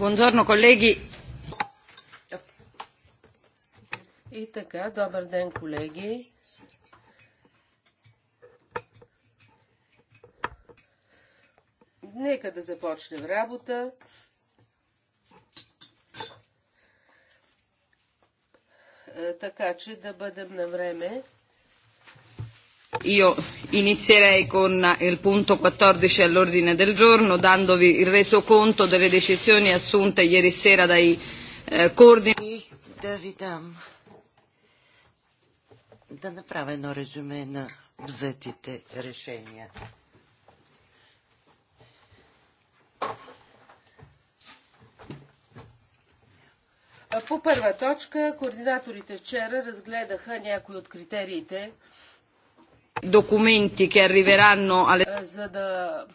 Buongiorno, И така, добър ден, колеги. Нека да започнем работа. Е, така че да бъдем на време io inizierei con il punto 14 all'ordine del giorno, dandovi il resoconto delle decisioni assunte ieri sera dai eh, coordinatori. Да направя едно резюме на взетите решения. По първа точка, координаторите вчера разгледаха някои от критериите, документи, ке arriveranno alle... Е, за да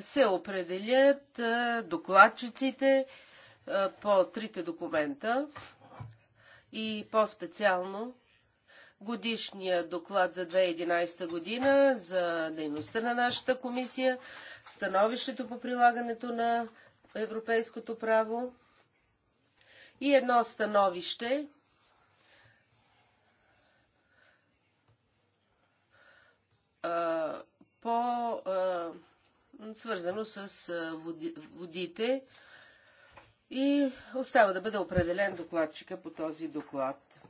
се определят е, докладчиците е, по трите документа и по-специално годишния доклад за 2011 година за дейността на нашата комисия, становището по прилагането на европейското право и едно становище по свързано с водите и остава да бъде определен докладчика по този доклад.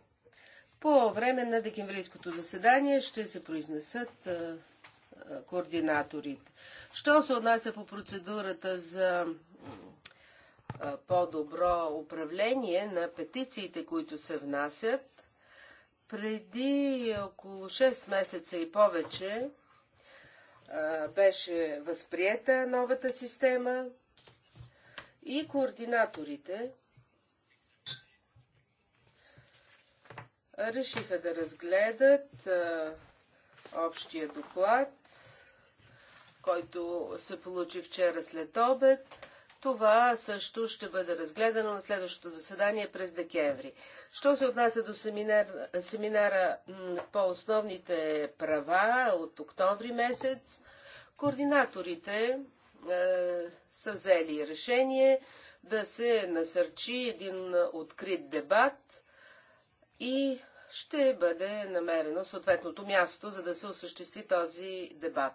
По време на декемврийското заседание ще се произнесат координаторите. Що се отнася по процедурата за по-добро управление на петициите, които се внасят, преди около 6 месеца и повече беше възприета новата система и координаторите решиха да разгледат общия доклад, който се получи вчера след обед. Това също ще бъде разгледано на следващото заседание през декември. Що се отнася до семинар, семинара по основните права от октомври месец, координаторите е, са взели решение да се насърчи един открит дебат и ще бъде намерено съответното място, за да се осъществи този дебат.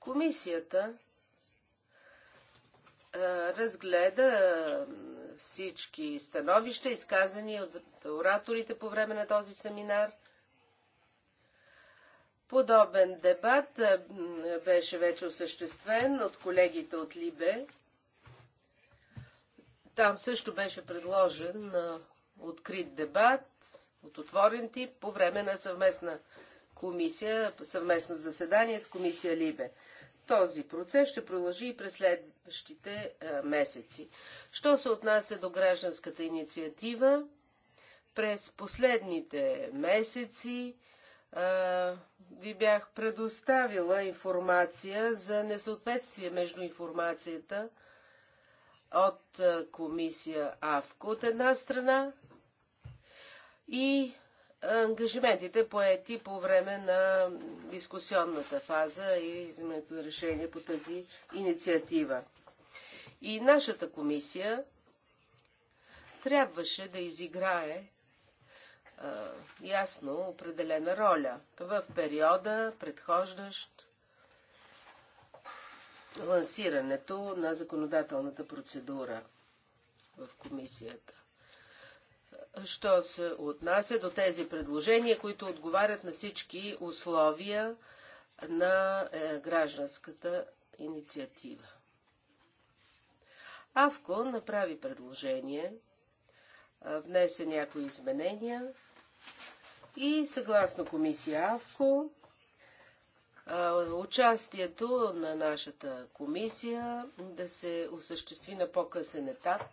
Комисията разгледа всички становища, изказани от ораторите по време на този семинар. Подобен дебат беше вече осъществен от колегите от Либе. Там също беше предложен открит дебат от отворен тип по време на съвместна комисия, съвместно заседание с комисия Либе. Този процес ще продължи и през следващите е, месеци. Що се отнася до гражданската инициатива, през последните месеци е, ви бях предоставила информация за несъответствие между информацията от е, комисия АВКО от една страна и ангажиментите поети по време на дискусионната фаза и вземането на решение по тази инициатива. И нашата комисия трябваше да изиграе а, ясно определена роля в периода, предхождащ лансирането на законодателната процедура в комисията що се отнася до тези предложения, които отговарят на всички условия на е, гражданската инициатива. Авко направи предложение, е, внесе някои изменения и съгласно комисия Авко, е, участието на нашата комисия да се осъществи на по-късен етап –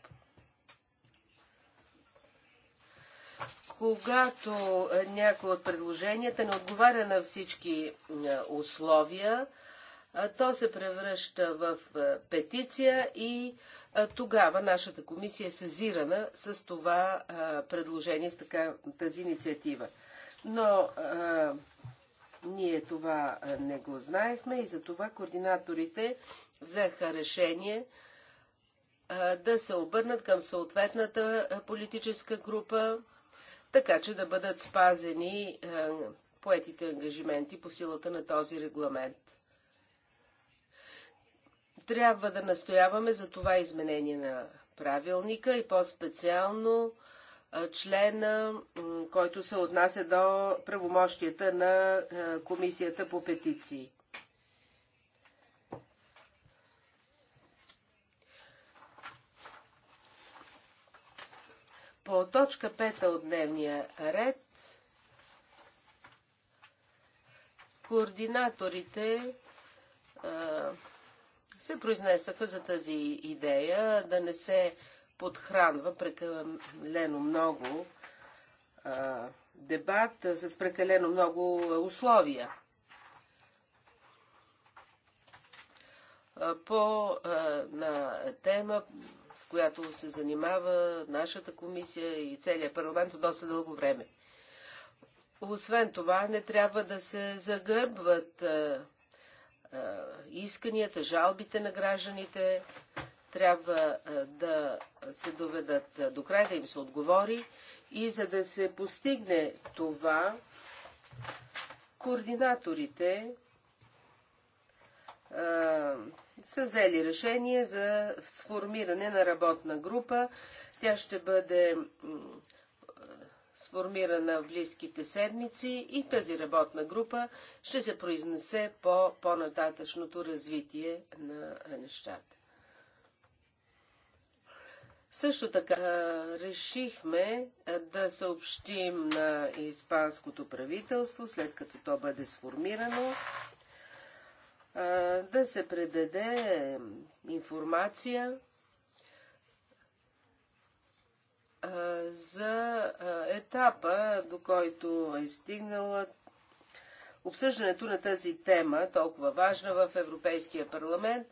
Когато е, някои от предложенията не отговаря на всички е, условия, е, то се превръща в петиция и тогава нашата комисия е сезирана с това предложение, с така, тази инициатива. Но а, ние това не го знаехме и затова координаторите взеха решение а, да се обърнат към съответната политическа група така че да бъдат спазени е, поетите ангажименти по силата на този регламент. Трябва да настояваме за това изменение на правилника и по-специално е, члена, който се отнася до правомощията на е, Комисията по петиции. По точка пета от дневния ред координаторите а, се произнесаха за тази идея да не се подхранва прекалено много а, дебат с прекалено много условия. по на тема, с която се занимава нашата комисия и целият парламент от доста дълго време. Освен това, не трябва да се загърбват исканията, жалбите на гражданите, трябва да се доведат до край, да им се отговори и за да се постигне това, координаторите са взели решение за сформиране на работна група. Тя ще бъде сформирана в близките седмици и тази работна група ще се произнесе по по-нататъчното развитие на нещата. Също така решихме да съобщим на испанското правителство, след като то бъде сформирано, да се предаде информация за етапа, до който е стигнала обсъждането на тази тема, толкова важна в Европейския парламент,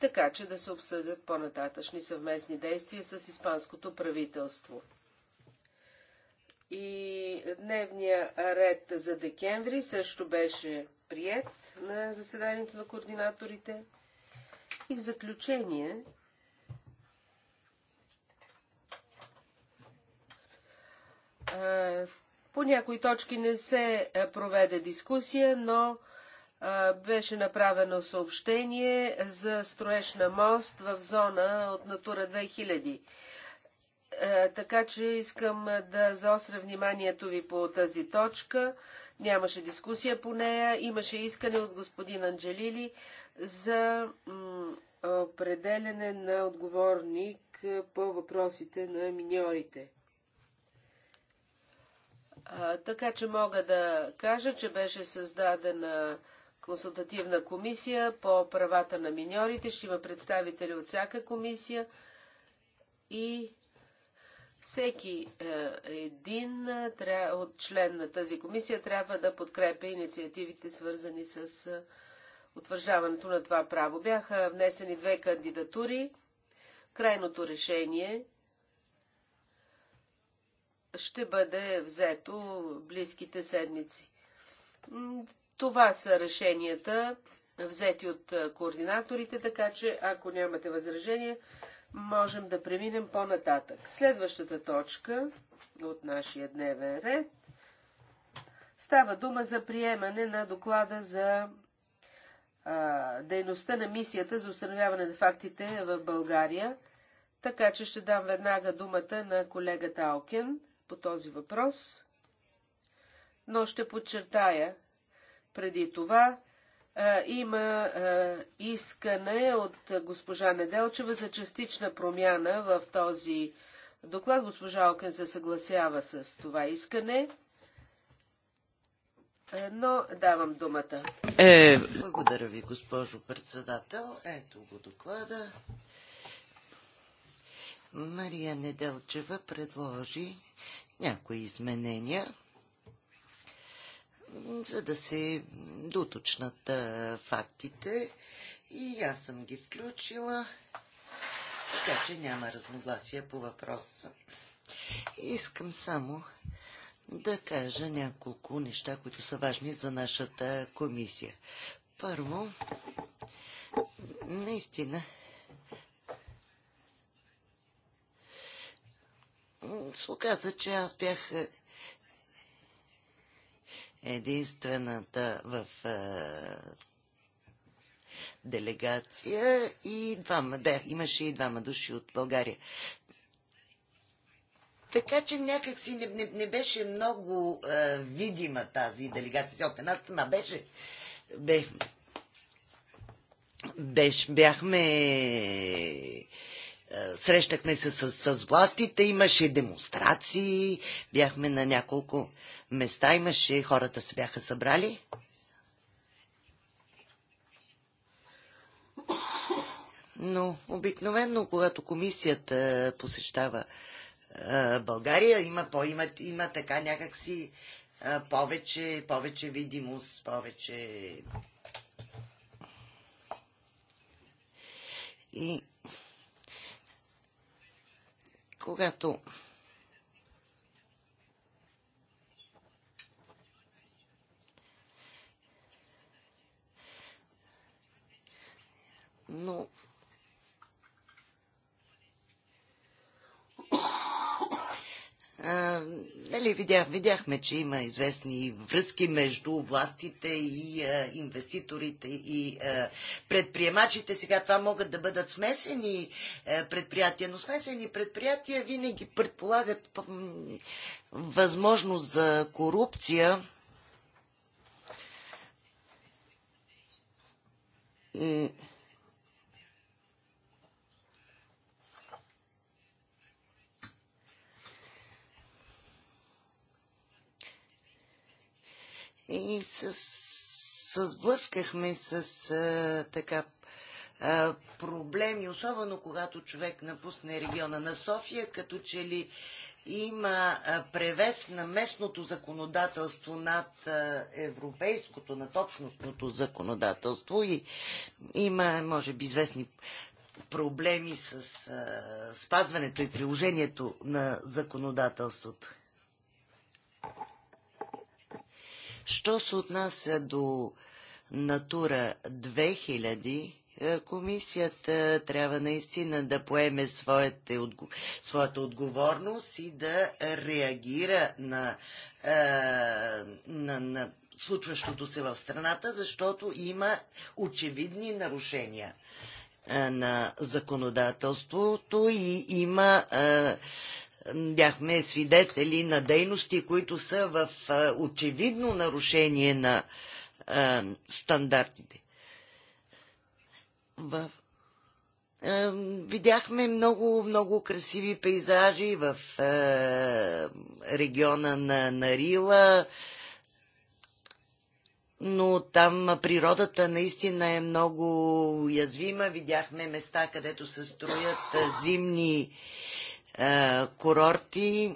така че да се обсъдят по-нататъчни съвместни действия с испанското правителство. И дневния ред за декември също беше прият на заседанието на координаторите. И в заключение по някои точки не се проведе дискусия, но беше направено съобщение за строеж на мост в зона от Натура 2000. Така че искам да заостря вниманието ви по тази точка. Нямаше дискусия по нея. Имаше искане от господин Анджелили за определене на отговорник по въпросите на миньорите. А, така че мога да кажа, че беше създадена консултативна комисия по правата на миньорите. Ще има представители от всяка комисия и всеки е, един е, от член на тази комисия трябва да подкрепя инициативите, свързани с е, утвърждаването на това право. Бяха внесени две кандидатури. Крайното решение ще бъде взето близките седмици. Това са решенията, взети от координаторите, така че ако нямате възражение, можем да преминем по-нататък. Следващата точка от нашия дневен ред става дума за приемане на доклада за а, дейността на мисията за установяване на фактите в България. Така че ще дам веднага думата на колегата Алкен по този въпрос. Но ще подчертая преди това, има искане от госпожа Неделчева за частична промяна в този доклад. Госпожа Окен се съгласява с това искане. Но давам думата. Е... Благодаря ви, госпожо председател. Ето го доклада. Мария Неделчева предложи някои изменения за да се доточнат фактите. И аз съм ги включила, така че няма разногласия по въпроса. Искам само да кажа няколко неща, които са важни за нашата комисия. Първо, наистина, се оказа, че аз бях единствената в е, делегация и двама, да, имаше и двама души от България. Така че някакси не, не, не беше много а, е, видима тази делегация. От една страна беше, бе, беше бяхме е, срещахме се с, с властите, имаше демонстрации, бяхме на няколко места, имаше, хората се бяха събрали. Но обикновено, когато комисията посещава а, е, България, има, по, има, има така някакси а, е, повече, повече видимост, повече... И когато но а, Нали, видях, видяхме, че има известни връзки между властите и а, инвеститорите и а, предприемачите. Сега това могат да бъдат смесени а, предприятия, но смесени предприятия винаги предполагат възможност за корупция. М- и се сблъскахме с а, така а, проблеми, особено когато човек напусне региона на София, като че ли има превес на местното законодателство над европейското, над общностното законодателство и има, може би, известни проблеми с а, спазването и приложението на законодателството. Що се отнася до Натура 2000, е, комисията трябва наистина да поеме своята, своята отговорност и да реагира на, е, на, на случващото се в страната, защото има очевидни нарушения е, на законодателството и има бяхме свидетели на дейности, които са в очевидно нарушение на стандартите. В... Видяхме много, много красиви пейзажи в региона на Нарила, но там природата наистина е много уязвима. Видяхме места, където се строят зимни курорти.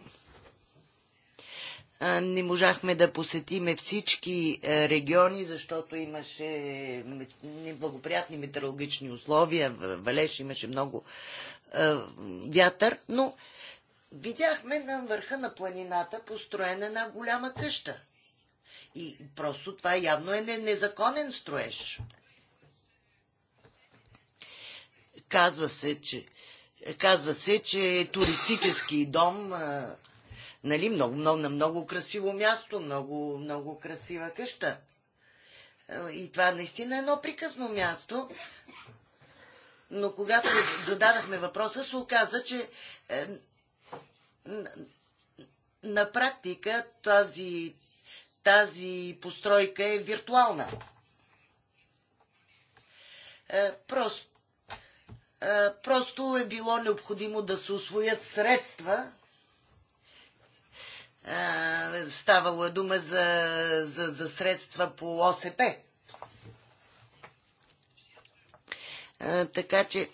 Не можахме да посетиме всички региони, защото имаше неблагоприятни метеорологични условия, валеж имаше много вятър, но видяхме на върха на планината построена една голяма къща. И просто това явно е незаконен строеж. Казва се, че Казва се, че е туристически дом, нали, много, много, на много красиво място, много, много красива къща. И това наистина е едно приказно място, но когато зададахме въпроса, се оказа, че е, на, на практика тази, тази постройка е виртуална. Е, просто е, просто е било необходимо да се освоят средства. Е, ставало е дума за, за, за средства по ОСП. Е, така че.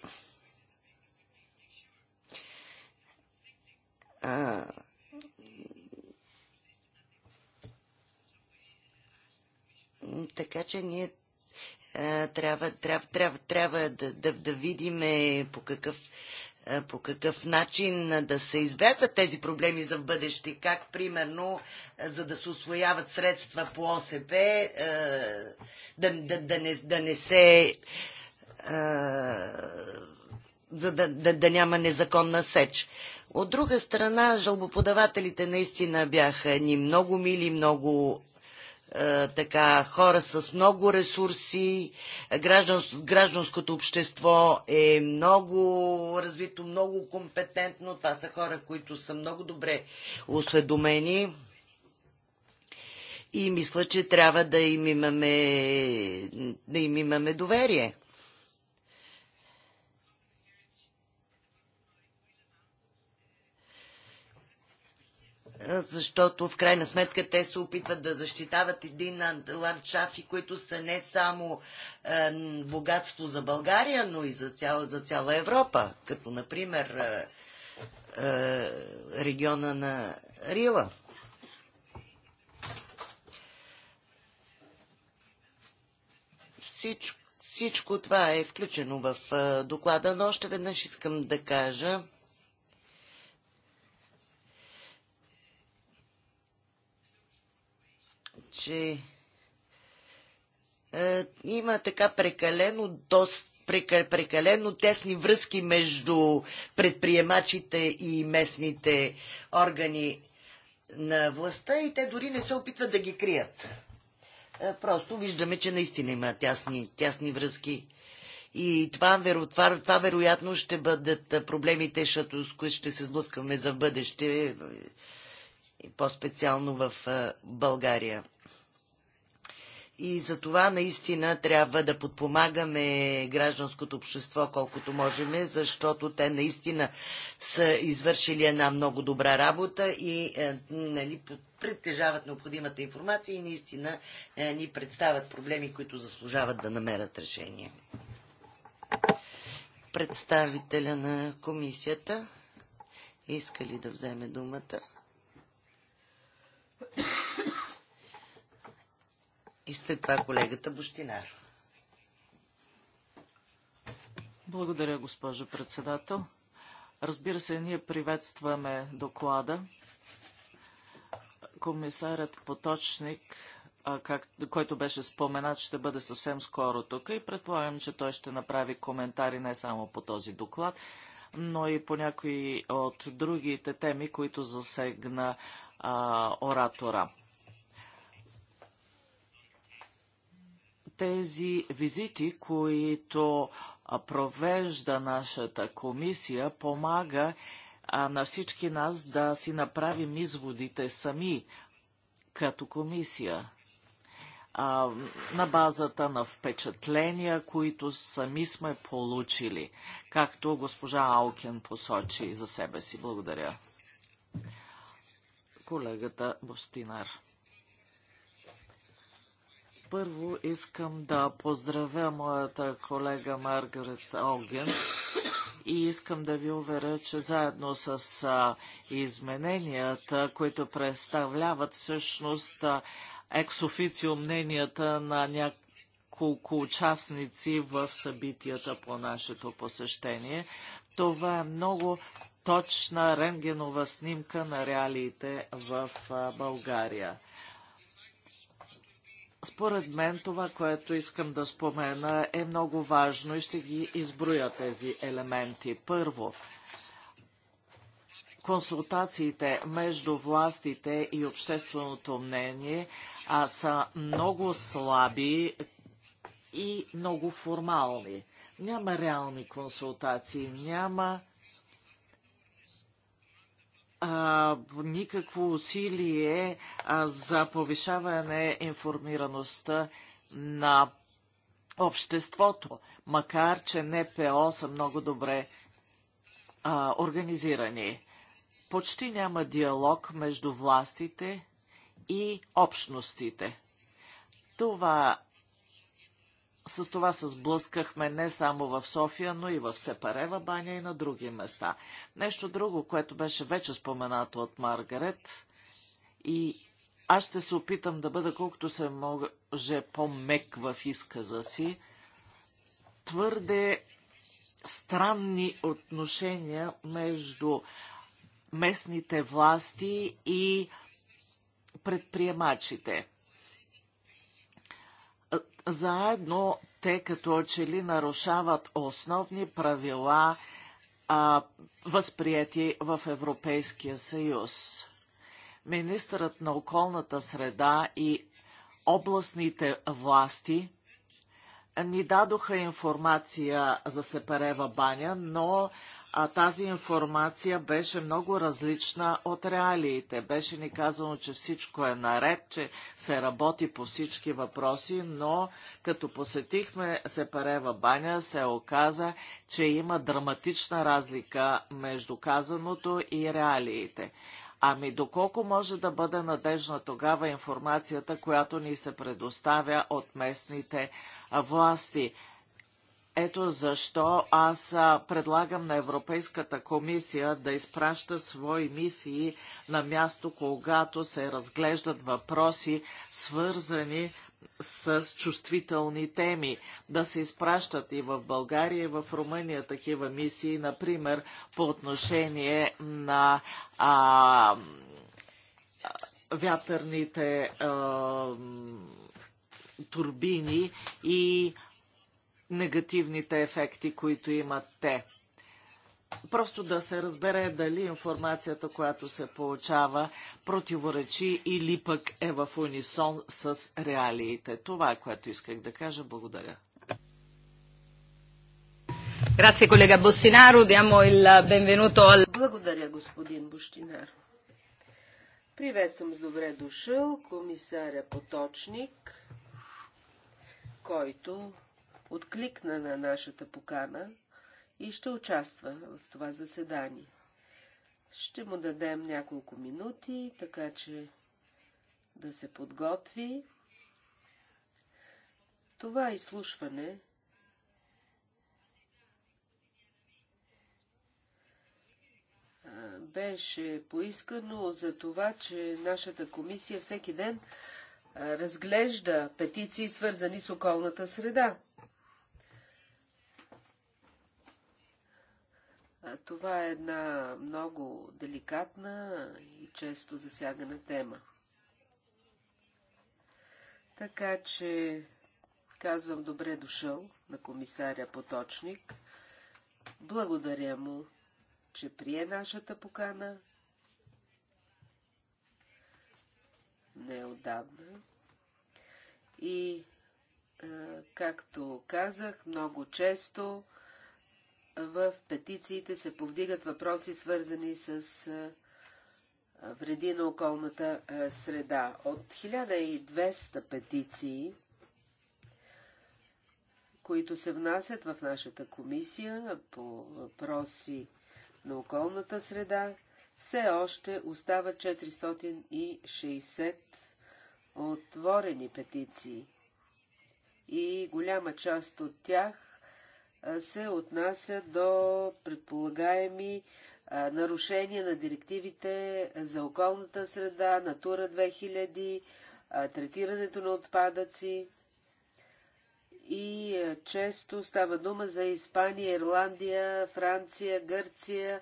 А, така че ние трябва, трябва, трябва, трябва да, да, да видим е, по какъв, е, по какъв начин да се избягват тези проблеми за в бъдеще. Как, примерно, е, за да се освояват средства по ОСП, да, да, да, не, да не се. За да, да, да няма незаконна сеч. От друга страна, жалбоподавателите наистина бяха ни много мили, много е, така, хора с много ресурси, гражданското общество е много развито, много компетентно. Това са хора, които са много добре осведомени. И мисля, че трябва да им имаме, да им имаме доверие. Е, защото в крайна сметка те се опитват да защитават един ландшафт, които са не само е, богатство за България, но и за цяла, за цяла Европа, като например е, е, региона на Рила. Всичко, всичко това е включено в е, доклада, но още веднъж искам да кажа, че е, има така прекалено доста прекалено тесни връзки между предприемачите и местните органи на властта и те дори не се опитват да ги крият. Е, просто виждаме, че наистина има тясни, тясни връзки. И това, това, това вероятно ще бъдат проблемите, с които ще се сблъскаме за бъдеще по-специално в България. И за това наистина трябва да подпомагаме гражданското общество колкото можем, защото те наистина са извършили една много добра работа и е, нали, притежават необходимата информация и наистина е, ни представят проблеми, които заслужават да намерят решение. Представителя на комисията иска ли да вземе думата? И след това колегата Бощинар. Благодаря, госпожо председател. Разбира се, ние приветстваме доклада. Комисарят Поточник, как, който беше споменат, ще бъде съвсем скоро тук и предполагам, че той ще направи коментари не само по този доклад, но и по някои от другите теми, които засегна а, оратора. Тези визити, които провежда нашата комисия, помага а, на всички нас да си направим изводите сами като комисия а, на базата на впечатления, които сами сме получили, както госпожа Алкен посочи за себе си. Благодаря колегата Бостинар. Първо искам да поздравя моята колега Маргарет Оген и искам да ви уверя, че заедно с измененията, които представляват всъщност ексофицио мненията на някакъв няколко участници в събитията по нашето посещение. Това е много точна рентгенова снимка на реалиите в България. Според мен това, което искам да спомена е много важно и ще ги изброя тези елементи. Първо, консултациите между властите и общественото мнение а, са много слаби и много формални. Няма реални консултации, няма а, никакво усилие а, за повишаване информираността на обществото, макар че НПО са много добре а, организирани. Почти няма диалог между властите и общностите. Това с това се сблъскахме не само в София, но и в Сепарева баня и на други места. Нещо друго, което беше вече споменато от Маргарет и аз ще се опитам да бъда колкото се може по-мек в изказа си. Твърде странни отношения между местните власти и предприемачите заедно те като че ли нарушават основни правила, а, възприяти в Европейския съюз. Министърът на околната среда и областните власти ни дадоха информация за Сепарева баня, но а тази информация беше много различна от реалиите. Беше ни казано, че всичко е наред, че се работи по всички въпроси, но като посетихме Сепарева баня, се оказа, че има драматична разлика между казаното и реалиите. Ами доколко може да бъде надежна тогава информацията, която ни се предоставя от местните власти? Ето защо аз предлагам на Европейската комисия да изпраща свои мисии на място, когато се разглеждат въпроси, свързани с чувствителни теми, да се изпращат и в България, и в Румъния такива мисии, например по отношение на а, вятърните а, турбини и негативните ефекти, които имат те просто да се разбере дали информацията, която се получава, противоречи или пък е в унисон с реалиите. Това е което исках да кажа. Благодаря. Grazie collega diamo il benvenuto al... Благодаря господин Бощинар. съм с добре дошъл комисаря Поточник, който откликна на нашата покана и ще участва в това заседание. Ще му дадем няколко минути, така че да се подготви. Това изслушване беше поискано за това, че нашата комисия всеки ден разглежда петиции, свързани с околната среда. Това е една много деликатна и често засягана тема. Така че казвам добре дошъл на комисаря Поточник. Благодаря му, че прие нашата покана. Не отдавна. И, както казах, много често в петициите се повдигат въпроси, свързани с вреди на околната среда. От 1200 петиции, които се внасят в нашата комисия по въпроси на околната среда, все още остават 460 отворени петиции. И голяма част от тях се отнася до предполагаеми нарушения на директивите за околната среда, Натура 2000, третирането на отпадъци. И често става дума за Испания, Ирландия, Франция, Гърция,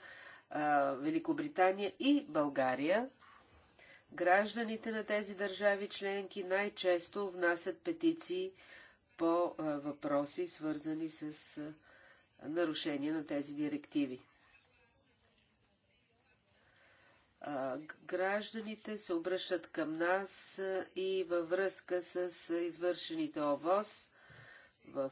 Великобритания и България. Гражданите на тези държави членки най-често внасят петиции по въпроси, свързани с нарушение на тези директиви. Гражданите се обръщат към нас и във връзка с извършените ОВОз. В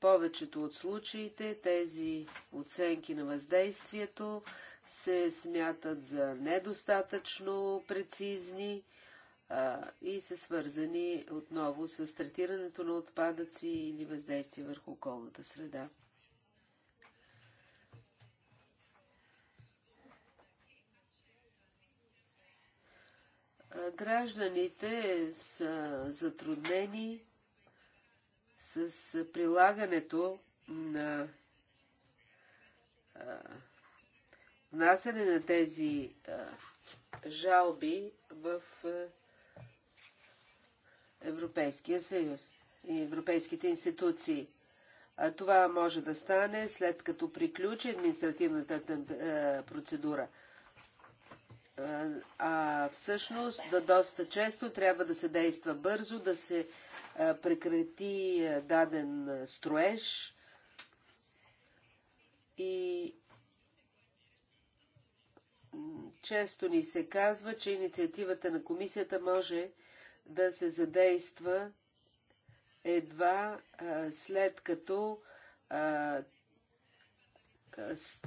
повечето от случаите тези оценки на въздействието се смятат за недостатъчно прецизни и са свързани отново с третирането на отпадъци или въздействие върху околната среда. Гражданите са затруднени с прилагането на внасяне на тези жалби в Европейския съюз и европейските институции. А това може да стане след като приключи административната е, процедура. А всъщност да доста често трябва да се действа бързо, да се е, прекрати е, даден строеж и често ни се казва, че инициативата на комисията може да се задейства едва а, след като а, с,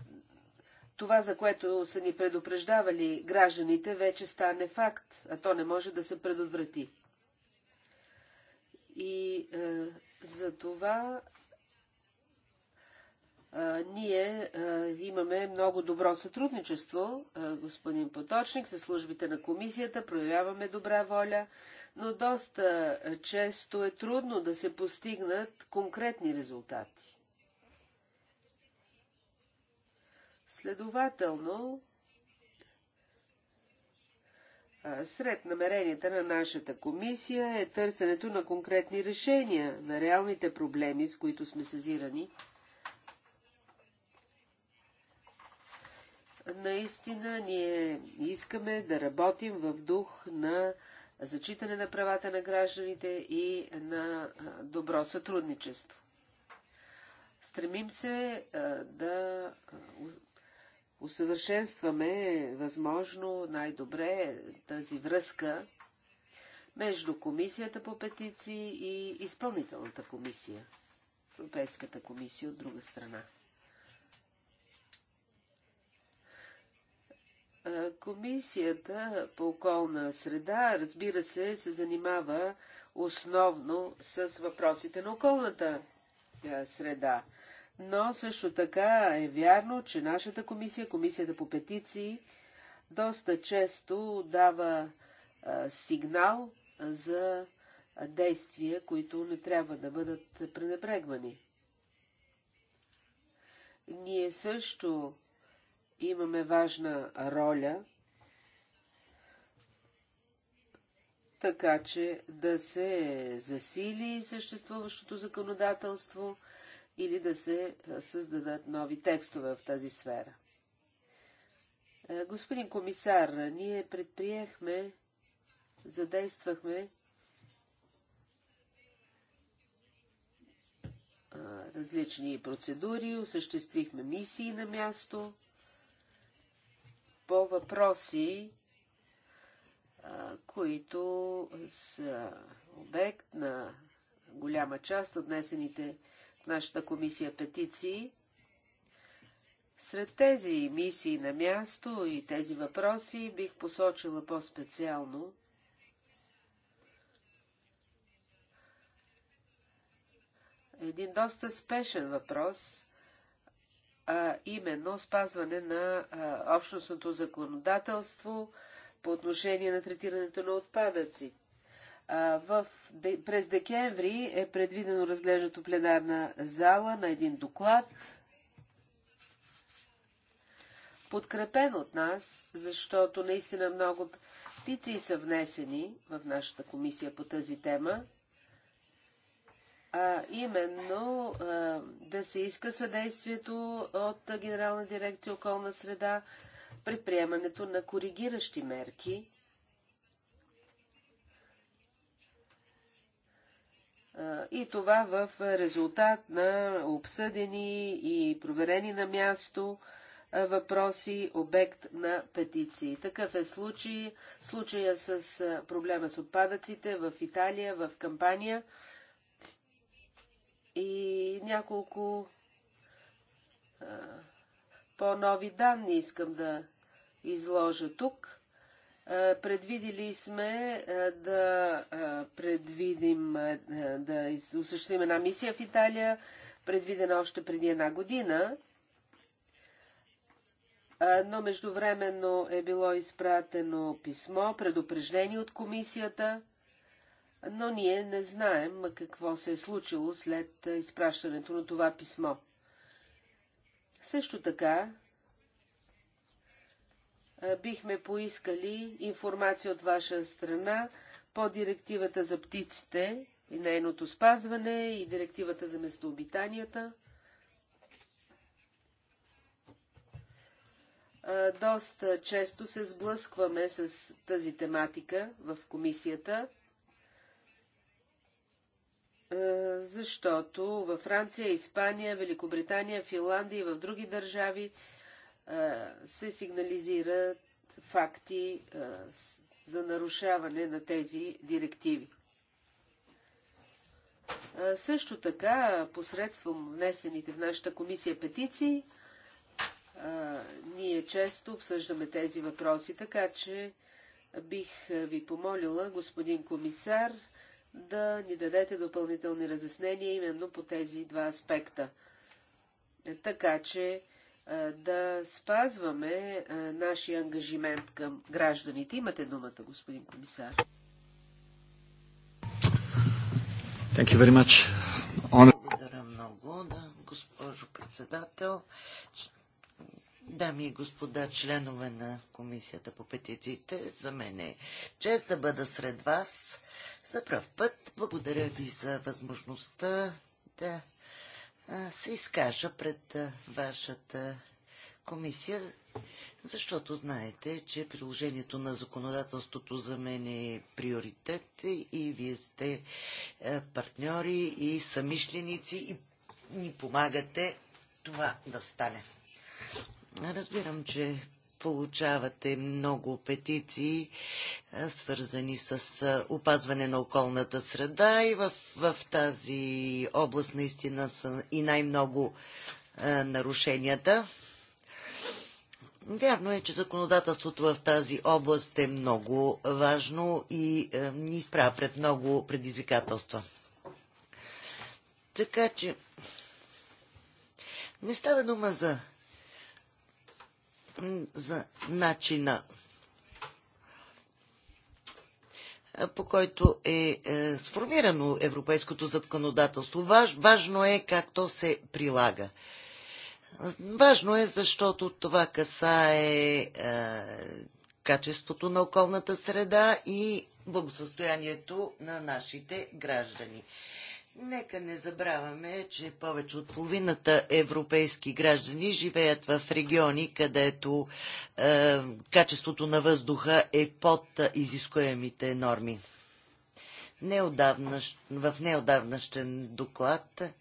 това, за което са ни предупреждавали гражданите, вече стане факт, а то не може да се предотврати. И а, за това ние имаме много добро сътрудничество, господин Поточник, с службите на комисията, проявяваме добра воля но доста е, често е трудно да се постигнат конкретни резултати. Следователно, сред намеренията на нашата комисия е търсенето на конкретни решения на реалните проблеми, с които сме сезирани. Наистина ние искаме да работим в дух на зачитане на правата на гражданите и на добро сътрудничество. Стремим се да усъвършенстваме възможно най-добре тази връзка между Комисията по петиции и Изпълнителната комисия, Европейската комисия от друга страна. Комисията по околна среда, разбира се, се занимава основно с въпросите на околната среда. Но също така е вярно, че нашата комисия, комисията по петиции, доста често дава сигнал за действия, които не трябва да бъдат пренебрегвани. Ние също имаме важна роля, така че да се засили съществуващото законодателство или да се създадат нови текстове в тази сфера. Е, господин комисар, ние предприехме, задействахме различни процедури, осъществихме мисии на място – по въпроси, които са обект на голяма част от днесените в нашата комисия петиции. Сред тези мисии на място и тези въпроси бих посочила по-специално един доста спешен въпрос, а именно спазване на а, общностното законодателство по отношение на третирането на отпадъци. А, в, де, през декември е предвидено разглеждането пленарна зала на един доклад, подкрепен от нас, защото наистина много птици са внесени в нашата комисия по тази тема а именно а, да се иска съдействието от Генерална дирекция околна среда, предприемането на коригиращи мерки, и това в резултат на обсъдени и проверени на място въпроси, обект на петиции. Такъв е случай, случая с проблема с отпадъците в Италия, в кампания и няколко по-нови данни искам да изложа тук. Предвидили сме да предвидим, да осъществим една мисия в Италия, предвидена още преди една година, но междувременно е било изпратено писмо, предупреждение от комисията – но ние не знаем какво се е случило след изпращането на това писмо. Също така бихме поискали информация от ваша страна по директивата за птиците и нейното спазване и директивата за местообитанията. Доста често се сблъскваме с тази тематика в комисията – защото във Франция, Испания, Великобритания, Финландия и в други държави се сигнализират факти за нарушаване на тези директиви. Също така, посредством внесените в нашата комисия петиции, ние често обсъждаме тези въпроси, така че бих ви помолила, господин комисар, да ни дадете допълнителни разяснения именно по тези два аспекта. Така че е, да спазваме е, нашия ангажимент към гражданите. Имате думата, господин комисар. Thank you very much. On... Благодаря много, да, госпожо председател. Дами и господа, членове на Комисията по петициите, за мен е чест да бъда сред вас за пръв път. Благодаря ви за възможността да се изкажа пред вашата комисия, защото знаете, че приложението на законодателството за мен е приоритет и вие сте партньори и самишленици и ни помагате това да стане. Разбирам, че получавате много петиции, свързани с опазване на околната среда и в, в тази област наистина са и най-много нарушенията. Вярно е, че законодателството в тази област е много важно и ни изправя пред много предизвикателства. Така че не става дума за за начина по който е, е, сформирано европейското законодателство. Важ, важно е как то се прилага. Важно е, защото това касае е, качеството на околната среда и благосъстоянието на нашите граждани. Нека не забравяме, че повече от половината европейски граждани живеят в региони, където е, качеството на въздуха е под изискуемите норми. Неодавна, в неодавнащен доклад е,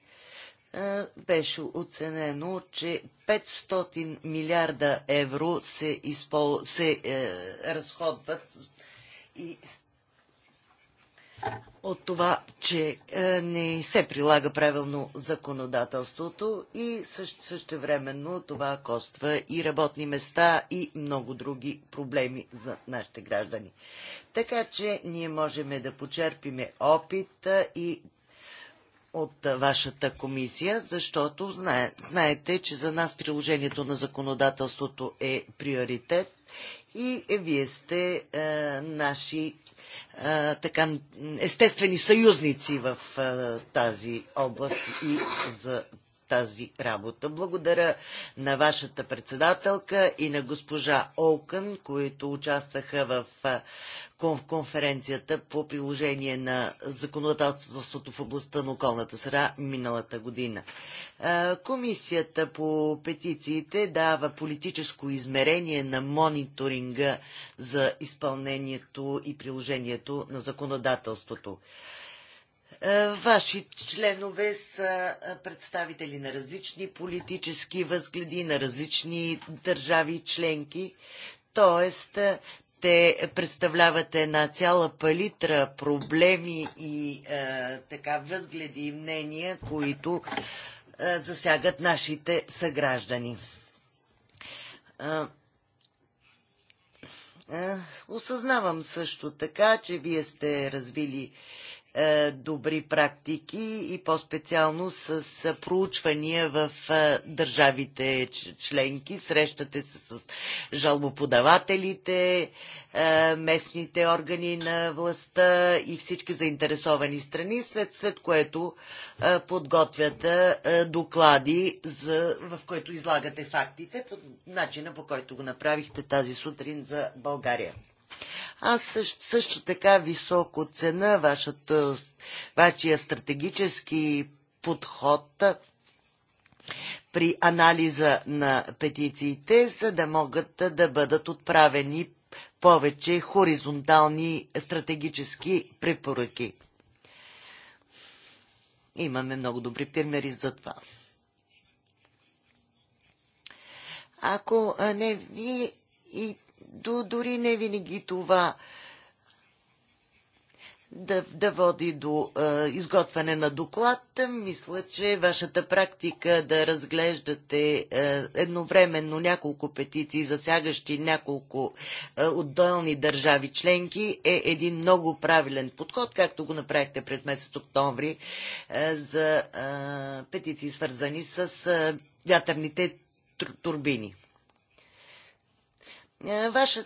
беше оценено, че 500 милиарда евро се, изпол... се е, разходват и от това, че е, не се прилага правилно законодателството и също, същевременно това коства и работни места и много други проблеми за нашите граждани. Така че ние можем да почерпиме опит и от вашата комисия, защото знае, знаете, че за нас приложението на законодателството е приоритет и е, вие сте е, наши така, естествени съюзници в а, тази област и за тази работа. Благодаря на вашата председателка и на госпожа Олкън, които участваха в конференцията по приложение на законодателството в областта на околната среда миналата година. Комисията по петициите дава политическо измерение на мониторинга за изпълнението и приложението на законодателството. Е, ваши членове са е, представители на различни политически възгледи, на различни държави и членки. Тоест, е, те представляват една цяла палитра проблеми и е, така възгледи и мнения, които е, засягат нашите съграждани. Е, е, осъзнавам също така, че вие сте развили е, е, добри практики и по-специално с проучвания в е, държавите членки. Срещате се с жалбоподавателите, е, местните органи на властта и всички заинтересовани страни, след, след което подготвят доклади, за, в които излагате фактите по начина по който го направихте тази сутрин за България. Аз също, също така високо цена вашата, вашия стратегически подход при анализа на петициите, за да могат да бъдат отправени повече хоризонтални стратегически препоръки. Имаме много добри примери за това. Ако не ви и до, дори не винаги това да, да води до е, изготвяне на доклад. Мисля, че вашата практика да разглеждате е, едновременно няколко петиции, засягащи няколко е, отделни държави членки, е един много правилен подход, както го направихте през месец октомври е, за е, петиции, свързани с е, вятърните турбини. Е, ваша,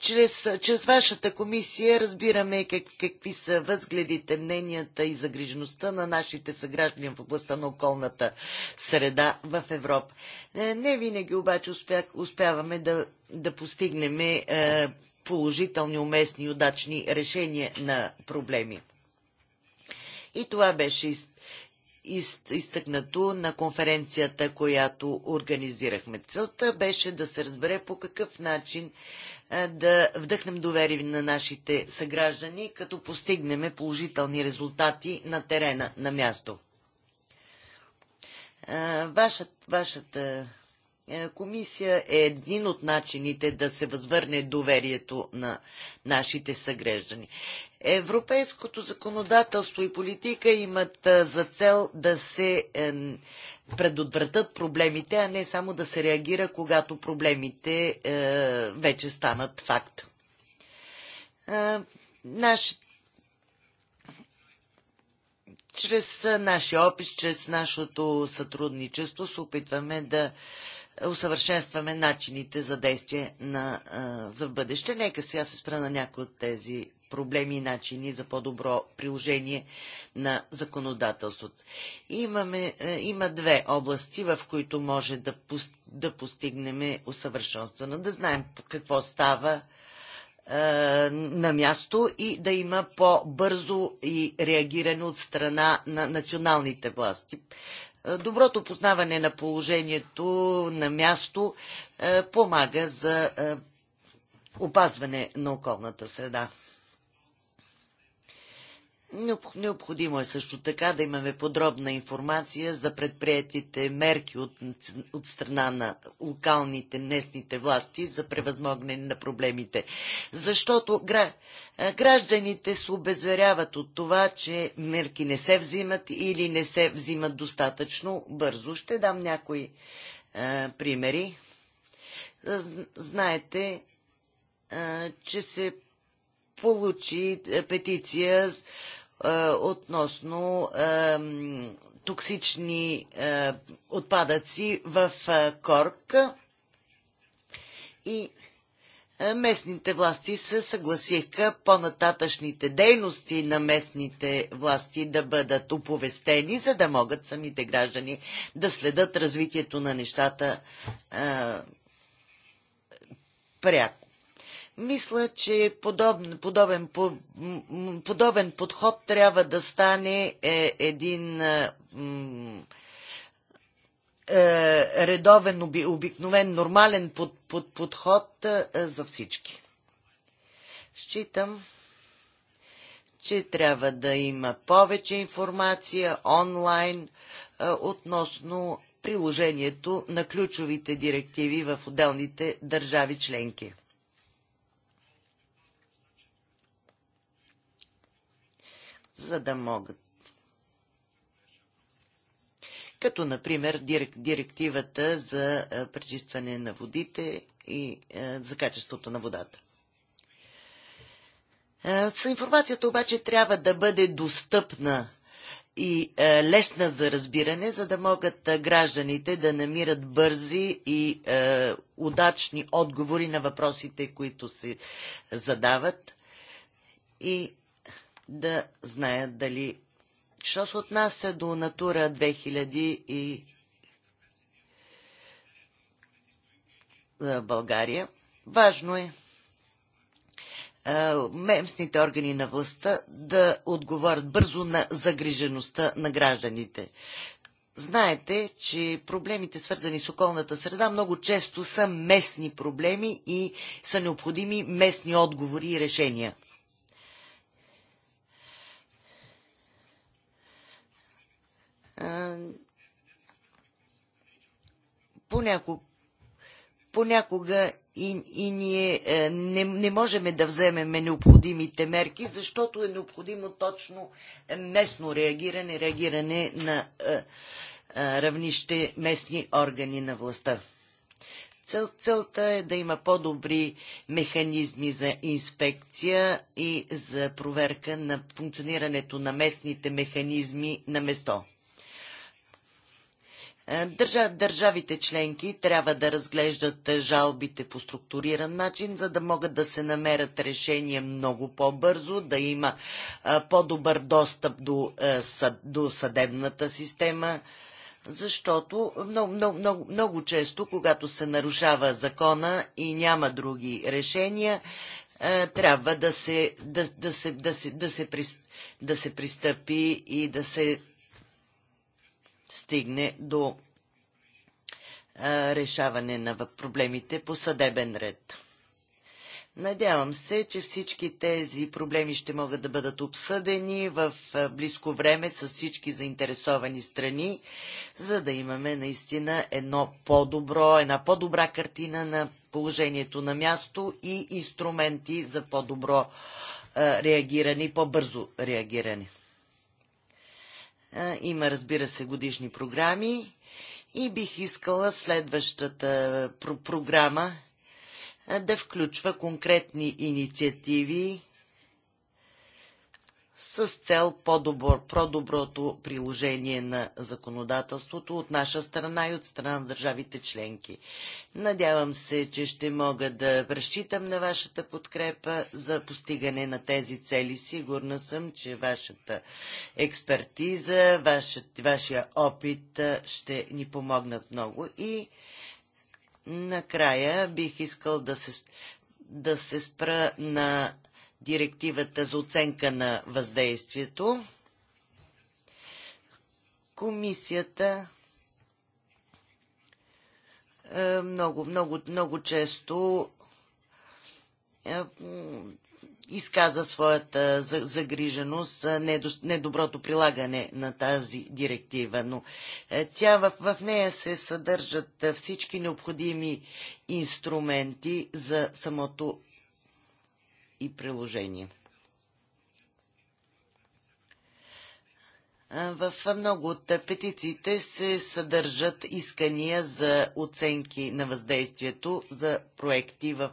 чрез, чрез вашата комисия разбираме как, какви са възгледите, мненията и загрижността на нашите съграждани в областта на околната среда в Европа. Е, не винаги обаче успя, успяваме да, да постигнем е, положителни, уместни и удачни решения на проблеми. И това беше изтъкнато на конференцията, която организирахме. Целта беше да се разбере по какъв начин е, да вдъхнем доверие на нашите съграждани, като постигнем положителни резултати на терена, на място. Е, вашата, вашата е, комисия е един от начините да се възвърне доверието на нашите съграждани. Европейското законодателство и политика имат е, за цел да се е, предотвратят проблемите, а не само да се реагира, когато проблемите вече станат факт. чрез нашия опит, чрез нашето сътрудничество се опитваме да усъвършенстваме начините за действие на, а, за бъдеще. Нека сега се спра на някои от тези проблеми и начини за по-добро приложение на законодателството. Имаме, а, има две области, в които може да, пос, да постигнем усъвършенствено, да знаем какво става на място и да има по-бързо и реагиране от страна на националните власти Доброто познаване на положението на място е, помага за е, опазване на околната среда. Необходимо е също така да имаме подробна информация за предприятите мерки от, от страна на локалните местните власти за превъзмогнене на проблемите. Защото гра, гражданите се обезверяват от това, че мерки не се взимат или не се взимат достатъчно бързо. Ще дам някои примери. Знаете, че се получи петиция е, относно е, токсични е, отпадъци в Корк. И местните власти се съгласиха по-нататъчните дейности на местните власти да бъдат оповестени, за да могат самите граждани да следят развитието на нещата пряко. Мисля, че подобен, подобен, подобен подход трябва да стане е, един е, е редовен, обикновен, нормален под, под, подход е, за всички. Считам, че трябва да има повече информация онлайн е, относно приложението на ключовите директиви в отделните държави членки. за да могат. Като, например, директивата за е, пречистване на водите и е, за качеството на водата. Е, с информацията обаче трябва да бъде достъпна и лесна за разбиране, за да могат гражданите да намират бързи и удачни отговори на въпросите, които се задават и да знаят дали. Що се отнася до Натура 2000 и България, важно е местните органи на властта да отговорят бързо на загрижеността на гражданите. Знаете, че проблемите свързани с околната среда много често са местни проблеми и са необходими местни отговори и решения. понякога понякога и, и ние е, не, не можем да вземем необходимите мерки, защото е необходимо точно е, местно реагиране, реагиране на е, равнище местни органи на властта. Цел, целта е да има по-добри механизми за инспекция и за проверка на функционирането на местните механизми на место. Е, държа, държавите членки трябва да разглеждат е, жалбите по структуриран начин, за да могат да се намерят решения много по-бързо, да има е, по-добър достъп до, до съдебната система, защото много, много, много, много често, когато се нарушава закона и няма други решения, трябва да се, да, да се, да се, да се, да се пристъпи и да се стигне до решаване на проблемите по съдебен ред. Надявам се, че всички тези проблеми ще могат да бъдат обсъдени в близко време с всички заинтересовани страни, за да имаме наистина едно по-добро, една по-добра картина на положението на място и инструменти за по-добро реагиране и по-бързо реагиране. Има, разбира се, годишни програми и бих искала следващата програма да включва конкретни инициативи с цел по-доброто приложение на законодателството от наша страна и от страна на държавите членки. Надявам се, че ще мога да разчитам на вашата подкрепа за постигане на тези цели. Сигурна съм, че вашата експертиза, вашия опит ще ни помогнат много и накрая бих искал да се, да се спра на директивата за оценка на въздействието. Комисията е, много, много, много често е, изказа своята загриженост е, недоброто прилагане на тази директива, но тя в, в нея се съдържат всички необходими инструменти за самото и приложения. В много от петициите се съдържат искания за оценки на въздействието за проекти в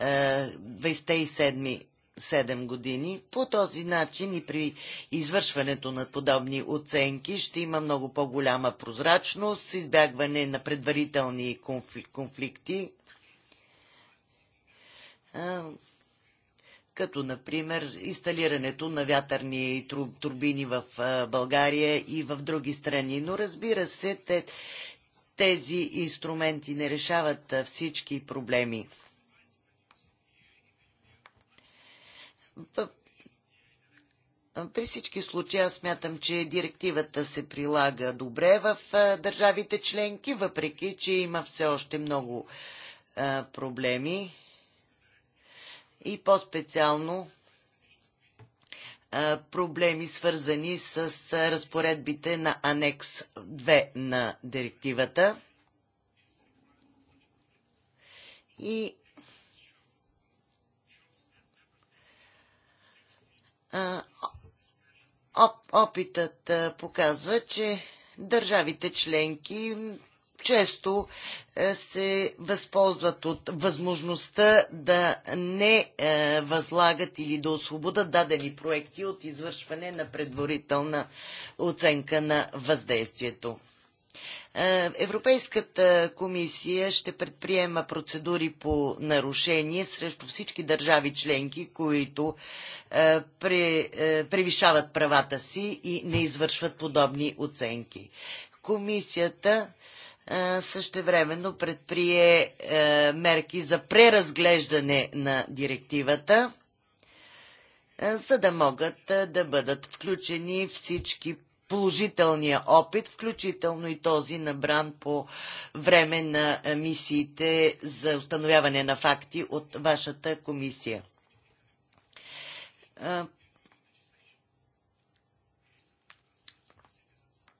27 7 години. По този начин и при извършването на подобни оценки ще има много по-голяма прозрачност, избягване на предварителни конфликти като например инсталирането на вятърни турбини в България и в други страни. Но разбира се, те, тези инструменти не решават всички проблеми. При всички случаи аз смятам, че директивата се прилага добре в държавите членки, въпреки че има все още много проблеми и по-специално проблеми, свързани с разпоредбите на анекс 2 на директивата. И опитът показва, че държавите членки често е, се възползват от възможността да не е, възлагат или да освободат дадени проекти от извършване на предварителна оценка на въздействието. Е, Европейската комисия ще предприема процедури по нарушение срещу всички държави членки, които превишават правата си и не извършват подобни оценки. Комисията е, същевременно предприе е, мерки за преразглеждане на директивата, е, за да могат да бъдат включени всички положителния опит, включително и този набран по време на мисиите за установяване на факти от вашата комисия.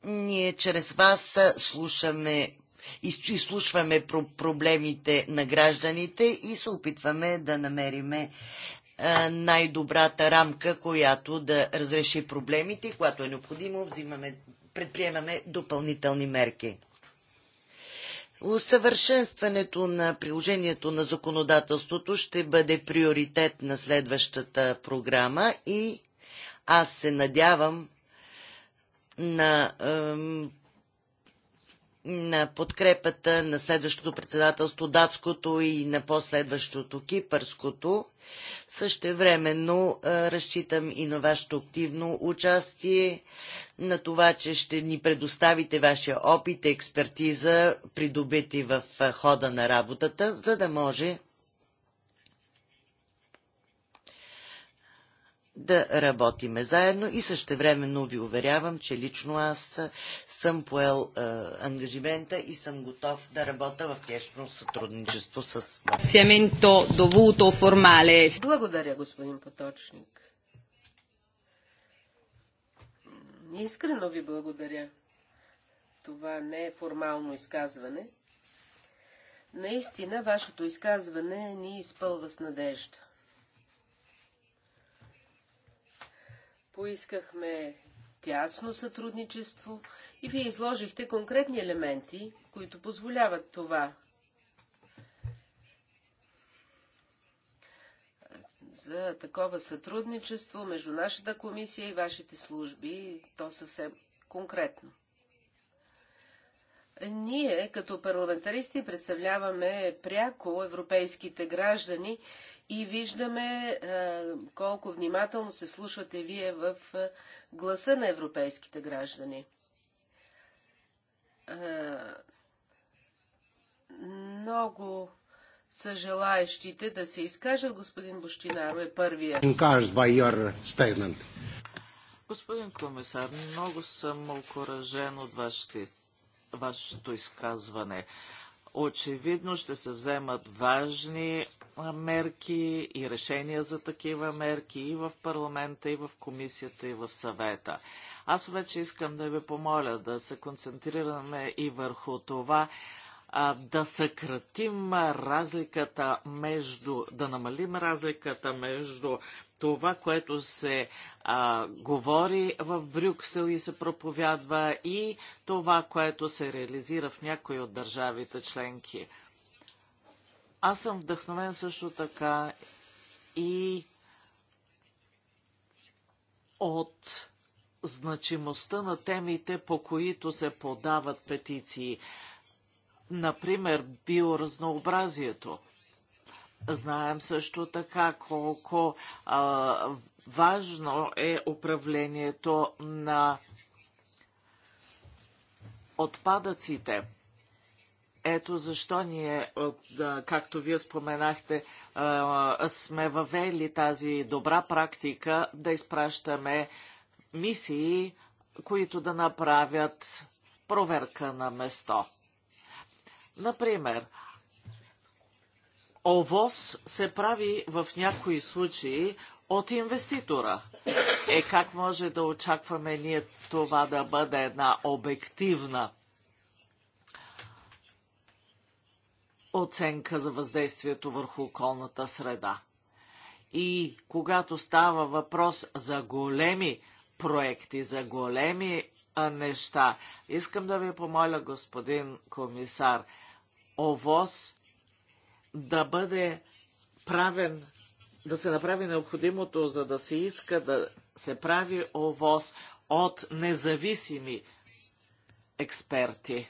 Ние чрез вас слушаме изслушваме проблемите на гражданите и се опитваме да намериме е, най-добрата рамка, която да разреши проблемите и когато е необходимо, взимаме, предприемаме допълнителни мерки. Усъвършенстването на приложението на законодателството ще бъде приоритет на следващата програма и аз се надявам на на подкрепата на следващото председателство, датското и на последващото кипърското. Същевременно разчитам и на вашето активно участие, на това, че ще ни предоставите вашия опит и експертиза, придобити в хода на работата, за да може да работиме заедно и същевременно ви уверявам, че лично аз съм поел е, ангажимента и съм готов да работя в тесно сътрудничество с вас. Благодаря, господин Поточник. Искрено ви благодаря. Това не е формално изказване. Наистина, вашето изказване ни изпълва с надежда. Поискахме тясно сътрудничество и вие изложихте конкретни елементи, които позволяват това. За такова сътрудничество между нашата комисия и вашите служби, то съвсем конкретно. Ние, като парламентаристи, представляваме пряко европейските граждани и виждаме е, колко внимателно се слушате вие в е, гласа на европейските граждани. Е, много са желаещите да се изкажат. Господин Бощинаро е първия. Господин комисар, много съм окоръжен от вашите, вашето изказване. Очевидно ще се вземат важни мерки и решения за такива мерки и в парламента, и в комисията, и в съвета. Аз вече искам да ви помоля да се концентрираме и върху това, а, да съкратим разликата между, да намалим разликата между това, което се а, говори в Брюксел и се проповядва и това, което се реализира в някои от държавите членки. Аз съм вдъхновен също така и от значимостта на темите, по които се подават петиции. Например, биоразнообразието. Знаем също така колко а, важно е управлението на отпадъците. Ето защо ние, както вие споменахте, сме въвели тази добра практика да изпращаме мисии, които да направят проверка на место. Например, ОВОз се прави в някои случаи от инвеститора. Е, как може да очакваме ние това да бъде една обективна оценка за въздействието върху околната среда. И когато става въпрос за големи проекти, за големи неща, искам да ви помоля, господин комисар, ОВОз да бъде правен, да се направи необходимото, за да се иска да се прави ОВОз от независими експерти.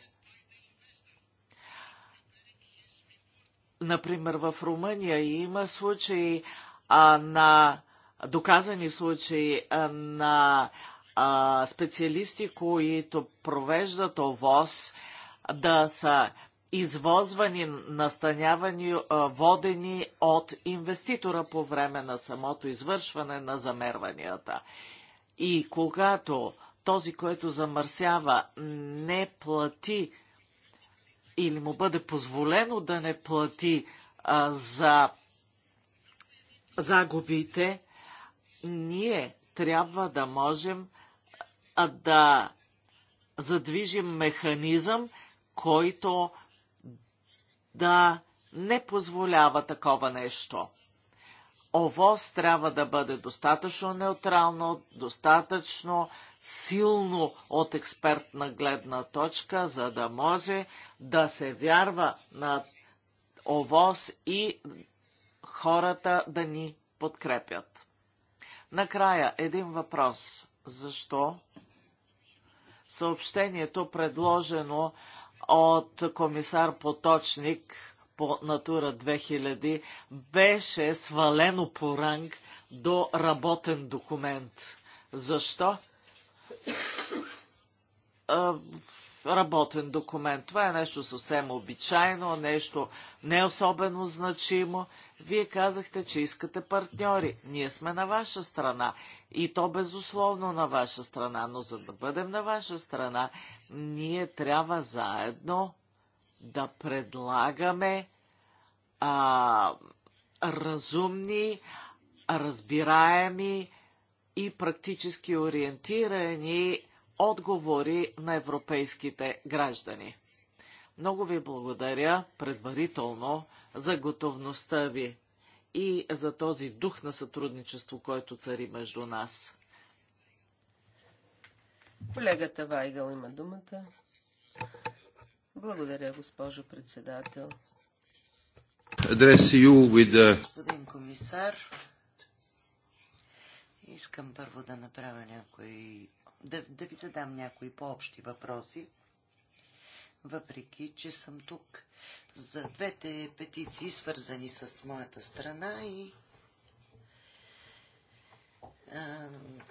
Например, в Румъния има случаи а, на доказани случаи а, на а, специалисти, които провеждат ОВОз, да са извозвани, настанявани, водени от инвеститора по време на самото извършване на замерванията. И когато този, който замърсява, не плати или му бъде позволено да не плати а, за загубите, ние трябва да можем а, да задвижим механизъм, който да не позволява такова нещо. Овоз трябва да бъде достатъчно неутрално, достатъчно силно от експертна гледна точка, за да може да се вярва на ОВОС и хората да ни подкрепят. Накрая един въпрос. Защо съобщението, предложено от комисар Поточник по Натура 2000, беше свалено по ранг до работен документ? Защо? работен документ. Това е нещо съвсем обичайно, нещо не особено значимо. Вие казахте, че искате партньори. Ние сме на ваша страна. И то безусловно на ваша страна. Но за да бъдем на ваша страна, ние трябва заедно да предлагаме а, разумни, разбираеми, и практически ориентирани отговори на европейските граждани. Много ви благодаря предварително за готовността ви и за този дух на сътрудничество, който цари между нас. Колегата Вайгъл има думата. Благодаря, госпожо председател. Господин комисар, Искам първо да направя някои... Да, да ви задам някои по-общи въпроси, въпреки, че съм тук за двете петиции, свързани с моята страна и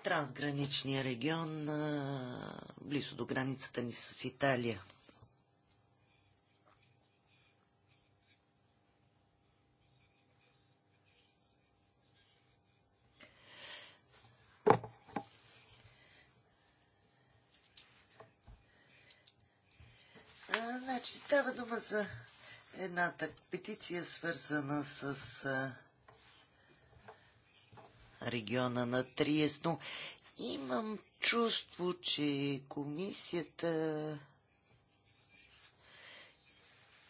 трансграничния регион близо до границата ни с Италия. Значи става дума за една так, петиция, свързана с а, региона на но Имам чувство, че комисията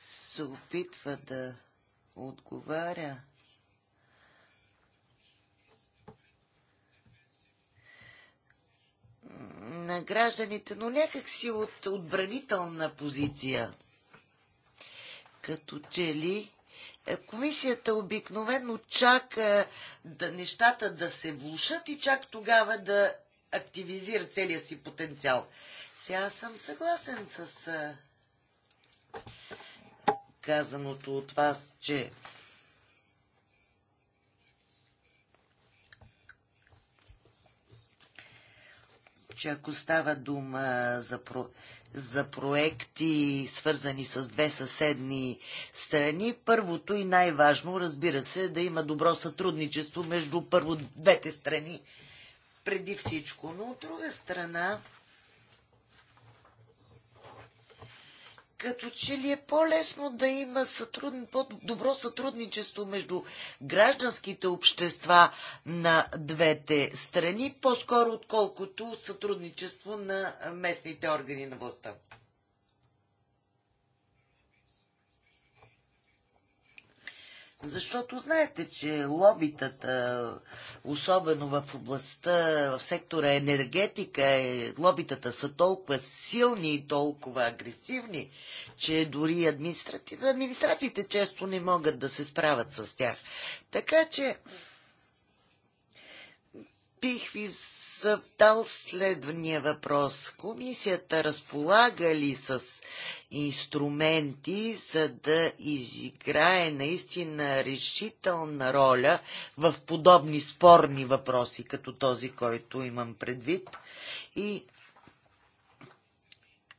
се опитва да отговаря на гражданите, но някак си от отбранителна позиция. Като че ли е, комисията обикновено чака е, да, нещата да се влушат и чак тогава да активизира целия си потенциал. Сега съм съгласен с е, казаното от вас, че че ако става дума за, про, за проекти, свързани с две съседни страни, първото и най-важно, разбира се, е да има добро сътрудничество между първо двете страни преди всичко. Но от друга страна, като че ли е по-лесно да има сътруд... по-добро сътрудничество между гражданските общества на двете страни, по-скоро отколкото сътрудничество на местните органи на властта. Защото знаете, че лобитата, особено в областта, в сектора енергетика, е, лобитата са толкова силни и толкова агресивни, че дори администрациите, администрациите често не могат да се справят с тях. Така че бих ви задал следвания въпрос. Комисията разполага ли с инструменти, за да изиграе наистина решителна роля в подобни спорни въпроси, като този, който имам предвид? И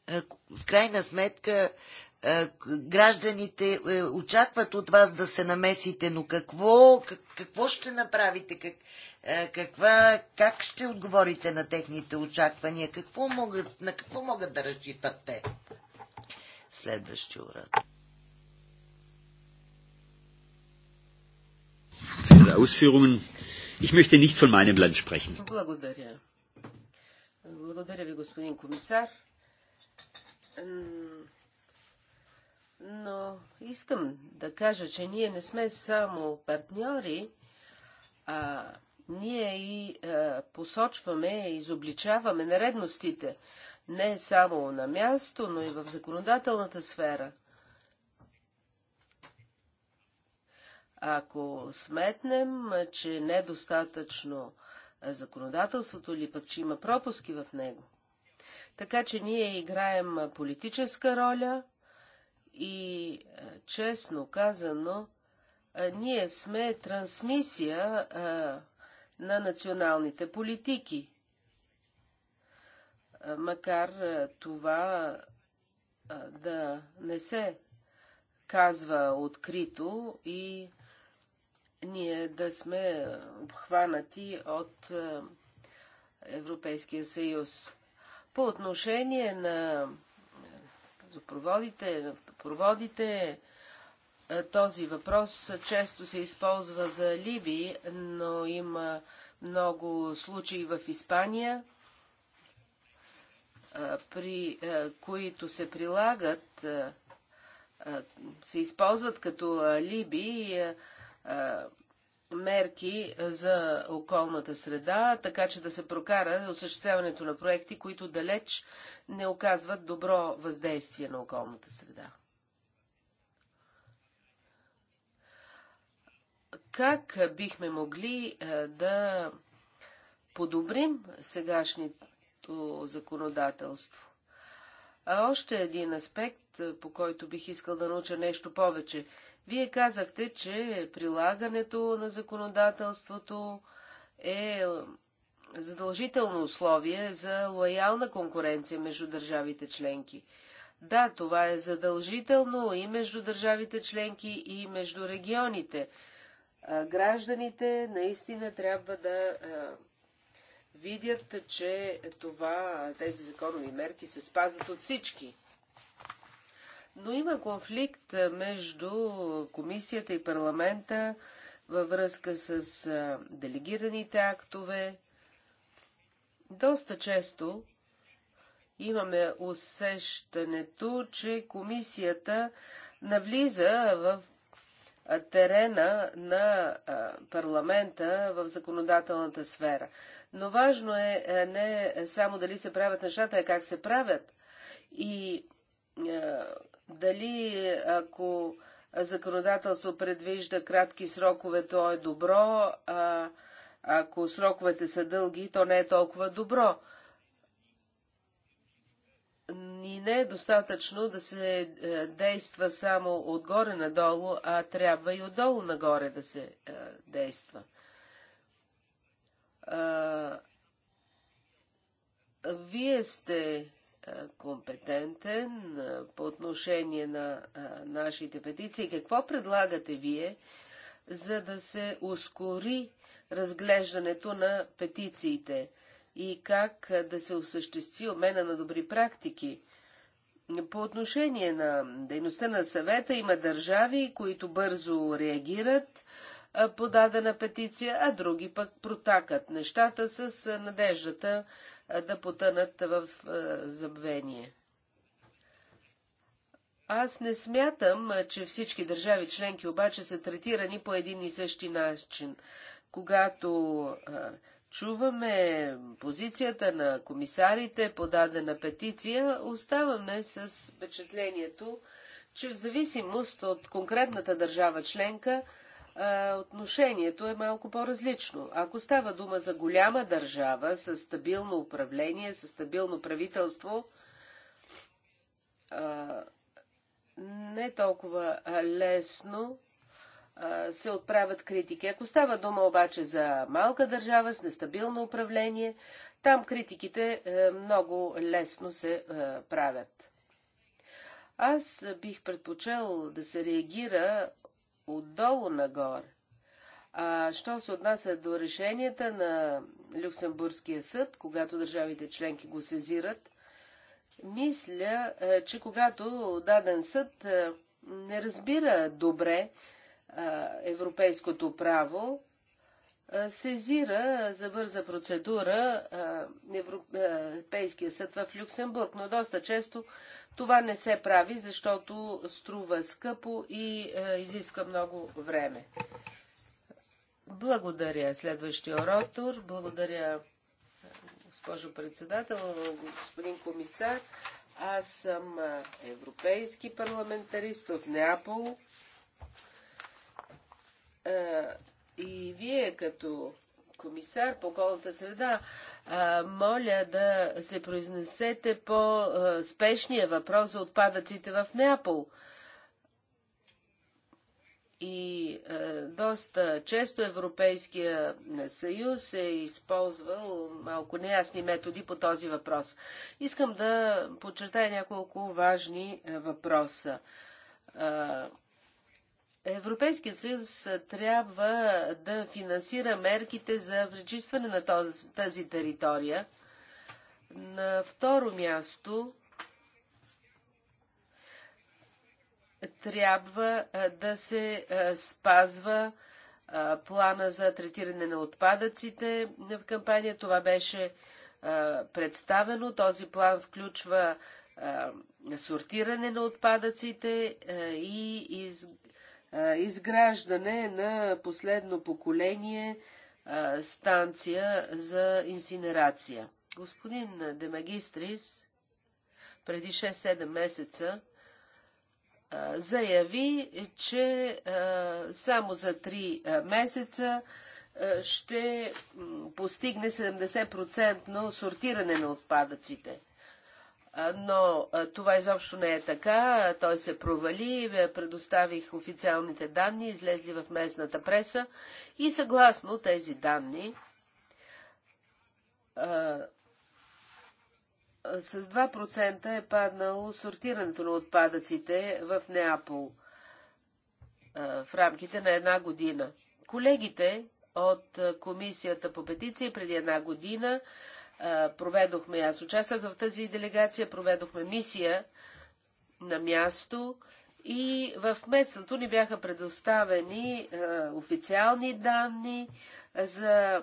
е, в крайна сметка е, гражданите е, очакват от вас да се намесите, но какво, какво ще направите? Как, е, каква, как ще отговорите на техните очаквания? Какво могат, на какво могат да разчитат те? Следващия урод. Ausführungen. Ich möchte nicht von meinem Land sprechen. Благодаря. Благодаря ви, господин комисар. Но искам да кажа, че ние не сме само партньори, а ние и е, посочваме, изобличаваме нередностите, не само на място, но и в законодателната сфера. Ако сметнем, че недостатъчно законодателството или пък, че има пропуски в него. Така че ние играем политическа роля и, е, честно казано, е, ние сме трансмисия е, на националните политики. Макар това да не се казва открито и ние да сме обхванати от Европейския съюз. По отношение на газопроводите, нафтопроводите, този въпрос често се използва за либи, но има много случаи в Испания, при които се прилагат, се използват като Либи мерки за околната среда, така че да се прокара осъществяването на проекти, които далеч не оказват добро въздействие на околната среда. как бихме могли е, да подобрим сегашното законодателство. А още един аспект, е, по който бих искал да науча нещо повече. Вие казахте, че прилагането на законодателството е, е задължително условие за лоялна конкуренция между държавите членки. Да, това е задължително и между държавите членки, и между регионите. Гражданите наистина трябва да видят, че това, тези законови мерки се спазват от всички. Но има конфликт между комисията и парламента във връзка с делегираните актове. Доста често имаме усещането, че комисията навлиза в терена на парламента в законодателната сфера. Но важно е, е не само дали се правят нещата, а как се правят. И е, дали ако законодателство предвижда кратки срокове, то е добро, а ако сроковете са дълги, то не е толкова добро не е достатъчно да се е, действа само отгоре надолу, а трябва и отдолу нагоре да се е, действа. Е, вие сте компетентен по отношение на нашите петиции. Какво предлагате вие, за да се ускори разглеждането на петициите и как да се осъществи обмена на добри практики по отношение на дейността на съвета има държави, които бързо реагират по дадена петиция, а други пък протакат нещата с надеждата да потънат в забвение. Аз не смятам, че всички държави членки обаче са третирани по един и същи начин. Когато чуваме позицията на комисарите по дадена петиция, оставаме с впечатлението, че в зависимост от конкретната държава членка, отношението е малко по-различно. Ако става дума за голяма държава с стабилно управление, с стабилно правителство, не е толкова лесно се отправят критики. Ако става дума обаче за малка държава с нестабилно управление, там критиките е, много лесно се е, правят. Аз бих предпочел да се реагира отдолу нагоре. А що се отнася до решенията на Люксембургския съд, когато държавите членки го сезират, мисля, е, че когато даден съд не разбира добре европейското право сезира за бърза процедура Европейския съд в Люксембург, но доста често това не се прави, защото струва скъпо и изиска много време. Благодаря следващия оратор, благодаря госпожо председател, господин комисар. Аз съм европейски парламентарист от Неапол. И вие като комисар по околната среда, моля да се произнесете по спешния въпрос за отпадъците в Неапол. И доста често Европейския съюз е използвал малко неясни методи по този въпрос. Искам да подчертая няколко важни въпроса. Европейският съюз трябва да финансира мерките за пречистване на тази територия. На второ място трябва да се спазва плана за третиране на отпадъците в кампания. Това беше представено. Този план включва сортиране на отпадъците и из изграждане на последно поколение станция за инсинерация. Господин Демагистрис преди 6-7 месеца заяви, че само за 3 месеца ще постигне 70% сортиране на отпадъците но това изобщо не е така. Той се провали, е, предоставих официалните данни, излезли в местната преса и съгласно тези данни с 2% е паднало сортирането на отпадъците в Неапол в рамките на една година. Колегите от Комисията по петиции преди една година проведохме, аз участвах в тази делегация, проведохме мисия на място и в кметството ни бяха предоставени официални данни за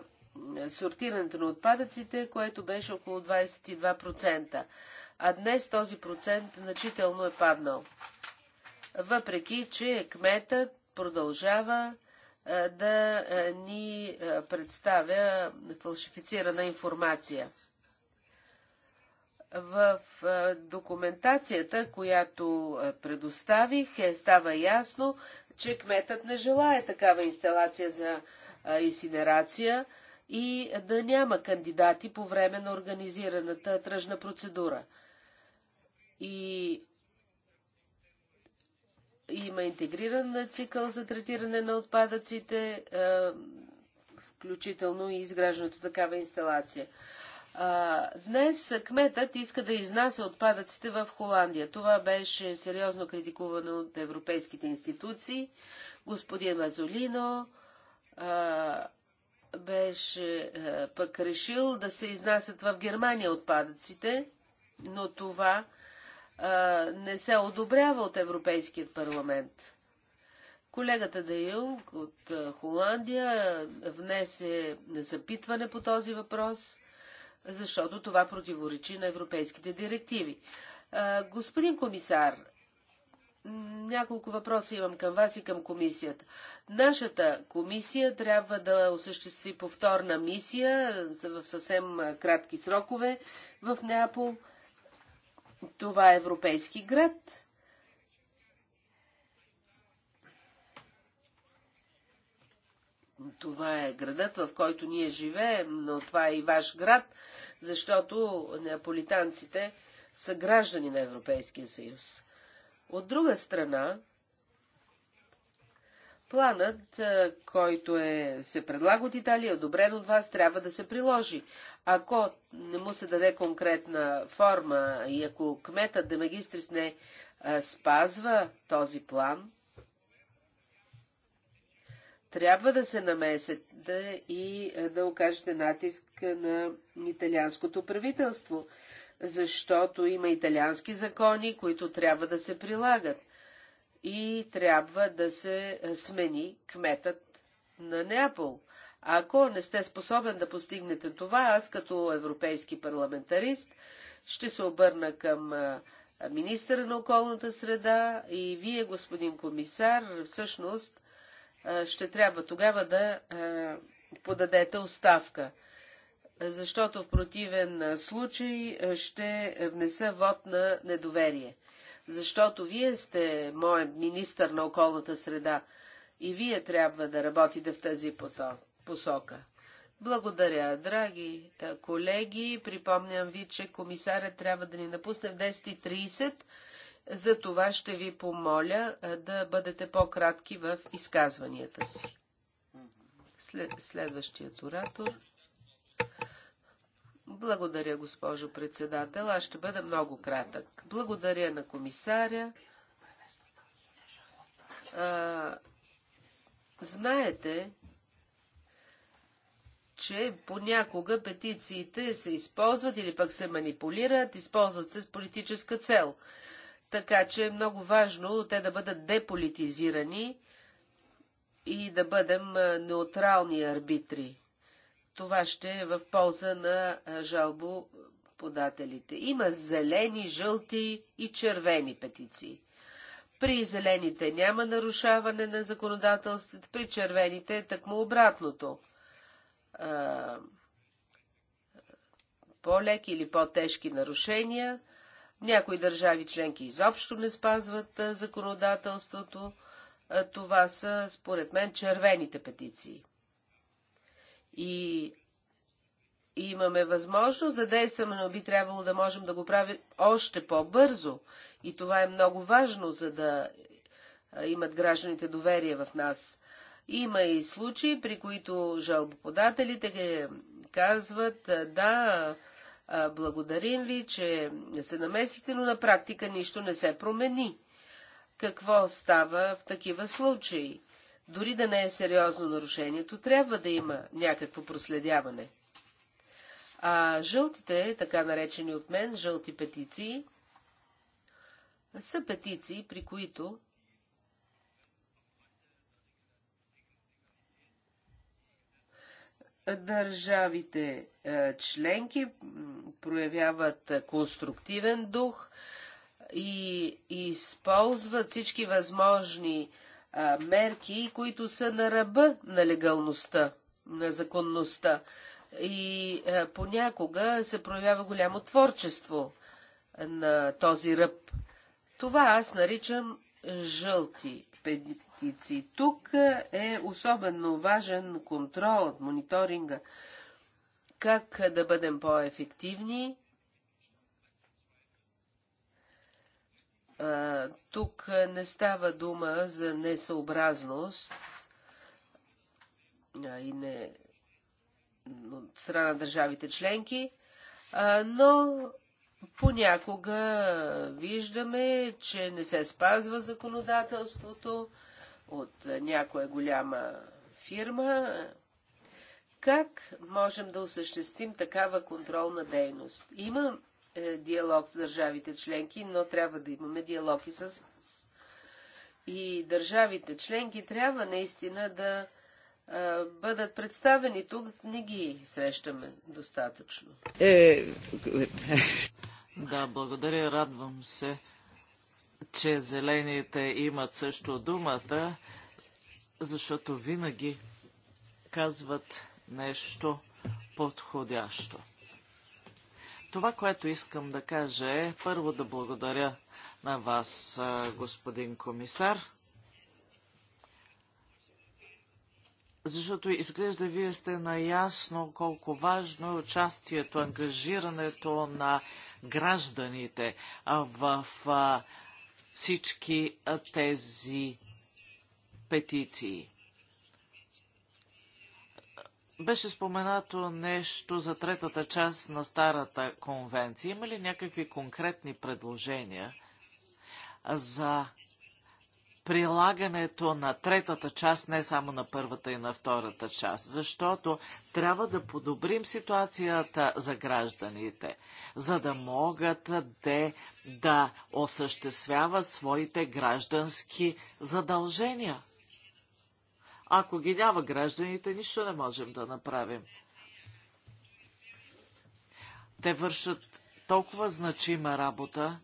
сортирането на отпадъците, което беше около 22%. А днес този процент значително е паднал. Въпреки, че кметът продължава е, да е, ни е, представя фалшифицирана информация. В документацията, която предоставих, е, става ясно, че кметът не желая такава инсталация за инсинерация и да няма кандидати по време на организираната тръжна процедура. И има интегриран цикъл за третиране на отпадъците, е, включително и изграждането такава инсталация. Днес кметът иска да изнася отпадъците в Холандия. Това беше сериозно критикувано от европейските институции. Господин Мазолино беше е, пък решил да се изнасят в Германия отпадъците, но това не се одобрява от Европейският парламент. Колегата Де Юнг от Холандия внесе запитване по този въпрос, защото това противоречи на европейските директиви. Господин комисар, няколко въпроса имам към вас и към комисията. Нашата комисия трябва да осъществи повторна мисия в съвсем кратки срокове в Неапол – това е европейски град. Това е градът, в който ние живеем, но това е и ваш град, защото неаполитанците са граждани на Европейския съюз. От друга страна, Планът, който е, се предлага от Италия, е одобрен от вас, трябва да се приложи. Ако не му се даде конкретна форма и ако кметът де магистрис не а, спазва този план, трябва да се намесете и да окажете натиск на италианското правителство, защото има италиански закони, които трябва да се прилагат и трябва да се смени кметът на Неапол. Ако не сте способен да постигнете това, аз като европейски парламентарист ще се обърна към министъра на околната среда и вие, господин комисар, всъщност ще трябва тогава да подадете оставка. Защото в противен случай ще внеса вод на недоверие защото вие сте мой министър на околната среда и вие трябва да работите в тази посока. Благодаря, драги е, колеги. Припомням ви, че комисарят трябва да ни напусне в 10.30. За това ще ви помоля е, да бъдете по-кратки в изказванията си. След, следващият оратор. Благодаря, госпожо председател. Аз ще бъда много кратък. Благодаря на комисаря. А, знаете, че понякога петициите се използват или пък се манипулират, използват се с политическа цел. Така че е много важно те да бъдат деполитизирани и да бъдем неутрални арбитри това ще е в полза на жалбо подателите. Има зелени, жълти и червени петиции. При зелените няма нарушаване на законодателството, при червените е такмо обратното. По-леки или по-тежки нарушения. Някои държави членки изобщо не спазват законодателството. Това са, според мен, червените петиции. И имаме възможност за действаме, но би трябвало да можем да го правим още по-бързо. И това е много важно, за да имат гражданите доверие в нас. Има и случаи, при които жалбоподателите казват, да, благодарим ви, че се намесихте, но на практика нищо не се промени. Какво става в такива случаи? дори да не е сериозно нарушението, трябва да има някакво проследяване. А жълтите, така наречени от мен, жълти петиции, са петиции, при които държавите е, членки проявяват конструктивен дух и използват всички възможни а, мерки, които са на ръба на легалността, на законността. И а, понякога се проявява голямо творчество на този ръб. Това аз наричам жълти петици. Тук е особено важен контрол, мониторинга. Как да бъдем по-ефективни, Тук не става дума за несъобразност и не от страна на държавите членки, но понякога виждаме, че не се спазва законодателството от някоя голяма фирма. Как можем да осъществим такава контролна дейност? Има е, диалог с държавите членки, но трябва да имаме диалог и с и държавите членки трябва наистина да е, бъдат представени тук. Не ги срещаме достатъчно. Е... Да, благодаря. Радвам се, че зелените имат също думата, защото винаги казват нещо подходящо. Това, което искам да кажа е първо да благодаря на вас, господин комисар, защото изглежда вие сте наясно колко важно е участието, ангажирането на гражданите в всички тези петиции. Беше споменато нещо за третата част на старата конвенция. Има ли някакви конкретни предложения за прилагането на третата част, не само на първата и на втората част, защото трябва да подобрим ситуацията за гражданите, за да могат те да осъществяват своите граждански задължения. Ако ги няма гражданите, нищо не можем да направим. Те вършат толкова значима работа,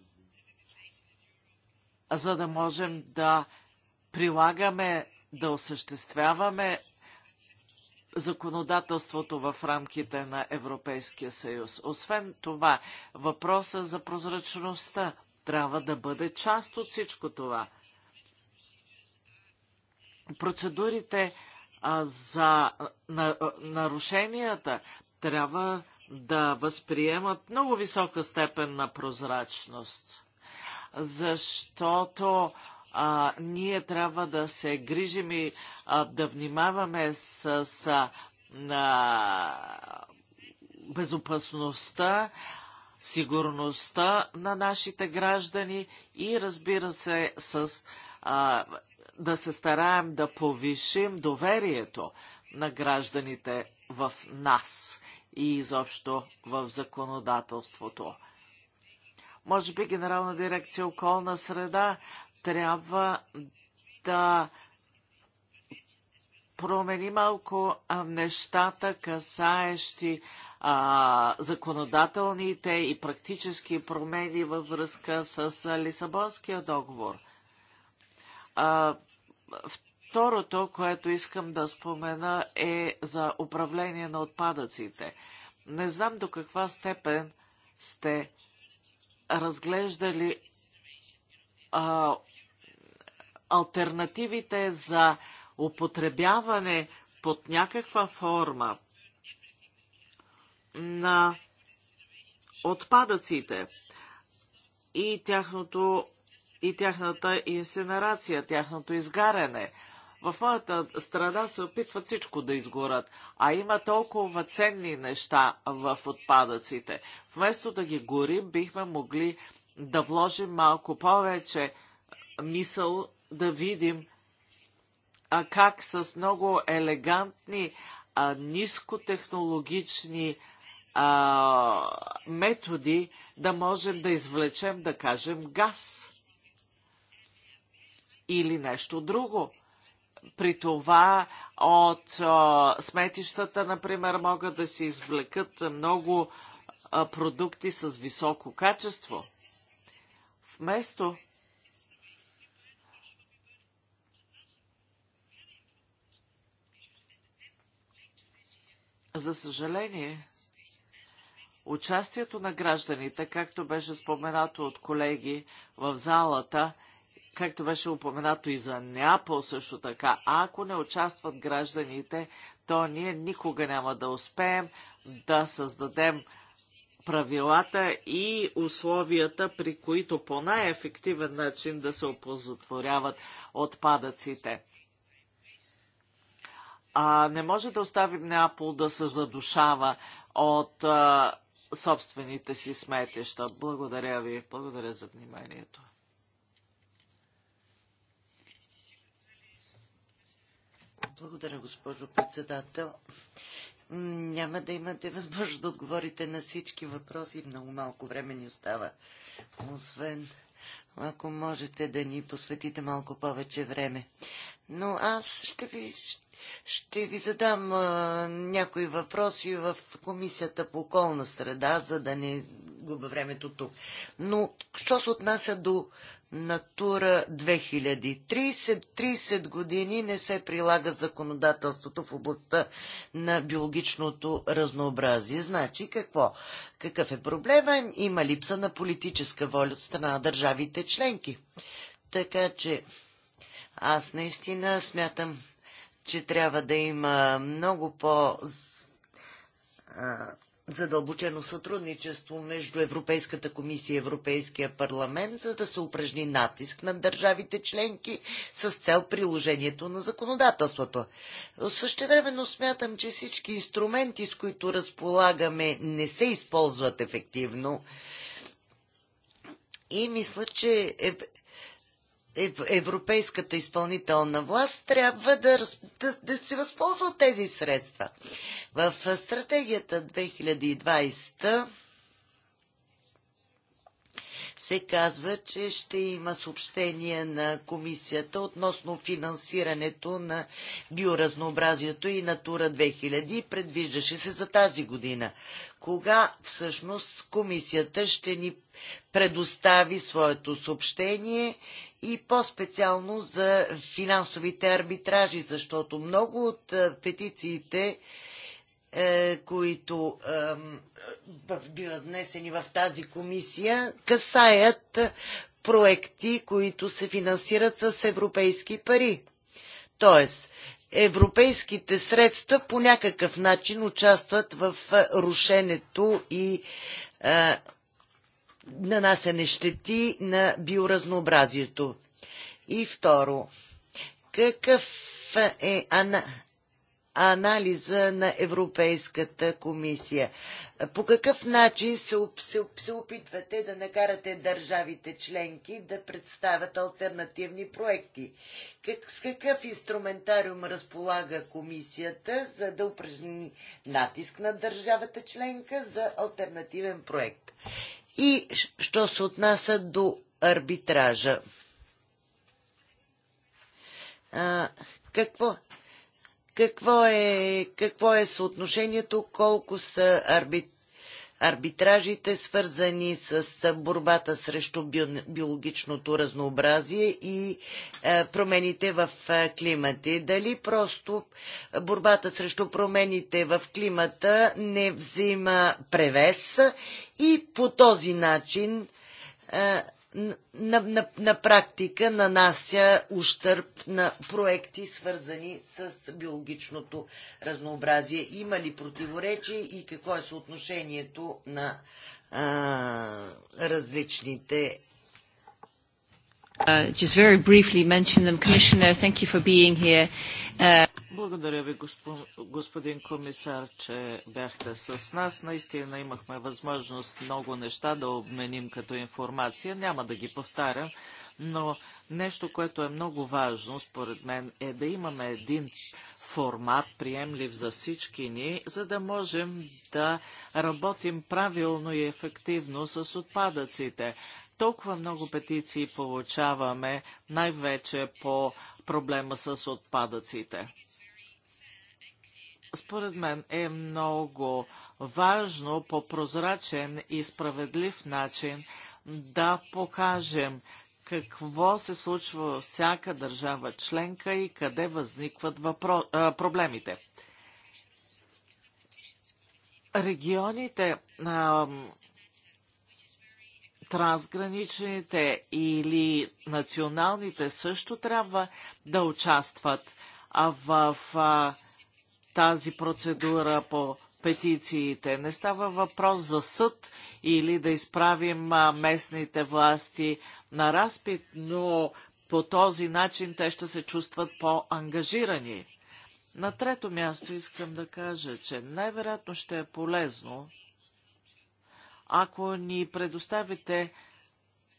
за да можем да прилагаме, да осъществяваме законодателството в рамките на Европейския съюз. Освен това, въпроса за прозрачността трябва да бъде част от всичко това – процедурите а, за на, нарушенията трябва да възприемат много висока степен на прозрачност, защото а, ние трябва да се грижим и а, да внимаваме с, с а, безопасността, сигурността на нашите граждани и разбира се с а, да се стараем да повишим доверието на гражданите в нас и изобщо в законодателството. Може би Генерална дирекция околна среда трябва да промени малко нещата, касаещи а, законодателните и практически промени във връзка с Лисабонския договор – а, второто, което искам да спомена е за управление на отпадъците. Не знам до каква степен сте разглеждали а, альтернативите за употребяване под някаква форма на отпадъците и тяхното и тяхната инсинерация, тяхното изгаряне. В моята страна се опитват всичко да изгорят, а има толкова ценни неща в отпадъците. Вместо да ги горим, бихме могли да вложим малко повече мисъл, да видим а как с много елегантни, а, нискотехнологични а, методи да можем да извлечем, да кажем, газ или нещо друго. При това от а, сметищата, например, могат да се извлекат много а, продукти с високо качество. Вместо За съжаление, участието на гражданите, както беше споменато от колеги в залата, както беше упоменато и за Неапол също така, ако не участват гражданите, то ние никога няма да успеем да създадем правилата и условията, при които по най-ефективен начин да се опозотворяват отпадъците. А, не може да оставим Неапол да се задушава от а, собствените си сметища. Благодаря ви. Благодаря за вниманието. Благодаря, госпожо председател. Няма да имате възможност да отговорите на всички въпроси. Много малко време ни остава. Освен ако можете да ни посветите малко повече време. Но аз ще ви, ще ви задам а, някои въпроси в Комисията по околна среда, за да не губа времето тук. Но, що се отнася до Натура 2030. 30 години не се прилага законодателството в областта на биологичното разнообразие. Значи какво? Какъв е проблема? Има липса на политическа воля от страна на държавите членки. Така че аз наистина смятам, че трябва да има много по задълбочено сътрудничество между Европейската комисия и Европейския парламент, за да се упражни натиск на държавите членки с цел приложението на законодателството. времено смятам, че всички инструменти, с които разполагаме, не се използват ефективно. И мисля, че е европейската изпълнителна власт трябва да, да, да се възползва от тези средства. В стратегията 2020 се казва, че ще има съобщение на комисията относно финансирането на биоразнообразието и Натура 2000. Предвиждаше се за тази година. Кога всъщност комисията ще ни предостави своето съобщение и по-специално за финансовите арбитражи, защото много от петициите е, които биват внесени в тази комисия, касаят проекти, които се финансират с европейски пари. Тоест, европейските средства по някакъв начин участват в рушенето и е, нанасяне щети на биоразнообразието. И второ, какъв е ана, анализа на Европейската комисия. По какъв начин се, се, се опитвате да накарате държавите членки да представят альтернативни проекти? Как, с какъв инструментариум разполага комисията, за да упражни натиск на държавата членка за альтернативен проект? И що се отнася до арбитража? А, какво, какво е, какво е съотношението, колко са арбит, арбитражите, свързани с борбата срещу биологичното разнообразие и е, промените в е, климата. Дали просто борбата срещу промените в климата не взима превес и по този начин е, на, на, на практика нанася ущърп на проекти, свързани с биологичното разнообразие. Има ли противоречие и какво е съотношението на а, различните Uh, just very briefly mention them. Commissioner, thank you for being here. Uh, Благодаря ви, господин комисар, че бяхте с нас. Наистина имахме възможност много неща да обменим като информация. Няма да ги повтарям, но нещо, което е много важно, според мен, е да имаме един формат, приемлив за всички ни, за да можем да работим правилно и ефективно с отпадъците. Толкова много петиции получаваме, най-вече по проблема с отпадъците. Според мен е много важно по прозрачен и справедлив начин да покажем какво се случва във всяка държава членка и къде възникват въпро... проблемите. Регионите а, трансграничните или националните също трябва да участват в тази процедура по петициите. Не става въпрос за съд или да изправим местните власти на разпит, но по този начин те ще се чувстват по-ангажирани. На трето място искам да кажа, че най-вероятно ще е полезно ако ни предоставите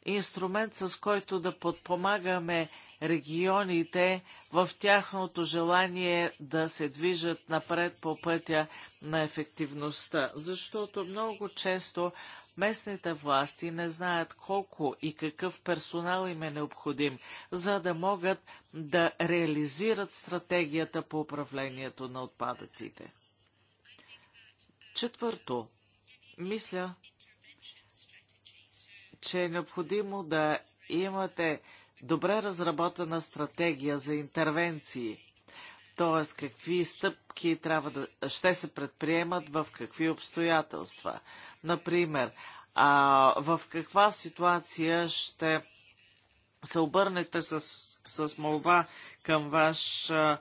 инструмент, с който да подпомагаме регионите в тяхното желание да се движат напред по пътя на ефективността. Защото много често местните власти не знаят колко и какъв персонал им е необходим, за да могат да реализират стратегията по управлението на отпадъците. Четвърто, мисля, че е необходимо да имате добре разработена стратегия за интервенции, т.е. какви стъпки трябва да, ще се предприемат в какви обстоятелства. Например, а, в каква ситуация ще се обърнете с, с молба към ваш а,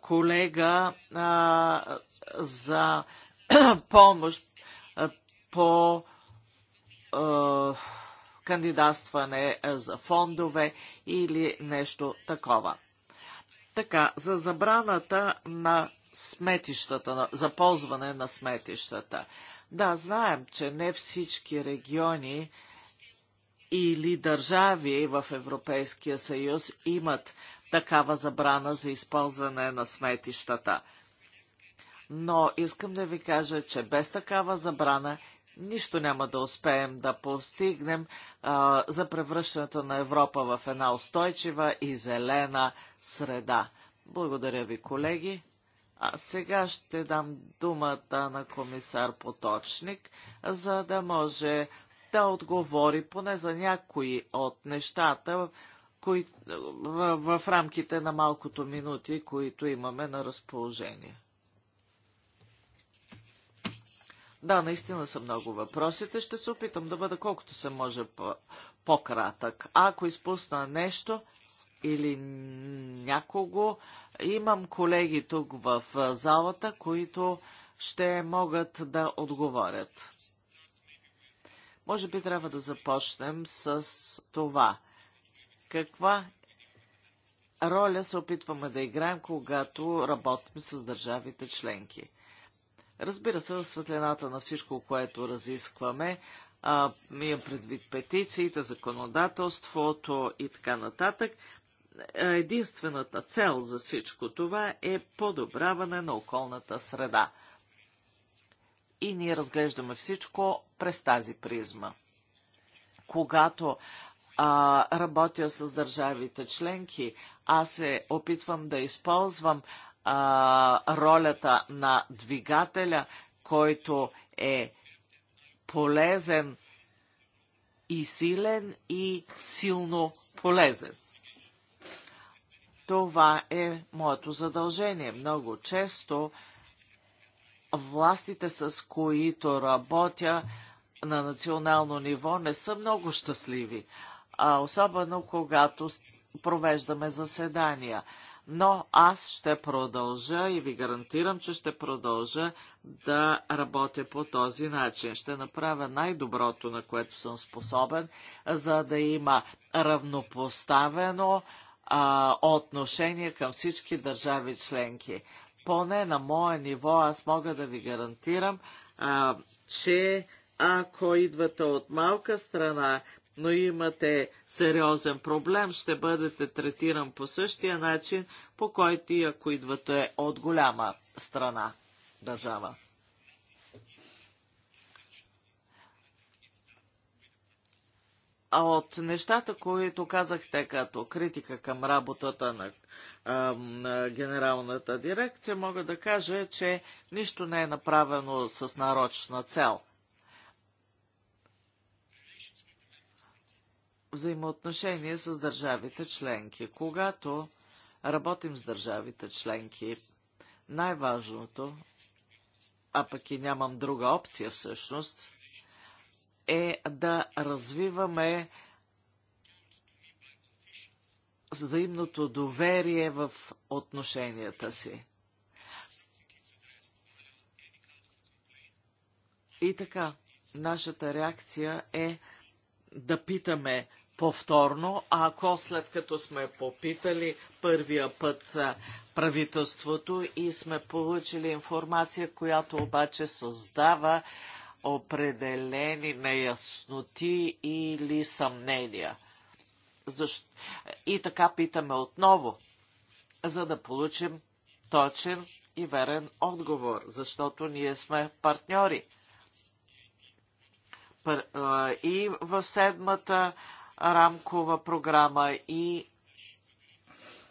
колега а, за помощ а, по кандидатстване за фондове или нещо такова. Така, за забраната на сметищата, за ползване на сметищата. Да, знаем, че не всички региони или държави в Европейския съюз имат такава забрана за използване на сметищата. Но искам да ви кажа, че без такава забрана нищо няма да успеем да постигнем а, за превръщането на Европа в една устойчива и зелена среда. Благодаря ви, колеги. А сега ще дам думата на комисар Поточник, за да може да отговори поне за някои от нещата, кои, в, в рамките на малкото минути, които имаме на разположение. Да, наистина са много въпросите. Ще се опитам да бъда колкото се може по-кратък. Ако изпусна нещо или някого, имам колеги тук в залата, които ще могат да отговорят. Може би трябва да започнем с това. Каква роля се опитваме да играем, когато работим с държавите членки? Разбира се, в светлината на всичко, което разискваме, а, имам предвид петициите, законодателството и така нататък, е, единствената цел за всичко това е подобряване на околната среда. И ние разглеждаме всичко през тази призма. Когато а, работя с държавите членки, аз се опитвам да използвам а, ролята на двигателя, който е полезен и силен и силно полезен. Това е моето задължение. Много често властите, с които работя на национално ниво, не са много щастливи, а особено когато провеждаме заседания но аз ще продължа и ви гарантирам, че ще продължа да работя по този начин. Ще направя най-доброто, на което съм способен, за да има равнопоставено а, отношение към всички държави членки. Поне на мое ниво аз мога да ви гарантирам, а, че ако идвате от малка страна но имате сериозен проблем, ще бъдете третиран по същия начин, по който и ако идвате от голяма страна, държава. А от нещата, които казахте като критика към работата на, на генералната дирекция, мога да кажа, че нищо не е направено с нарочна цел – взаимоотношения с държавите членки. Когато работим с държавите членки, най-важното, а пък и нямам друга опция всъщност, е да развиваме взаимното доверие в отношенията си. И така, нашата реакция е да питаме повторно, ако след като сме попитали първия път правителството и сме получили информация, която обаче създава определени неясноти или съмнения. Защо? И така питаме отново, за да получим точен и верен отговор, защото ние сме партньори. И в седмата рамкова програма и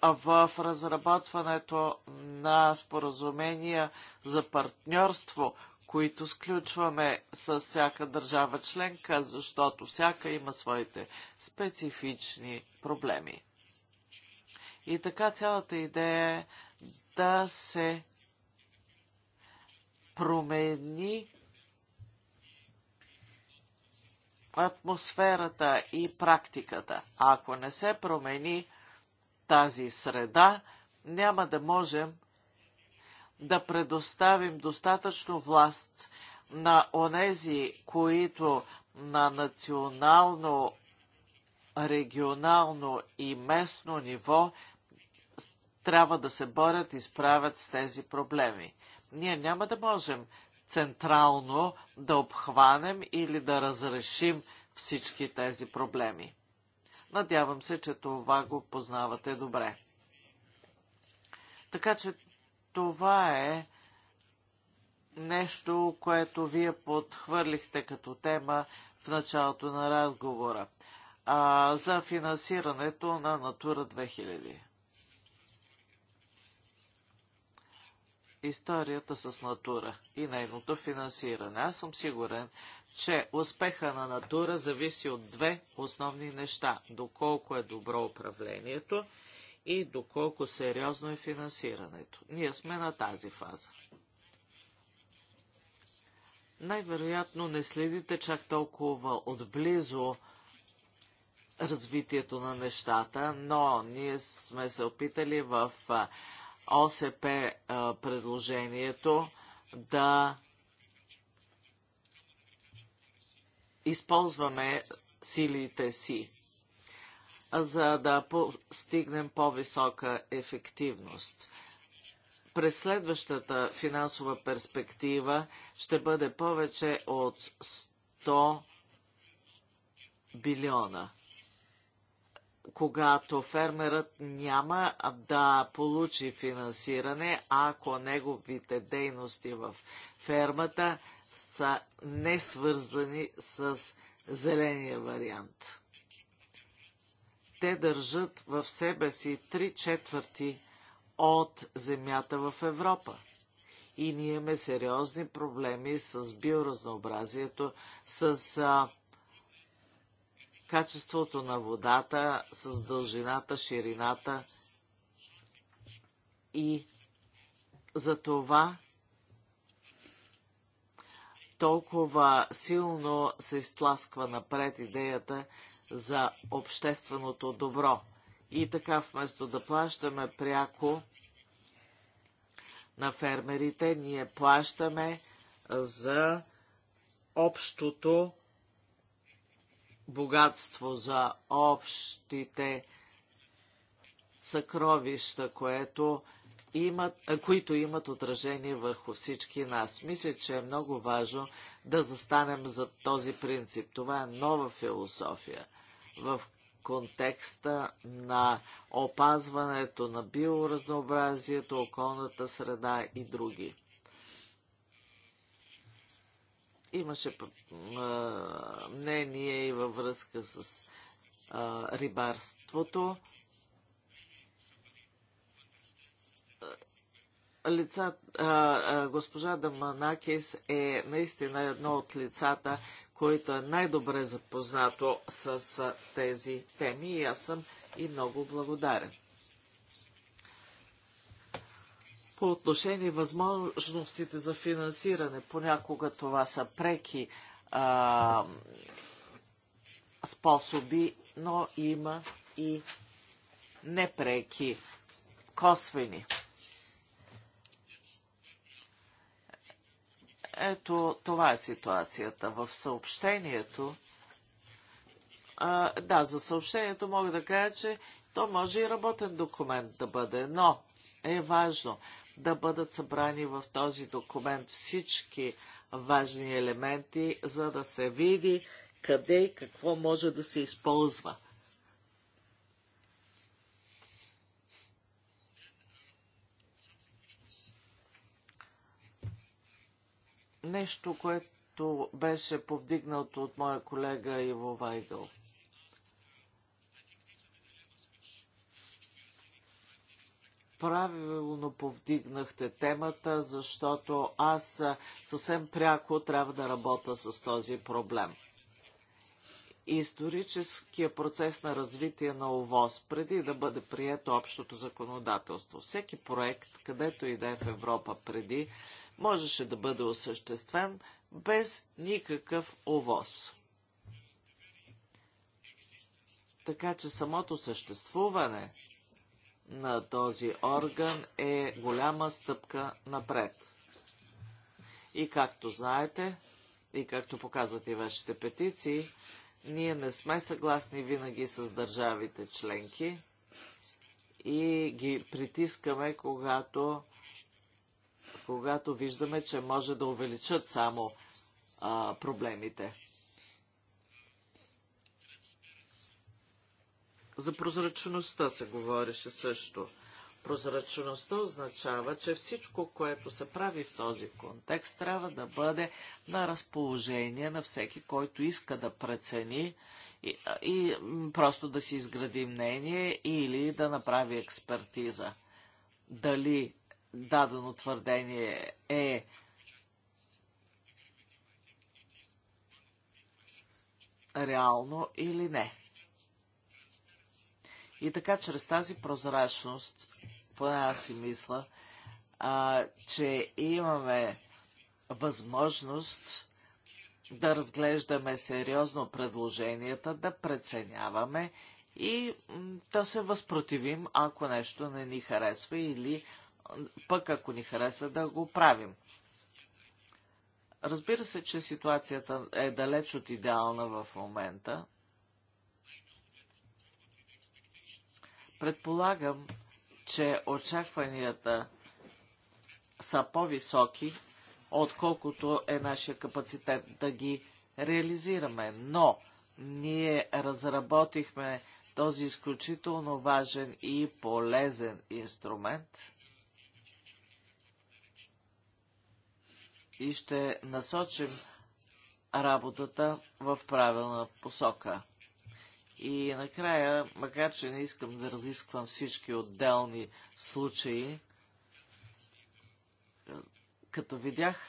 в разработването на споразумения за партньорство, които сключваме с всяка държава членка, защото всяка има своите специфични проблеми. И така цялата идея е да се промени атмосферата и практиката. Ако не се промени тази среда, няма да можем да предоставим достатъчно власт на онези, които на национално, регионално и местно ниво трябва да се борят и справят с тези проблеми. Ние няма да можем централно да обхванем или да разрешим всички тези проблеми. Надявам се, че това го познавате добре. Така че това е нещо, което вие подхвърлихте като тема в началото на разговора а, за финансирането на Натура 2000. историята с Натура и нейното финансиране. Аз съм сигурен, че успеха на Натура зависи от две основни неща. Доколко е добро управлението и доколко сериозно е финансирането. Ние сме на тази фаза. Най-вероятно не следите чак толкова отблизо развитието на нещата, но ние сме се опитали в ОСП предложението да използваме силите си, за да постигнем по-висока ефективност. През следващата финансова перспектива ще бъде повече от 100 билиона когато фермерът няма да получи финансиране, ако неговите дейности в фермата са не свързани с зеления вариант. Те държат в себе си три четвърти от земята в Европа. И ние имаме сериозни проблеми с биоразнообразието, с качеството на водата с дължината, ширината и за това толкова силно се изтласква напред идеята за общественото добро. И така, вместо да плащаме пряко на фермерите, ние плащаме за общото богатство, за общите съкровища, което имат, които имат отражение върху всички нас. Мисля, че е много важно да застанем за този принцип. Това е нова философия в контекста на опазването на биоразнообразието, околната среда и други. Имаше мнение и във връзка с а, рибарството. Лица, а, а, госпожа Даманакис е наистина едно от лицата, който е най-добре запознато с тези теми и аз съм и много благодарен. по отношение възможностите за финансиране. Понякога това са преки а, способи, но има и непреки, косвени. Ето, това е ситуацията. В съобщението, а, да, за съобщението мога да кажа, че то може и работен документ да бъде, но е важно да бъдат събрани в този документ всички важни елементи, за да се види къде и какво може да се използва. Нещо, което беше повдигнато от моя колега Иво Вайгъл – правилно повдигнахте темата, защото аз съвсем пряко трябва да работя с този проблем. Историческия процес на развитие на ОВОС, преди да бъде прието общото законодателство. Всеки проект, където и да е в Европа преди, можеше да бъде осъществен без никакъв ОВОС. Така че самото съществуване на този орган е голяма стъпка напред. И както знаете, и както показват и вашите петиции, ние не сме съгласни винаги с държавите членки и ги притискаме, когато, когато виждаме, че може да увеличат само а, проблемите. За прозрачността се говореше също. Прозрачността означава, че всичко, което се прави в този контекст, трябва да бъде на разположение на всеки, който иска да прецени и, и просто да си изгради мнение или да направи експертиза. Дали дадено твърдение е реално или не. И така, чрез тази прозрачност, поне аз си мисля, а, че имаме възможност да разглеждаме сериозно предложенията, да преценяваме и да се възпротивим, ако нещо не ни харесва или пък ако ни хареса да го правим. Разбира се, че ситуацията е далеч от идеална в момента, Предполагам, че очакванията са по-високи, отколкото е нашия капацитет да ги реализираме. Но ние разработихме този изключително важен и полезен инструмент и ще насочим работата в правилна посока. И накрая, макар че не искам да разисквам всички отделни случаи, като видях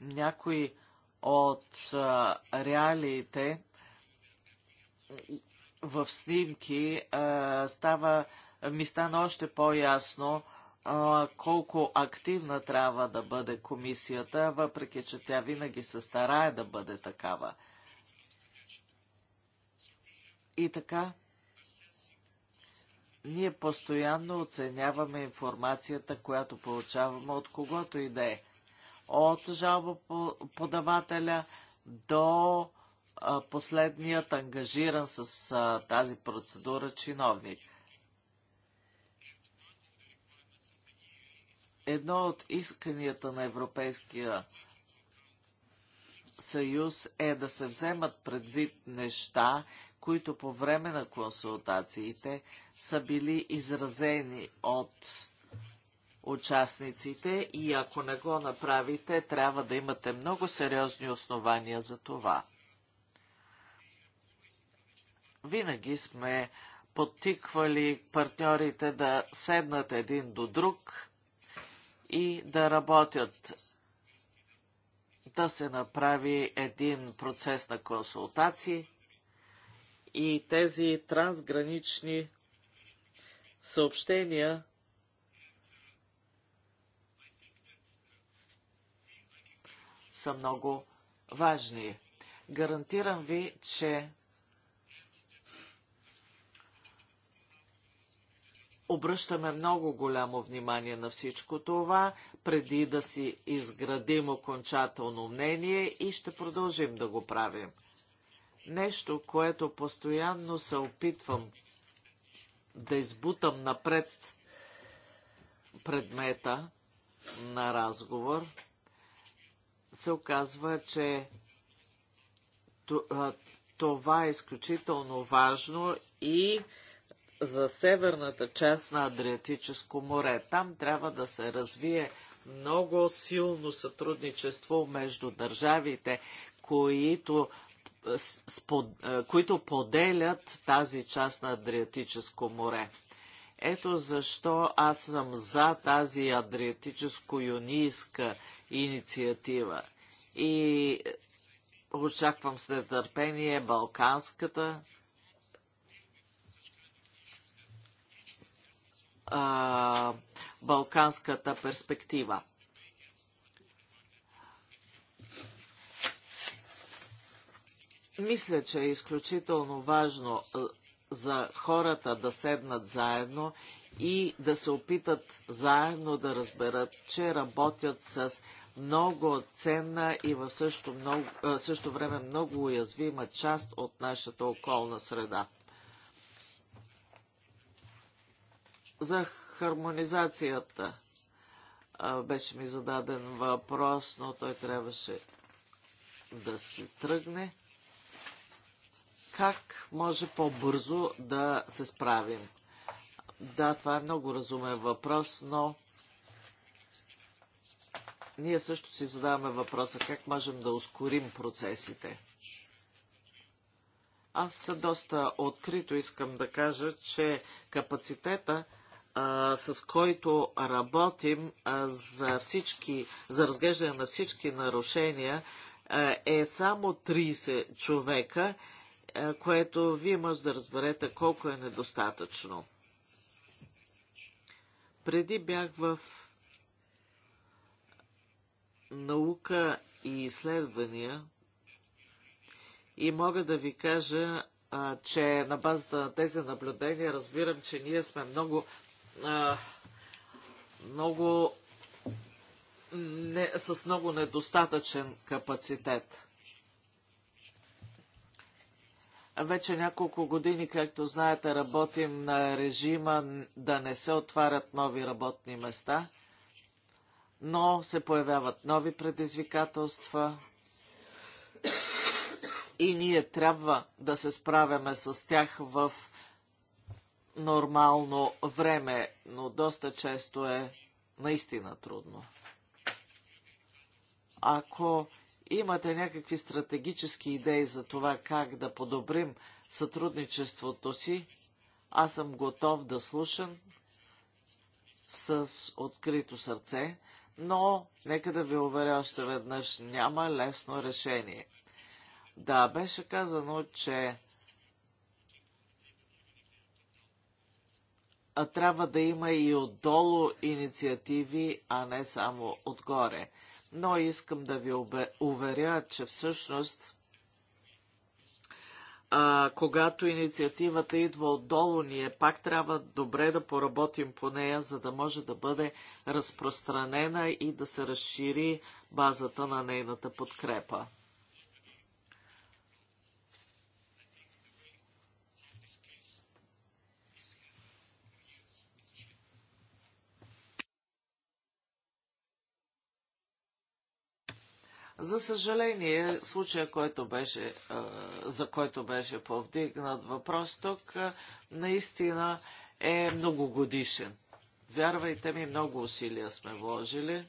някои от реалиите в снимки, става, ми стана още по-ясно колко активна трябва да бъде комисията, въпреки че тя винаги се старае да бъде такава. И така, ние постоянно оценяваме информацията, която получаваме от когото и да е. От жалбоподавателя до последният ангажиран с тази процедура чиновник. Едно от исканията на Европейския съюз е да се вземат предвид неща, които по време на консултациите са били изразени от участниците и ако не го направите, трябва да имате много сериозни основания за това. Винаги сме подтиквали партньорите да седнат един до друг и да работят да се направи един процес на консултации, и тези трансгранични съобщения са много важни. Гарантирам ви, че обръщаме много голямо внимание на всичко това, преди да си изградим окончателно мнение и ще продължим да го правим нещо, което постоянно се опитвам да избутам напред предмета на разговор, се оказва, че това е изключително важно и за северната част на Адриатическо море. Там трябва да се развие много силно сътрудничество между държавите, които спод, които поделят тази част на Адриатическо море. Ето защо аз съм за тази Адриатическо-юнийска инициатива. И очаквам с нетърпение Балканската а, Балканската перспектива. Мисля, че е изключително важно за хората да седнат заедно и да се опитат заедно да разберат, че работят с много ценна и в също, много, също време много уязвима част от нашата околна среда. За хармонизацията беше ми зададен въпрос, но той трябваше да си тръгне как може по-бързо да се справим. Да, това е много разумен въпрос, но ние също си задаваме въпроса как можем да ускорим процесите. Аз доста открито искам да кажа, че капацитета, а, с който работим а, за, всички, за разглеждане на всички нарушения, а, е само 30 човека е, което вие може да разберете колко е недостатъчно. Преди бях в наука и изследвания и мога да ви кажа, че на базата на тези наблюдения разбирам, че ние сме много, много не, с много недостатъчен капацитет. Вече няколко години, както знаете, работим на режима да не се отварят нови работни места, но се появяват нови предизвикателства и ние трябва да се справяме с тях в нормално време, но доста често е наистина трудно. Ако имате някакви стратегически идеи за това как да подобрим сътрудничеството си, аз съм готов да слушам с открито сърце, но нека да ви уверя още веднъж, няма лесно решение. Да, беше казано, че трябва да има и отдолу инициативи, а не само отгоре но искам да ви уверя, че всъщност а, когато инициативата идва отдолу, ние пак трябва добре да поработим по нея, за да може да бъде разпространена и да се разшири базата на нейната подкрепа. За съжаление, случая, който беше, за който беше повдигнат въпрос тук, наистина е многогодишен. Вярвайте ми, много усилия сме вложили.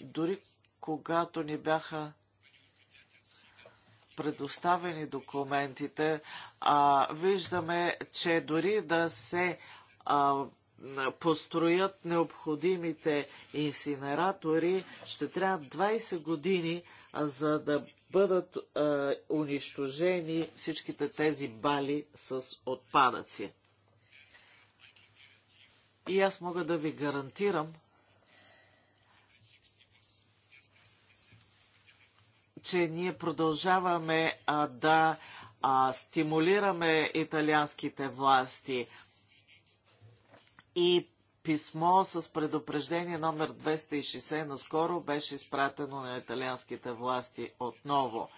Дори когато ни бяха предоставени документите, а, виждаме, че дори да се а, построят необходимите инсинератори, ще трябва 20 години, за да бъдат а, унищожени всичките тези бали с отпадъци. И аз мога да ви гарантирам, че ние продължаваме а, да а, стимулираме италианските власти и писмо с предупреждение номер 260 наскоро беше изпратено на италианските власти отново.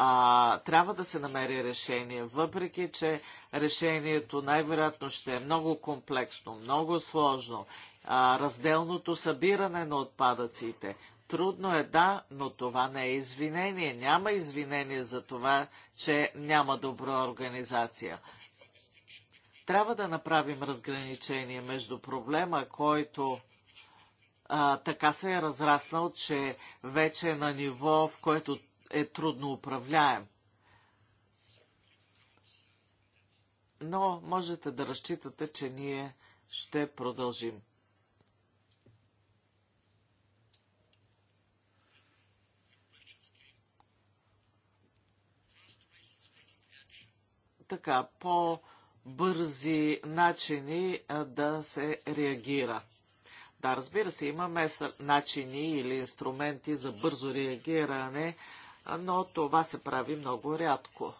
А, трябва да се намери решение, въпреки че решението най-вероятно ще е много комплексно, много сложно. А, разделното събиране на отпадъците. Трудно е да, но това не е извинение. Няма извинение за това, че няма добра организация. Трябва да направим разграничение между проблема, който а, така се е разраснал, че вече е на ниво, в което е трудно управляем. Но можете да разчитате, че ние ще продължим. Така, по бързи начини да се реагира. Да, разбира се, имаме начини или инструменти за бързо реагиране, но това се прави много рядко.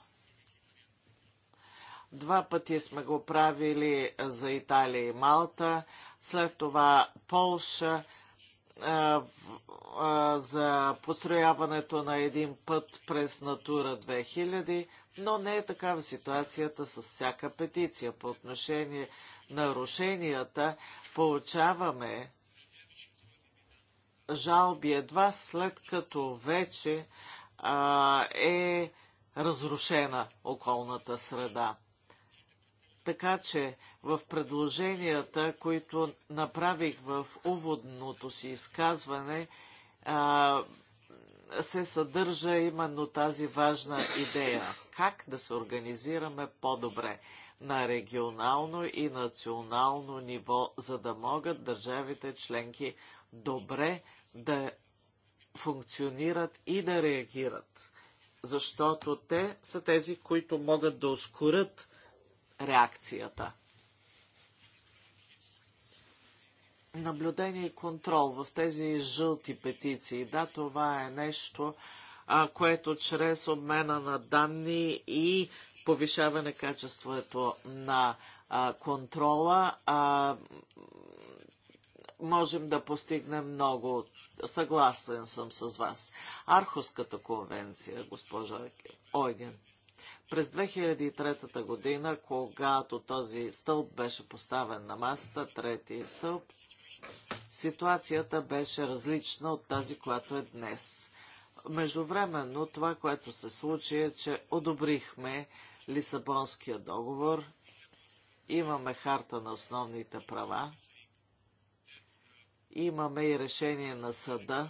Два пъти сме го правили за Италия и Малта, след това Полша, за построяването на един път през Натура 2000, но не е такава ситуацията с всяка петиция. По отношение нарушенията получаваме жалби едва след като вече а, е разрушена околната среда. Така че в предложенията, които направих в уводното си изказване, се съдържа именно тази важна идея. Как да се организираме по-добре на регионално и национално ниво, за да могат държавите членки добре да функционират и да реагират. Защото те са тези, които могат да ускорят реакцията. Наблюдение и контрол в тези жълти петиции. Да, това е нещо, което чрез обмена на данни и повишаване качеството на контрола можем да постигнем много. Съгласен съм с вас. Архуската конвенция, госпожа Ойген. През 2003 година, когато този стълб беше поставен на маста, трети стълб, ситуацията беше различна от тази, която е днес. Междувременно това, което се случи е, че одобрихме Лисабонския договор, имаме харта на основните права, имаме и решение на съда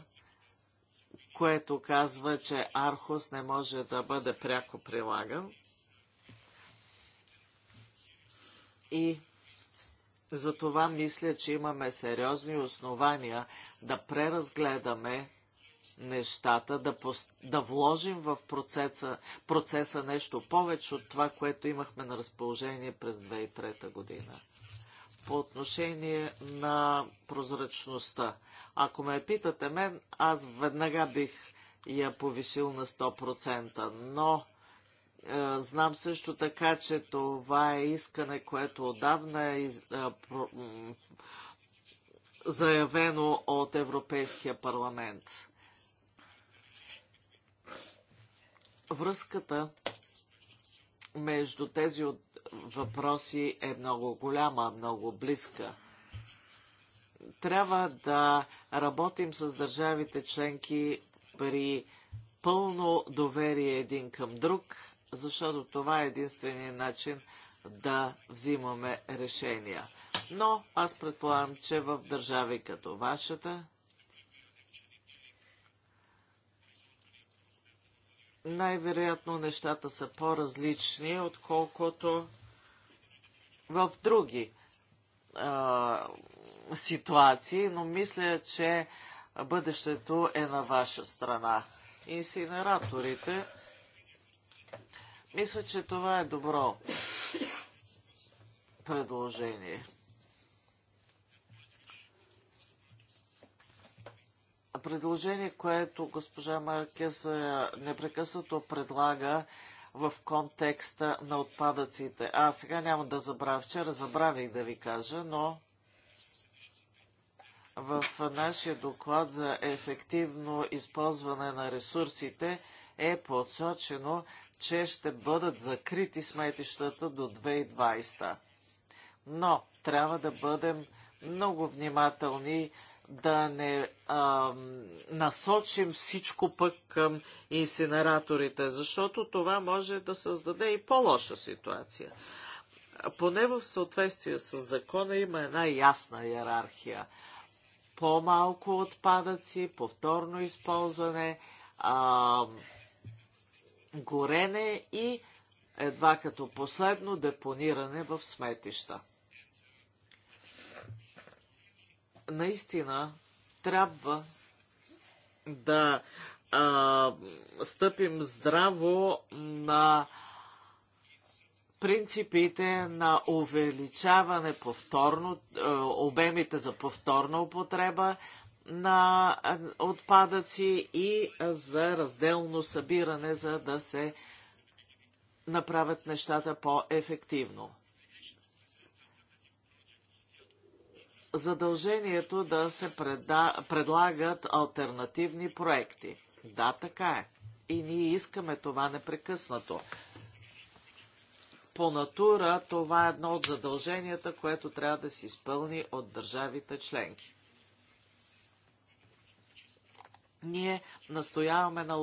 което казва, че Архос не може да бъде пряко прилаган. И за това мисля, че имаме сериозни основания да преразгледаме нещата, да, пос... да вложим в процеса, процеса нещо повече от това, което имахме на разположение през 2003 година по отношение на прозрачността. Ако ме питате мен, аз веднага бих я повишил на 100%, но е, знам също така, че това е искане, което отдавна е, е заявено от Европейския парламент. Връзката между тези от въпроси е много голяма, много близка. Трябва да работим с държавите членки при пълно доверие един към друг, защото това е единствения начин да взимаме решения. Но аз предполагам, че в държави като вашата най-вероятно нещата са по-различни, отколкото в други а, ситуации, но мисля, че бъдещето е на ваша страна. Инсинераторите, мисля, че това е добро предложение. Предложение, което госпожа Маркес непрекъснато предлага в контекста на отпадъците. А сега няма да забравя. Вчера забравих да ви кажа, но в нашия доклад за ефективно използване на ресурсите е подсочено, че ще бъдат закрити сметищата до 2020. Но трябва да бъдем много внимателни да не а, насочим всичко пък към инсинераторите, защото това може да създаде и по-лоша ситуация. Поне в съответствие с закона има една ясна иерархия. По-малко отпадъци, повторно използване, а, горене и едва като последно депониране в сметища. наистина трябва да а, стъпим здраво на принципите на увеличаване повторно, е, обемите за повторна употреба на е, отпадъци и за разделно събиране, за да се направят нещата по-ефективно. задължението да се преда, предлагат альтернативни проекти. Да, така е. И ние искаме това непрекъснато. По натура това е едно от задълженията, което трябва да се изпълни от държавите членки. Ние настояваме на,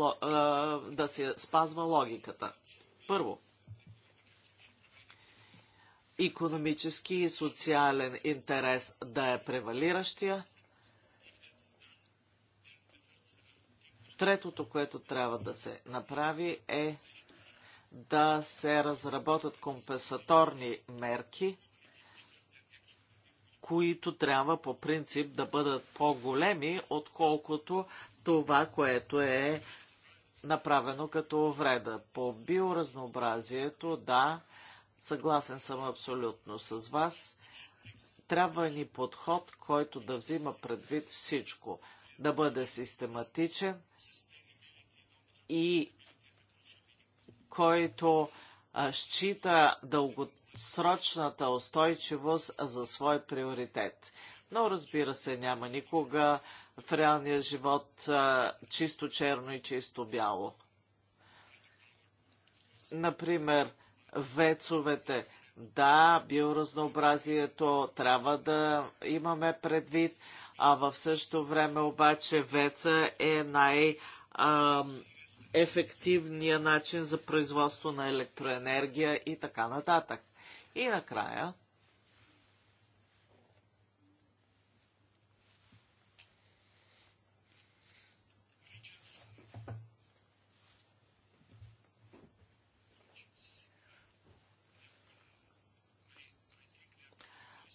да се спазва логиката. Първо, економически и социален интерес да е превалиращия. Третото, което трябва да се направи е да се разработят компенсаторни мерки, които трябва по принцип да бъдат по-големи, отколкото това, което е направено като вреда. По биоразнообразието, да, Съгласен съм абсолютно с вас. Трябва ни подход, който да взима предвид всичко. Да бъде систематичен и който счита дългосрочната устойчивост за свой приоритет. Но разбира се, няма никога в реалния живот чисто черно и чисто бяло. Например, вецовете. Да, биоразнообразието трябва да имаме предвид, а в същото време обаче веца е най- ефективният начин за производство на електроенергия и така нататък. И накрая,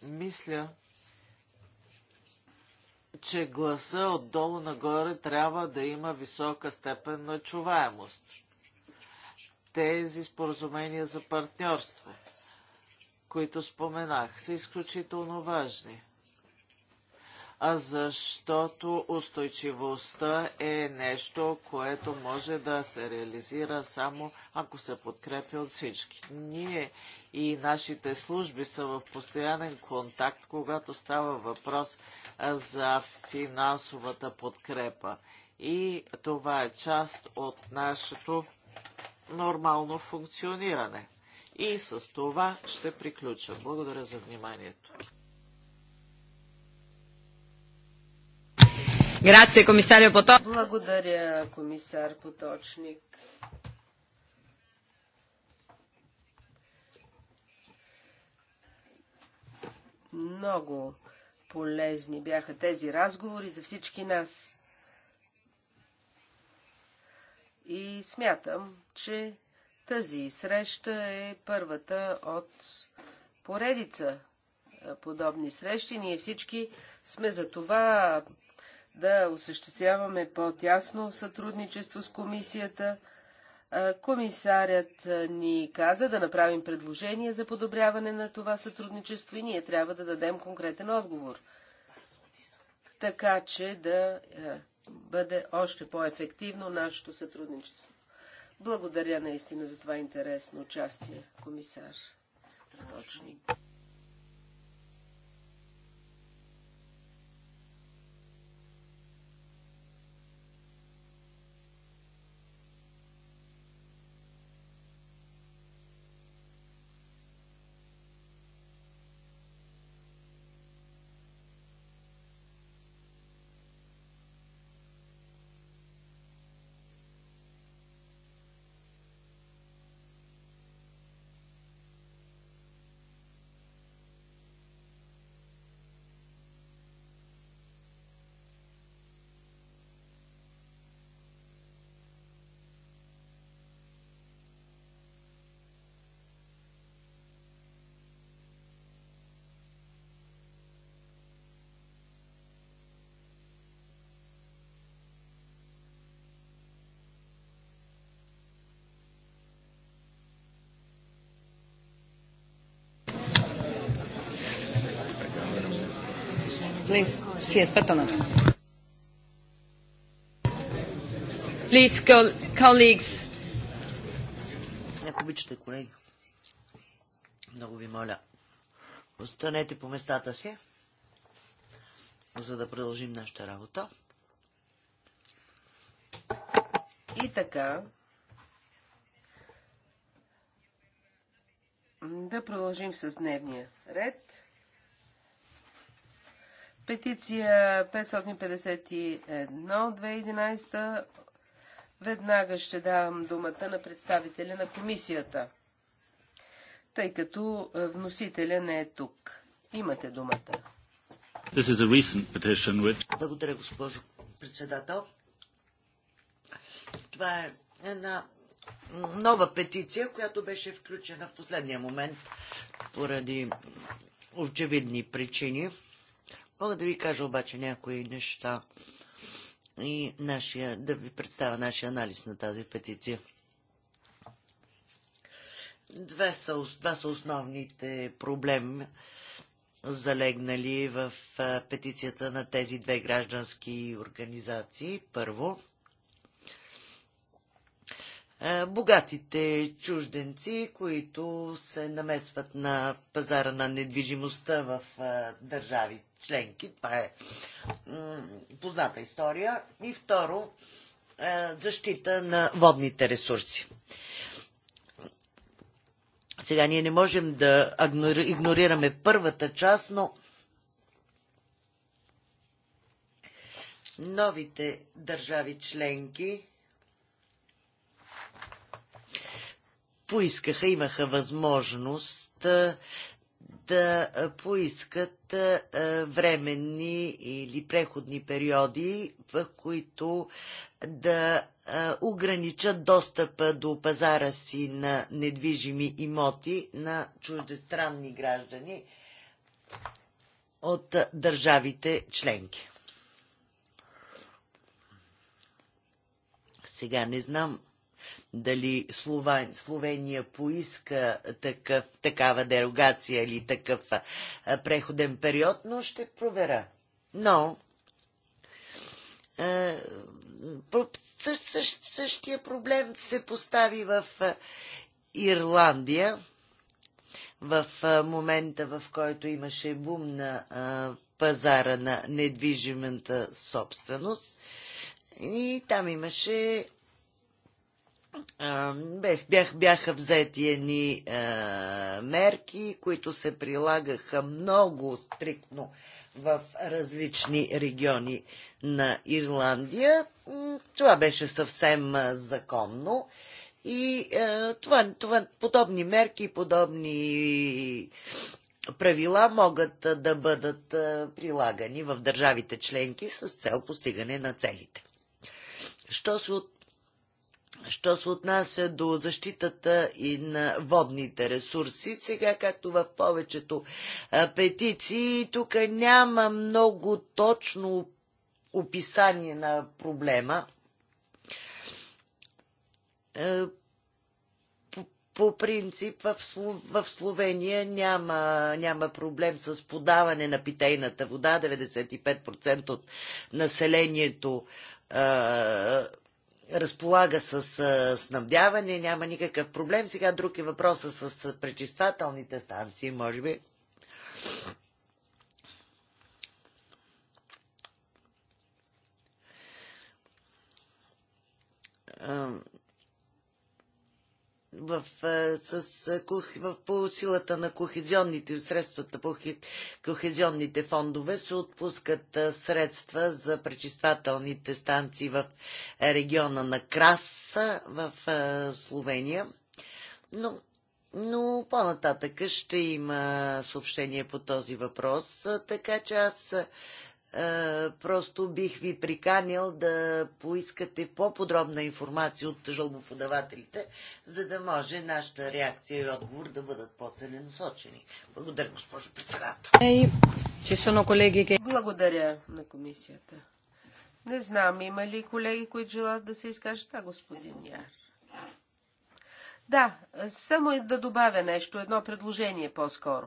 Мисля, че гласа отдолу нагоре трябва да има висока степен на чуваемост. Тези споразумения за партньорство, които споменах, са изключително важни защото устойчивостта е нещо, което може да се реализира само ако се подкрепя от всички. Ние и нашите служби са в постоянен контакт, когато става въпрос за финансовата подкрепа. И това е част от нашето нормално функциониране. И с това ще приключа. Благодаря за вниманието. Благодаря, комисар Поточник. Много полезни бяха тези разговори за всички нас. И смятам, че тази среща е първата от поредица подобни срещи. Ние всички сме за това да осъществяваме по-тясно сътрудничество с комисията. Комисарят ни каза да направим предложение за подобряване на това сътрудничество и ние трябва да дадем конкретен отговор, така че да бъде още по-ефективно нашето сътрудничество. Благодаря наистина за това интересно участие, комисар. Точник. Please, sì, aspetta un attimo. co colleagues. Ако обичате, колеги. Много ви моля. Останете по местата си, за да продължим нашата работа. И така, да продължим с дневния ред. Петиция 551 от 2011. Веднага ще давам думата на представителя на комисията, тъй като е, вносителя не е тук. Имате думата. Petition, which... Благодаря, госпожо председател. Това е една нова петиция, която беше включена в последния момент поради очевидни причини. Мога да ви кажа обаче някои неща и нашия, да ви представя нашия анализ на тази петиция. Две са, два са основните проблеми, залегнали в петицията на тези две граждански организации. Първо, е, богатите чужденци, които се намесват на пазара на недвижимостта в е, държави членки. Това е позната история. И второ, е, защита на водните ресурси. Сега ние не можем да игнорираме първата част, но новите държави членки поискаха, имаха възможност да поискат временни или преходни периоди, в които да ограничат достъпа до пазара си на недвижими имоти на чуждестранни граждани от държавите членки. Сега не знам дали Словения поиска такъв, такава дерогация или такъв преходен период, но ще проверя. Но същия проблем се постави в Ирландия в момента, в който имаше бум на пазара на недвижимата собственост. И там имаше бех, бях, бяха взети едни е, мерки, които се прилагаха много стриктно в различни региони на Ирландия. Това беше съвсем законно. И е, това, това, подобни мерки, подобни правила могат да бъдат прилагани в държавите членки с цел постигане на целите. Що се от Що се отнася до защитата и на водните ресурси, сега както в повечето петиции, тук няма много точно описание на проблема. По, принцип в, в Словения няма, няма проблем с подаване на питейната вода. 95% от населението разполага с снабдяване, няма никакъв проблем. Сега друг е въпроса с пречиствателните станции, може би в, с, в, по силата на кохезионните средствата по кохезионните фондове се отпускат средства за пречиствателните станции в региона на Краса в Словения. Но, но по-нататък ще има съобщение по този въпрос, така че аз е, просто бих ви приканил да поискате по-подробна информация от жалбоподавателите, за да може нашата реакция и отговор да бъдат по-целенасочени. Благодаря, госпожо председател. Благодаря на комисията. Не знам, има ли колеги, които желаят да се изкажат? Да, господин Яр. Да, само да добавя нещо, едно предложение по-скоро.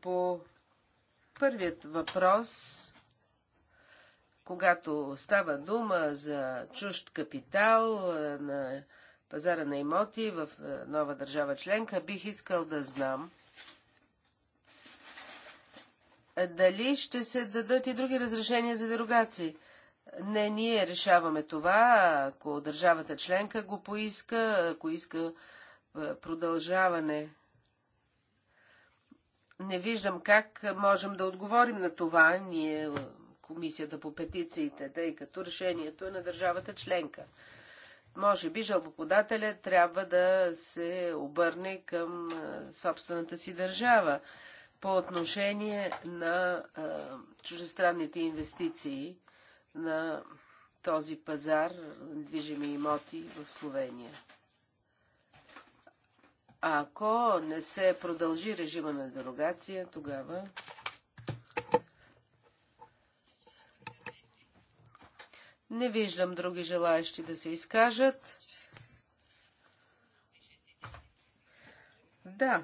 по Първият въпрос, когато става дума за чужд капитал на пазара на имоти в нова държава членка, бих искал да знам дали ще се дадат и други разрешения за дерогации. Не, ние решаваме това, ако държавата членка го поиска, ако иска продължаване не виждам как можем да отговорим на това ние, Комисията по петициите, тъй като решението е на държавата членка. Може би жалбоподателя трябва да се обърне към собствената си държава по отношение на а, чужестранните инвестиции на този пазар движими имоти в Словения. Ако не се продължи режима на дерогация, тогава не виждам други желаящи да се изкажат. Да.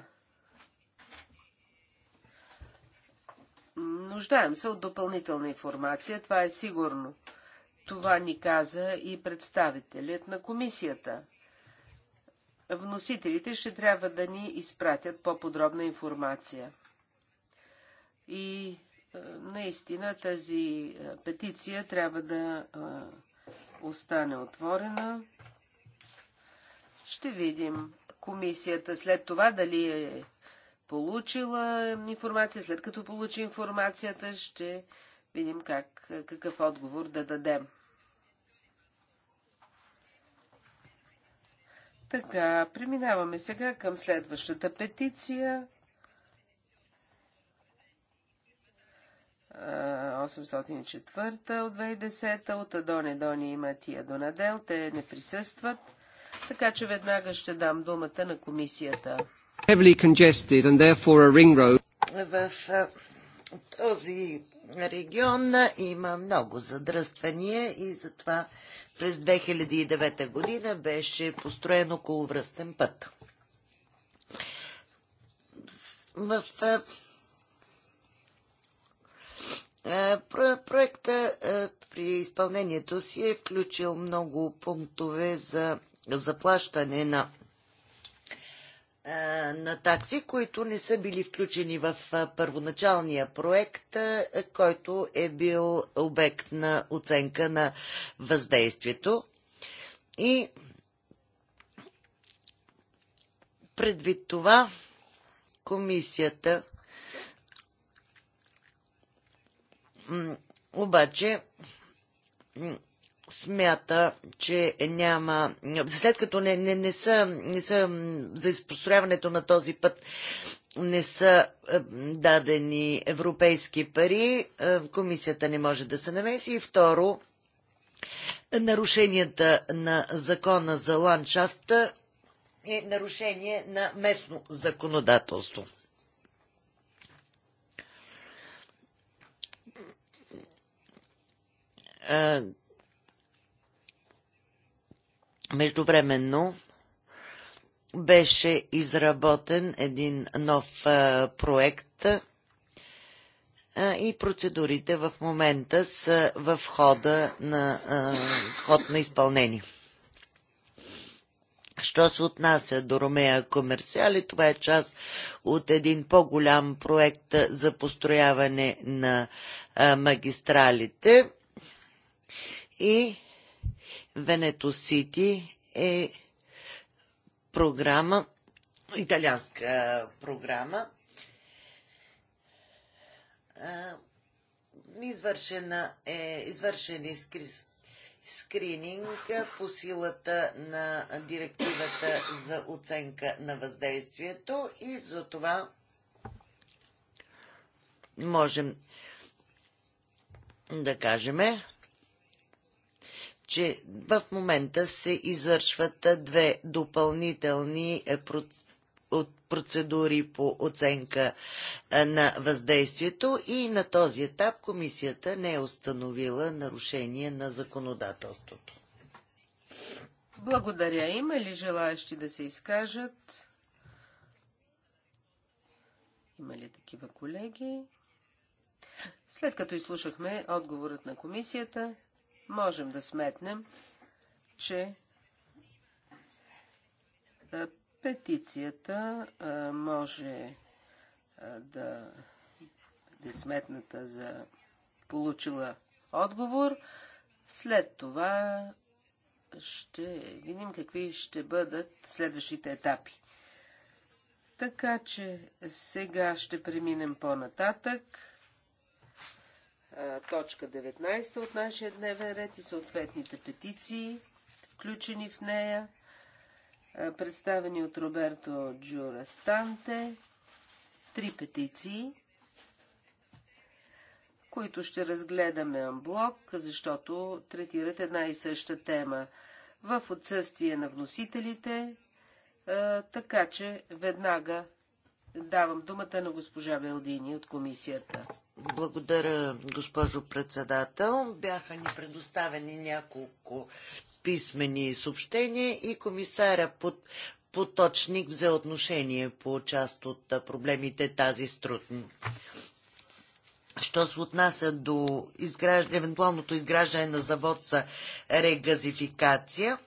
Нуждаем се от допълнителна информация, това е сигурно. Това ни каза и представителят на комисията вносителите ще трябва да ни изпратят по-подробна информация. И е, наистина тази е, петиция трябва да е, остане отворена. Ще видим комисията след това дали е получила информация. След като получи информацията, ще видим как, какъв отговор да дадем. Така, преминаваме сега към следващата петиция. 804 от 2010 от Адоне Дони и Матия Донадел. Те не присъстват, така че веднага ще дам думата на комисията. В този регион има много задръствания и затова през 2009 година беше построен околовръстен път. В проекта при изпълнението си е включил много пунктове за заплащане на на такси, които не са били включени в първоначалния проект, който е бил обект на оценка на въздействието. И предвид това, комисията обаче смята, че няма, след като не, не, не, са, не са за изпострояването на този път не са е, дадени европейски пари, е, комисията не може да се намеси. И второ, нарушенията на закона за ландшафта е нарушение на местно законодателство. Е, Междувременно беше изработен един нов проект и процедурите в момента са в хода на, ход на изпълнение. Що се отнася до Ромея Комерциали, това е част от един по-голям проект за построяване на магистралите и Венето Сити е програма, италианска програма, извършена е, извършен е скрининг по силата на директивата за оценка на въздействието и за това можем да кажем, че в момента се извършват две допълнителни е, процедури по оценка на въздействието и на този етап комисията не е установила нарушение на законодателството. Благодаря. Има ли желаящи да се изкажат? Има ли такива колеги? След като изслушахме отговорът на комисията, можем да сметнем, че петицията може да е сметната за получила отговор. След това ще видим какви ще бъдат следващите етапи. Така че сега ще преминем по-нататък точка 19 от нашия дневен ред и съответните петиции, включени в нея, представени от Роберто Джурастанте. Три петиции, които ще разгледаме амблок, защото третират една и съща тема в отсъствие на вносителите, така че веднага Давам думата на госпожа Велдини от комисията. Благодаря, госпожо председател. Бяха ни предоставени няколко писмени съобщения и комисаря под поточник взе отношение по част от проблемите тази струтни. Що се отнася до изграждане, евентуалното изграждане на завод за регазификация,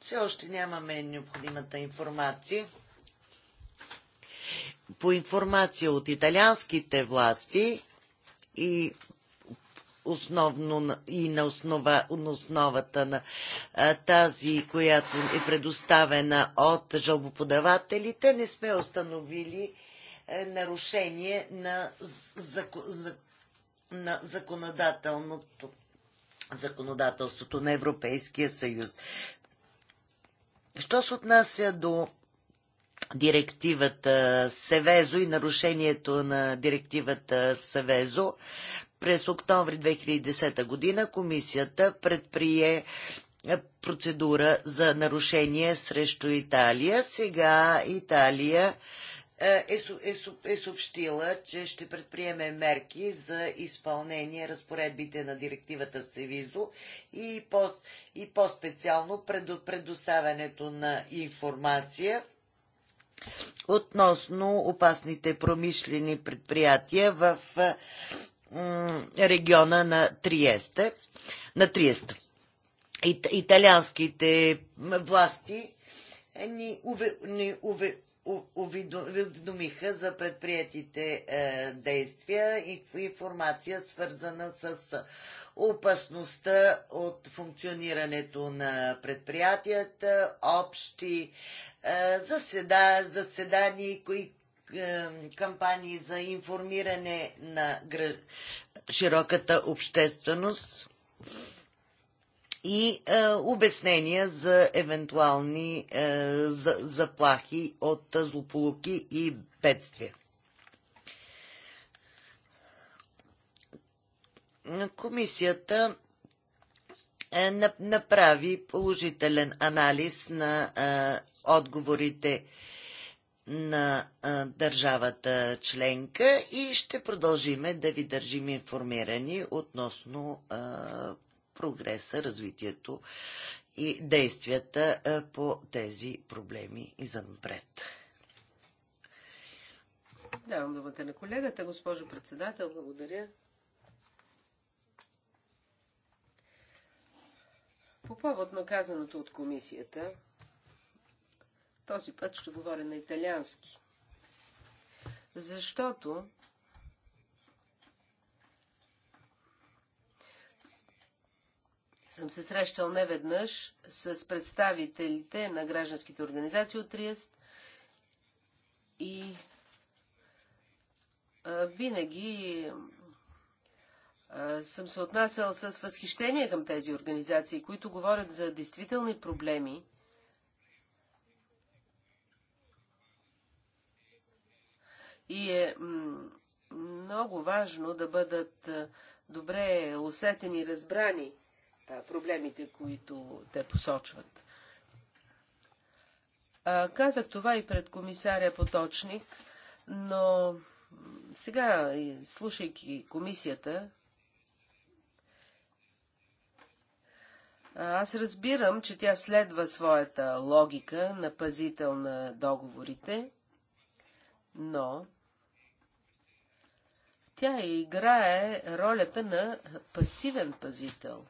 все още нямаме необходимата информация по информация от италианските власти и основно и на, основа, на основата на а, тази, която е предоставена от жалбоподавателите, не сме установили е, нарушение на, за, за, на законодателното, законодателството на Европейския съюз. Що се отнася до директивата Севезо и нарушението на директивата Севезо. През октомври 2010 година комисията предприе е, процедура за нарушение срещу Италия. Сега Италия е, е, е, е съобщила, че ще предприеме мерки за изпълнение разпоредбите на директивата Севизо и, по, и по-специално предоставянето на информация относно опасните промишлени предприятия в региона на Триесте. На Триест. Италианските власти ни, уведомиха за предприятите е, действия и информация свързана с опасността от функционирането на предприятията, общи е, заседа, заседания, кои е, кампании за информиране на широката общественост и е, обяснения за евентуални е, за, заплахи от злополуки и бедствия. комисията е, направи положителен анализ на е, отговорите на е, държавата членка и ще продължиме да ви държим информирани относно прогреса, развитието и действията по тези проблеми и за напред. Давам думата на колегата, госпожо председател. Благодаря. По повод на казаното от комисията, този път ще говоря на италиански. Защото съм се срещал неведнъж с представителите на гражданските организации от Триест и винаги е, съм се отнасял с възхищение към тези организации, които говорят за действителни проблеми. И е много важно да бъдат е, добре усетени, разбрани е, проблемите, които те посочват. Казах това и пред комисаря Поточник, но сега, слушайки комисията, Аз разбирам, че тя следва своята логика на пазител на договорите, но тя играе ролята на пасивен пазител.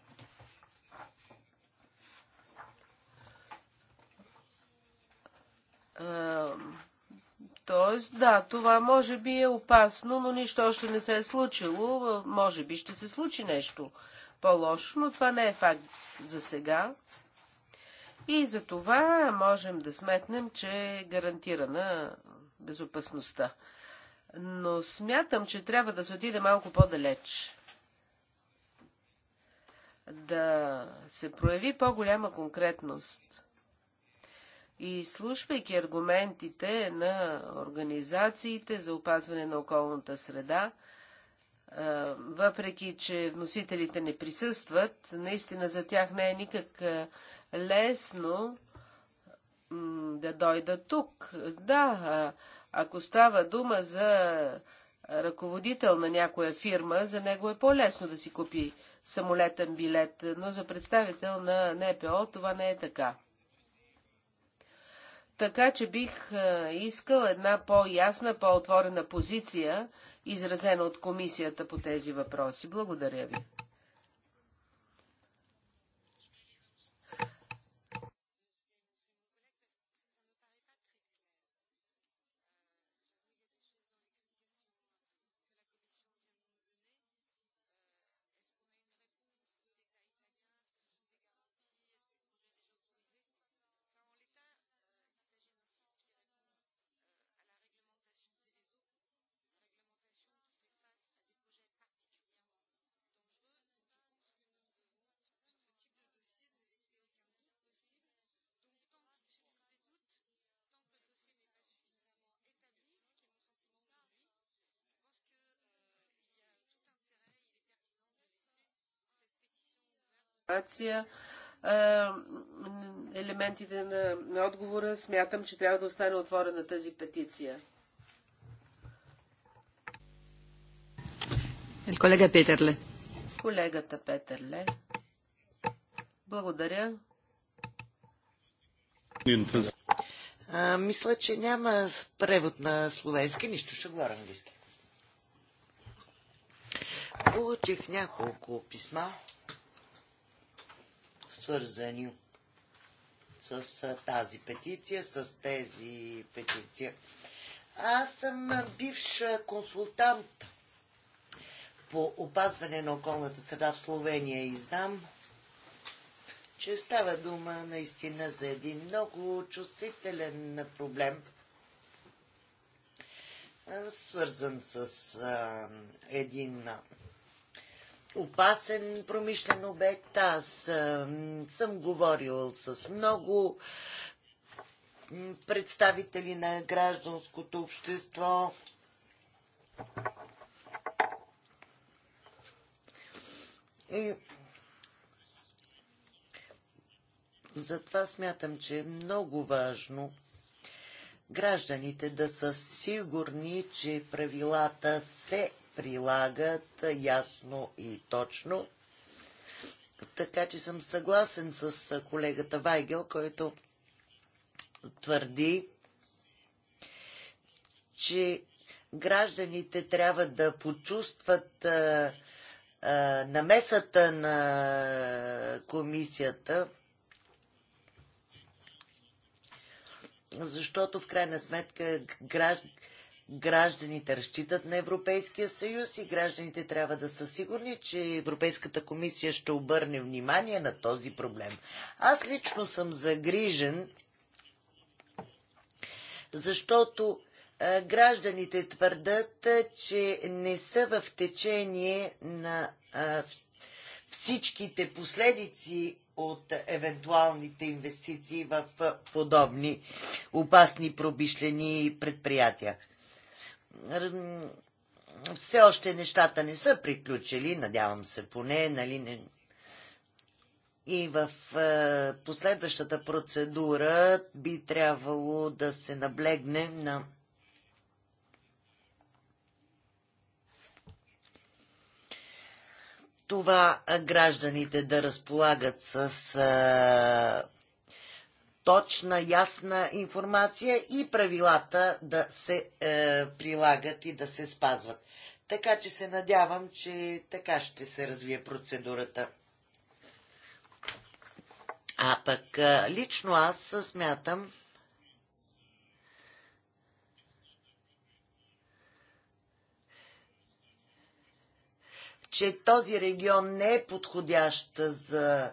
Тоест, да, това може би е опасно, но нищо още не се е случило. Може би ще се случи нещо по-лошо, но това не е факт за сега. И за това можем да сметнем, че е гарантирана безопасността. Но смятам, че трябва да се отиде малко по-далеч. Да се прояви по-голяма конкретност. И слушвайки аргументите на организациите за опазване на околната среда, въпреки че вносителите не присъстват, наистина за тях не е никак лесно да дойдат тук. Да, ако става дума за ръководител на някоя фирма, за него е по-лесно да си купи самолетен билет, но за представител на НПО това не е така. Така че бих е, искал една по-ясна, по-отворена позиция, изразена от комисията по тези въпроси. Благодаря ви. информация. Елементите на, на отговора смятам, че трябва да остане отворена тази петиция. Колега Петърле. Колегата Петърле. Благодаря. А, мисля, че няма превод на словенски, нищо ще говоря английски. Получих няколко писма свързани с тази петиция, с тези петиция. Аз съм бивш консултант по опазване на околната среда в Словения и знам, че става дума наистина за един много чувствителен проблем, свързан с един опасен промишлен обект. Аз съм говорил с много представители на гражданското общество. И затова смятам, че е много важно гражданите да са сигурни, че правилата се прилагат ясно и точно. Така че съм съгласен с колегата Вайгел, който твърди, че гражданите трябва да почувстват а, а, намесата на комисията, защото в крайна сметка гражданите. Гражданите разчитат на Европейския съюз и гражданите трябва да са сигурни, че Европейската комисия ще обърне внимание на този проблем. Аз лично съм загрижен, защото гражданите твърдат, че не са в течение на всичките последици от евентуалните инвестиции в подобни опасни промишлени предприятия все още нещата не са приключили, надявам се поне, нали не... И в е, последващата процедура би трябвало да се наблегне на това гражданите да разполагат с е, точна, ясна информация и правилата да се е, прилагат и да се спазват. Така че се надявам, че така ще се развие процедурата. А пък е, лично аз смятам, че този регион не е подходящ за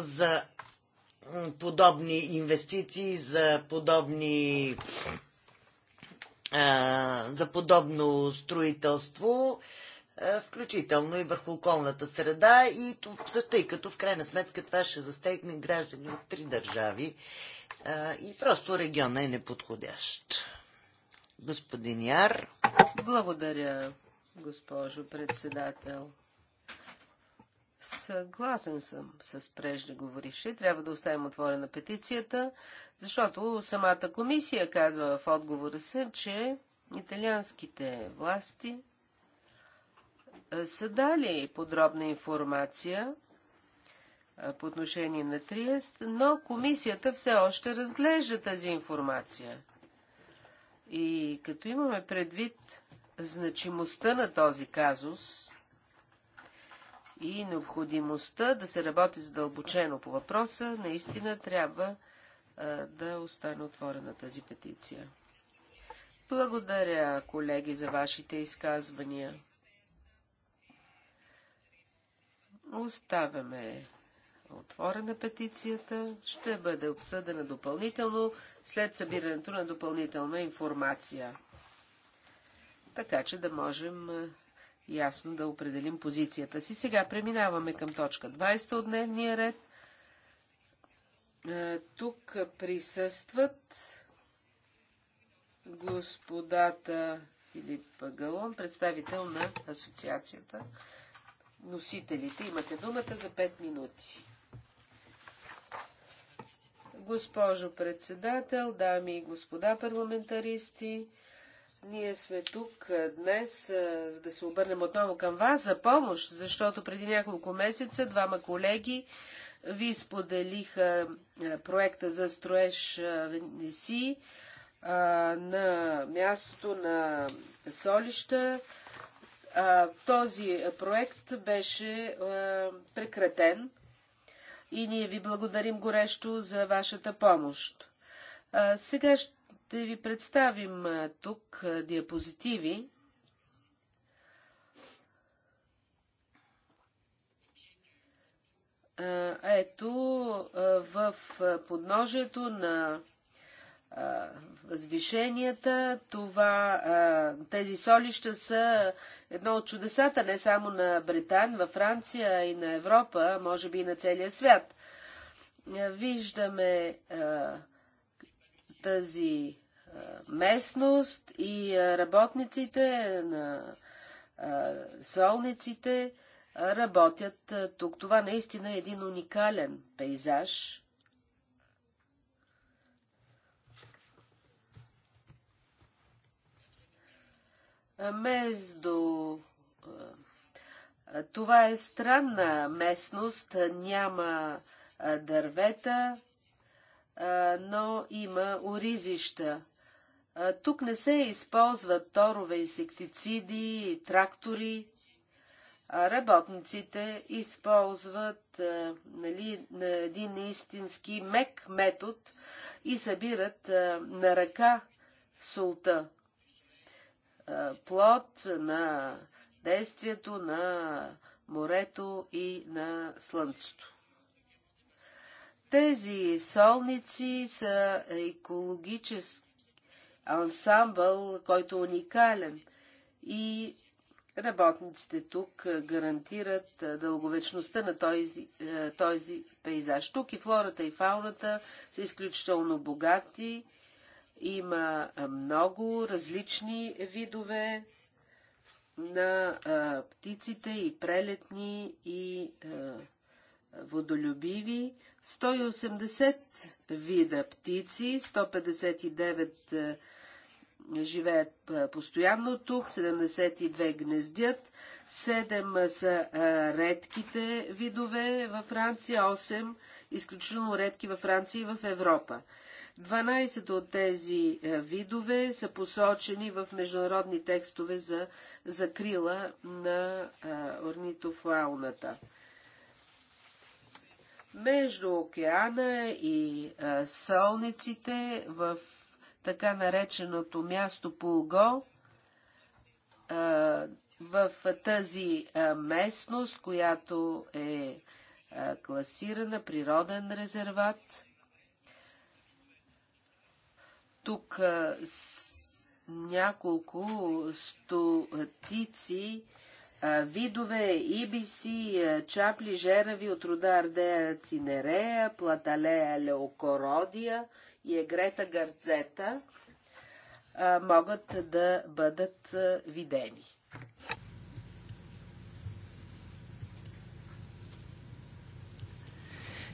за подобни инвестиции, за подобни за подобно строителство, включително и върху околната среда и тъй като в крайна сметка това ще застегне граждани от три държави и просто региона е неподходящ. Господин Яр. Благодаря, госпожо председател. Съгласен съм с преждеговоривши. Трябва да оставим отворена петицията, защото самата комисия казва в отговора се, че италианските власти са дали подробна информация по отношение на Триест, но комисията все още разглежда тази информация. И като имаме предвид значимостта на този казус, и необходимостта да се работи задълбочено по въпроса, наистина трябва да остане отворена тази петиция. Благодаря, колеги, за вашите изказвания. Оставяме отворена петицията. Ще бъде обсъдена допълнително след събирането на допълнителна информация. Така че да можем ясно да определим позицията си. Сега преминаваме към точка 20 от дневния ред. Е, тук присъстват господата Филип Галон, представител на асоциацията. Носителите имате думата за 5 минути. Госпожо председател, дами и господа парламентаристи, ние сме тук днес, за да се обърнем отново към вас за помощ, защото преди няколко месеца двама колеги ви споделиха проекта за строеж Неси на мястото на солища. Този проект беше прекратен и ние ви благодарим горещо за вашата помощ. Сега ще ще ви представим тук диапозитиви. Ето в подножието на възвишенията. Това, тези солища са едно от чудесата не само на Британ, във Франция и на Европа, може би и на целия свят. Виждаме тази местност и работниците на солниците работят тук. Това наистина е един уникален пейзаж. Между... Това е странна местност, няма дървета, но има оризища. Тук не се използват торове, инсектициди, трактори. работниците използват нали, един истински мек метод и събират на ръка солта. Плод на действието на морето и на слънцето. Тези солници са екологически ансамбъл, който е уникален и работниците тук гарантират дълговечността на този, този пейзаж. Тук и флората и фауната са изключително богати. Има много различни видове на а, птиците и прелетни и а, водолюбиви, 180 вида птици, 159 е, живеят е, постоянно тук, 72 гнездят, 7 са е, редките видове във Франция, 8 изключително редки във Франция и в Европа. 12 от тези видове са посочени в международни текстове за закрила на орнитофауната между океана и а, солниците в така нареченото място Пулго, в тази а, местност, която е а, класирана природен резерват. Тук а, с, няколко стотици видове ибиси, чапли, жерави от рода Ардея цинерея, платалея леокородия и егрета гарцета могат да бъдат видени.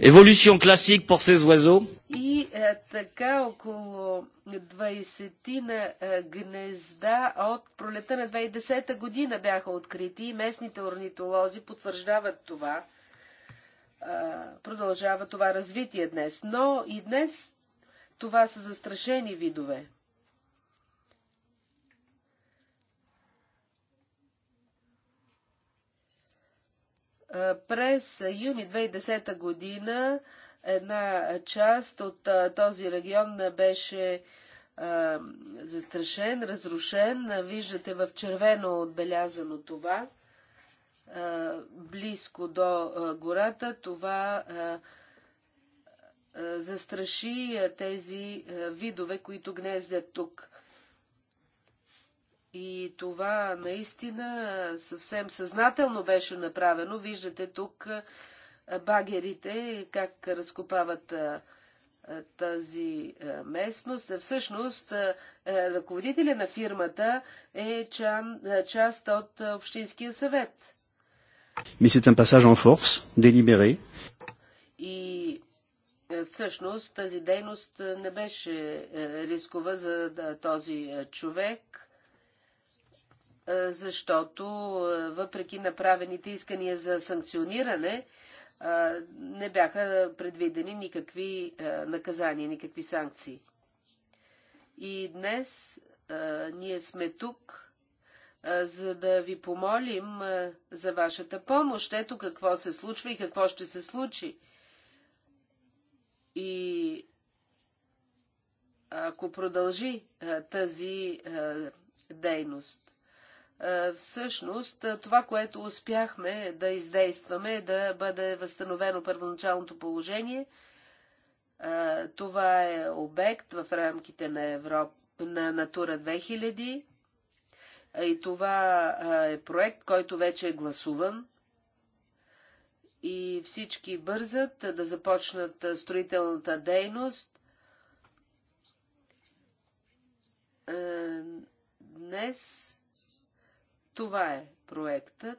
Evolution classique pour ces oiseaux. И е, така около 20 на е, гнезда от пролета на 2010 година бяха открити и местните орнитолози потвърждават това. Е, продължава това развитие днес. Но и днес това са застрашени видове. През юни 2010 година една част от този регион беше застрашен, разрушен. Виждате в червено отбелязано това. Близко до гората това застраши тези видове, които гнездят тук. И това наистина съвсем съзнателно беше направено. Виждате тук багерите как разкопават тази местност. Всъщност, ръководителя на фирмата е чан, част от Общинския съвет. Mais c'est force, делибере. И всъщност тази дейност не беше рискова за този човек. Е, защото е, въпреки направените искания за санкциониране, е, не бяха предвидени никакви наказания, никакви санкции. И днес ние сме тук, за да ви помолим за вашата помощ. Ето какво се случва и какво ще се случи. И ако продължи тази дейност. Е, всъщност е, това, което успяхме да издействаме, е да бъде възстановено първоначалното положение. Е, това е обект в рамките на, Европ... на Натура 2000 и това е проект, който вече е гласуван и всички бързат да започнат строителната дейност. Днес това е проектът.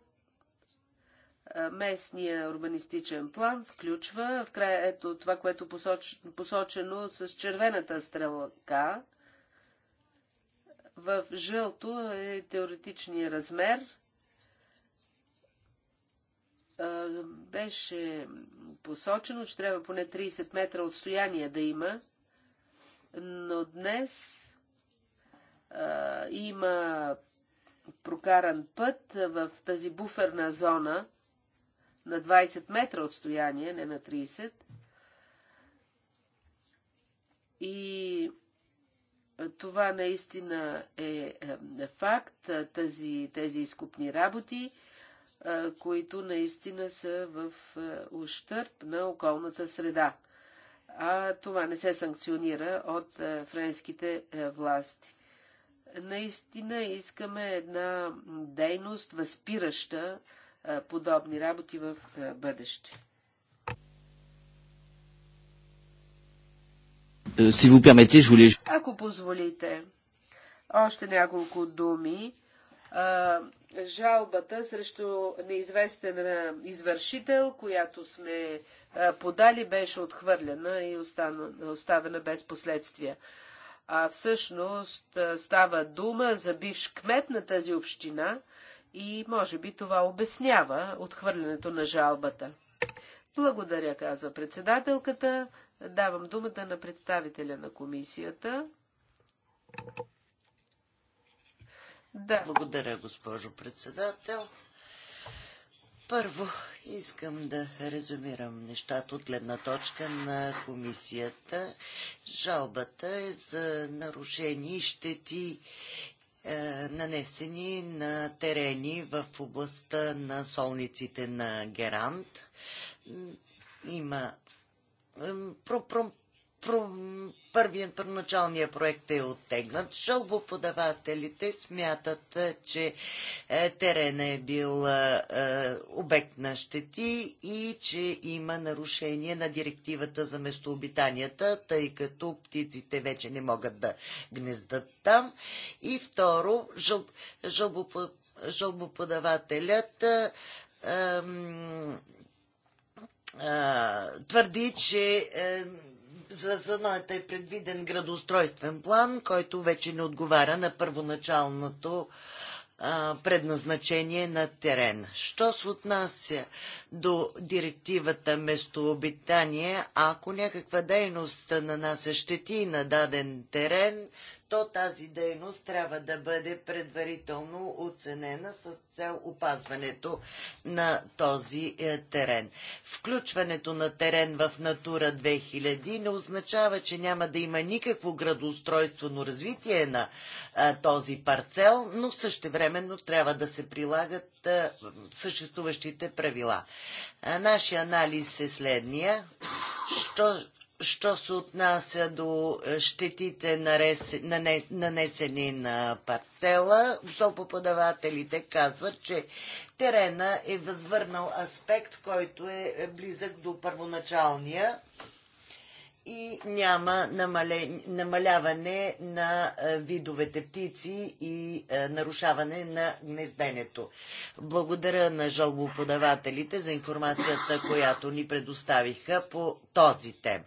Местния урбанистичен план включва в края ето това, което посоч, посочено с червената стрелка. В жълто е теоретичния размер. Беше посочено, че трябва поне 30 метра отстояние да има, но днес има прокаран път в тази буферна зона на 20 метра отстояние, не на 30. И това наистина е, е, е факт, тази, тези изкупни работи, е, които наистина са в ущърп на околната среда. А това не се санкционира от френските власти. Наистина искаме една дейност, възпираща подобни работи в бъдеще. Е, Ако позволите, още няколко думи. Жалбата срещу неизвестен извършител, която сме подали, беше отхвърлена и оставена без последствия а всъщност става дума за бивш кмет на тази община и може би това обяснява отхвърлянето на жалбата. Благодаря, казва председателката. Давам думата на представителя на комисията. Да. Благодаря, госпожо председател. Първо, искам да резюмирам нещата от гледна точка на комисията. Жалбата е за нарушени и щети е, нанесени на терени в областта на солниците на Герант. Има първият първоначалният проект е оттегнат. жълбоподавателите смятат, е, че е, терена е бил е, обект на щети и че има нарушение на директивата за местообитанията, тъй като птиците вече не могат да гнездат там. И второ, жълбоподавателят твърди, че за зоната е предвиден градостройствен план, който вече не отговаря на първоначалното предназначение на терена. Що се отнася до директивата местообитание, ако някаква дейност нанася е щети на даден терен, то тази дейност трябва да бъде предварително оценена с цел опазването на този е, терен. Включването на терен в Натура 2000 не означава, че няма да има никакво градоустройствено развитие на е, този парцел, но същевременно трябва да се прилагат е, съществуващите правила. Нашия анализ е следния. Що, що се отнася до е, щетите нанесени на парцела, сопоподавателите казват, че терена е възвърнал аспект, който е, е близък до първоначалния и няма намаляване на е, видовете птици и е, нарушаване на гнезденето. Благодаря на жалбоподавателите за информацията, която ни предоставиха по този тем.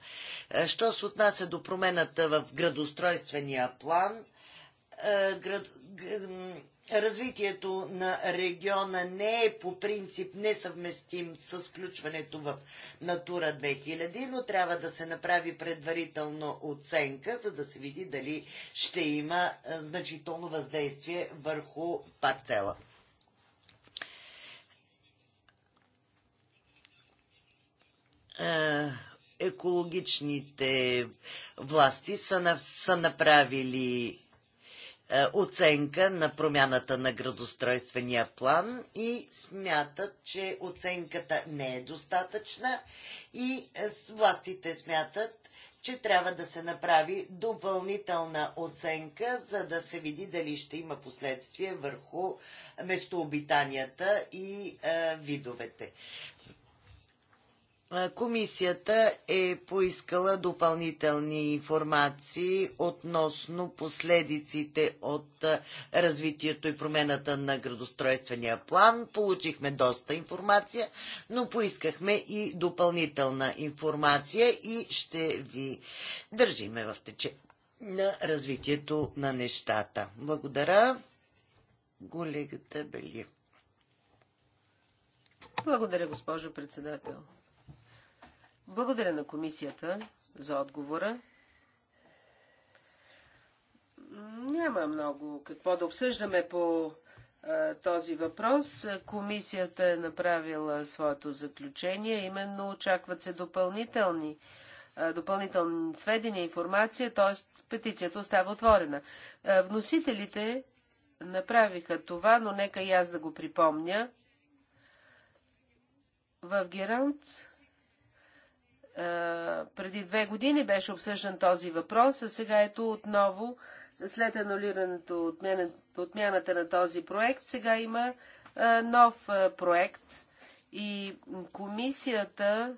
Е, що се отнася до промената в градостройствения план, град, развитието на региона не е по принцип несъвместим с включването в Натура 2000, но трябва да се направи предварително оценка, за да се види дали ще има е, значително въздействие върху парцела. Е, екологичните власти са, са направили е, оценка на промяната на градостройствения план и смятат, че оценката не е достатъчна и е, властите смятат, че трябва да се направи допълнителна оценка, за да се види дали ще има последствия върху местообитанията и е, видовете. Комисията е поискала допълнителни информации относно последиците от развитието и промената на градостройствения план. Получихме доста информация, но поискахме и допълнителна информация и ще ви държиме в тече на развитието на нещата. Благодаря, колегата Бели. Благодаря, госпожо председател. Благодаря на комисията за отговора. Няма много какво да обсъждаме по а, този въпрос. Комисията е направила своето заключение. Именно очакват се допълнителни, а, допълнителни сведения, информация, т.е. петицията остава отворена. А, вносителите направиха това, но нека и аз да го припомня. В Герант е, преди две години беше обсъждан този въпрос, а сега ето отново, след анулирането, отмяна, отмяната на този проект, сега има е, нов е, проект и комисията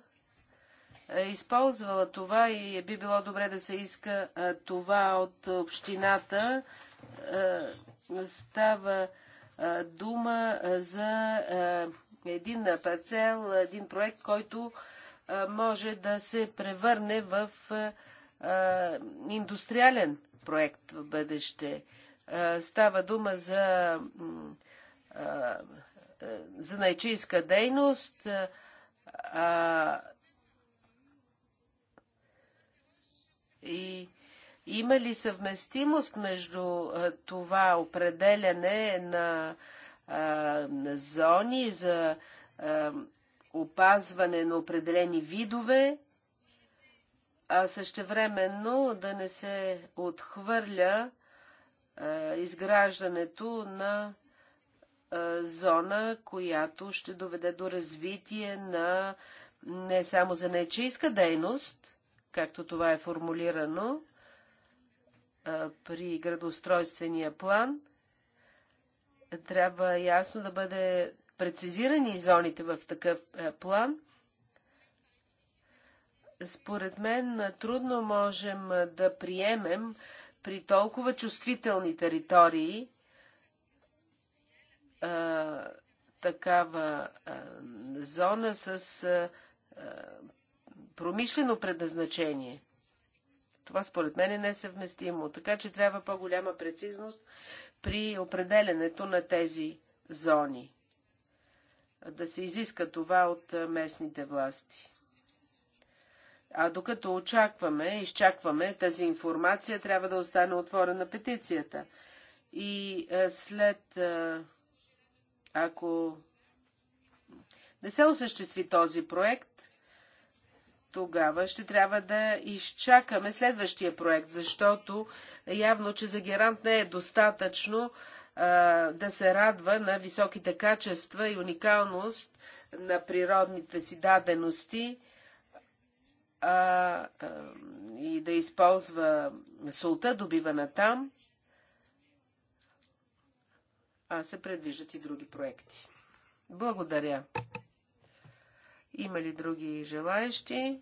е използвала това и би било добре да се иска това от общината. Става дума за един парцел, един проект, който може да се превърне в индустриален проект в бъдеще. Става дума за за найчийска дейност, а, и има ли съвместимост между това определяне на а, зони за а, опазване на определени видове, а същевременно да не се отхвърля изграждането на зона, която ще доведе до развитие на не само за нечийска дейност, както това е формулирано при градоустройствения план, трябва ясно да бъде прецизирани зоните в такъв е, план, според мен е, трудно можем е, да приемем при толкова чувствителни територии а, такава а, зона с а, промишлено предназначение. Това според мен е несъвместимо, така че трябва по-голяма прецизност при определенето на тези зони да се изиска това от местните власти. А докато очакваме, изчакваме тази информация, трябва да остане отворена петицията. И след, ако не се осъществи този проект, тогава ще трябва да изчакаме следващия проект, защото явно, че за Герант не е достатъчно да се радва на високите качества и уникалност на природните си дадености а, и да използва солта, добивана там, а се предвиждат и други проекти. Благодаря. Има ли други желаещи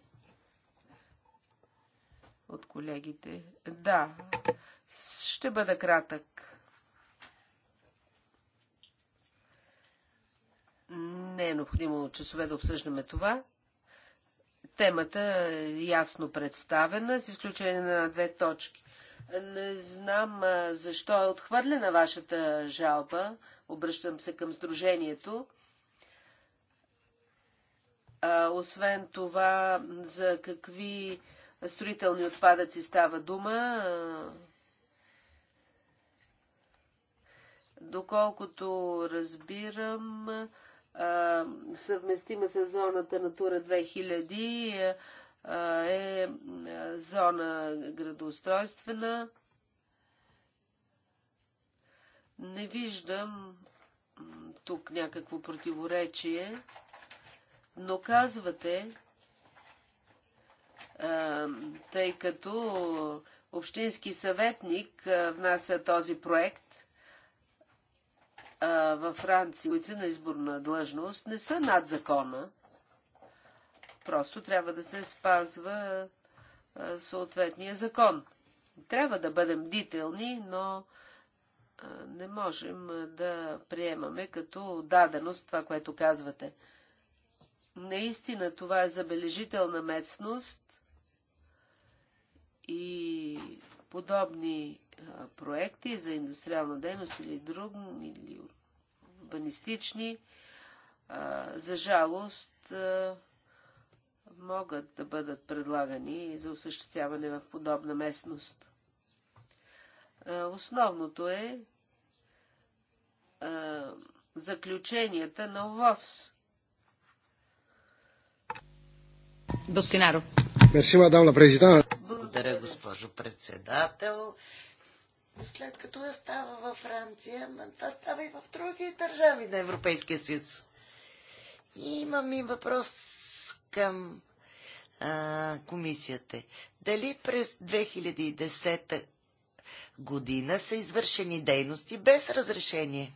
от колегите? Да, ще бъда кратък. Не е необходимо часове да обсъждаме това. Темата е ясно представена, с изключение на две точки. Не знам защо е отхвърлена вашата жалба. Обръщам се към Сдружението. А, освен това, за какви строителни отпадъци става дума, доколкото разбирам, съвместима с зоната Натура 2000 е зона градоустройствена. Не виждам тук някакво противоречие, но казвате, тъй като общински съветник внася този проект, а, във Франция, които са на изборна длъжност, не са над закона. Просто трябва да се спазва а, съответния закон. Трябва да бъдем бдителни, но а, не можем да приемаме като даденост това, което казвате. Наистина това е забележителна местност и подобни проекти за индустриална дейност или друг, или урбанистични, за жалост могат да бъдат предлагани за осъществяване в подобна местност. Основното е заключенията на ОВОС. Благодаря, госпожо председател след като това е става във Франция, това става и в други държави на Европейския съюз. И имам и въпрос към а, комисията. Дали през 2010 година са извършени дейности без разрешение?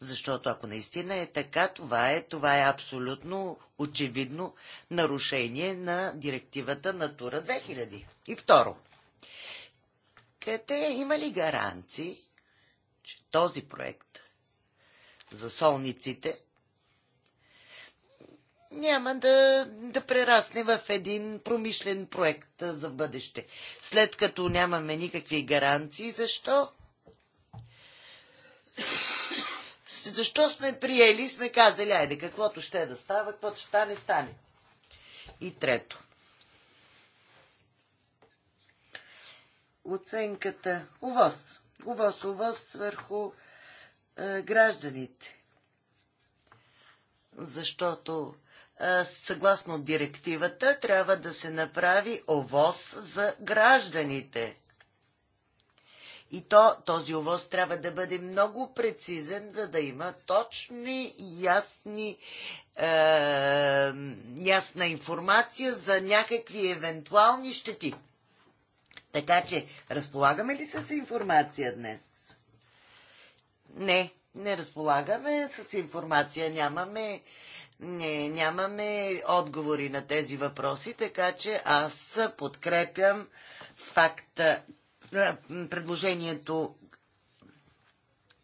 Защото ако наистина е така, това е, това е абсолютно очевидно нарушение на директивата Натура 2000. И второ, те има ли гаранции, че този проект за солниците няма да, да прерасне в един промишлен проект за бъдеще. След като нямаме никакви гаранции, защо? Защо сме приели, сме казали, айде, каквото ще е да става, каквото ще не стане. И трето. оценката ОВОС. ОВОС, ОВОС върху е, гражданите. Защото е, съгласно директивата трябва да се направи ОВОС за гражданите. И то, този овоз трябва да бъде много прецизен, за да има точни и ясни, е, ясна информация за някакви евентуални щети. Така че, разполагаме ли с информация днес? Не, не разполагаме с информация, нямаме, не, нямаме отговори на тези въпроси, така че аз подкрепям факта, предложението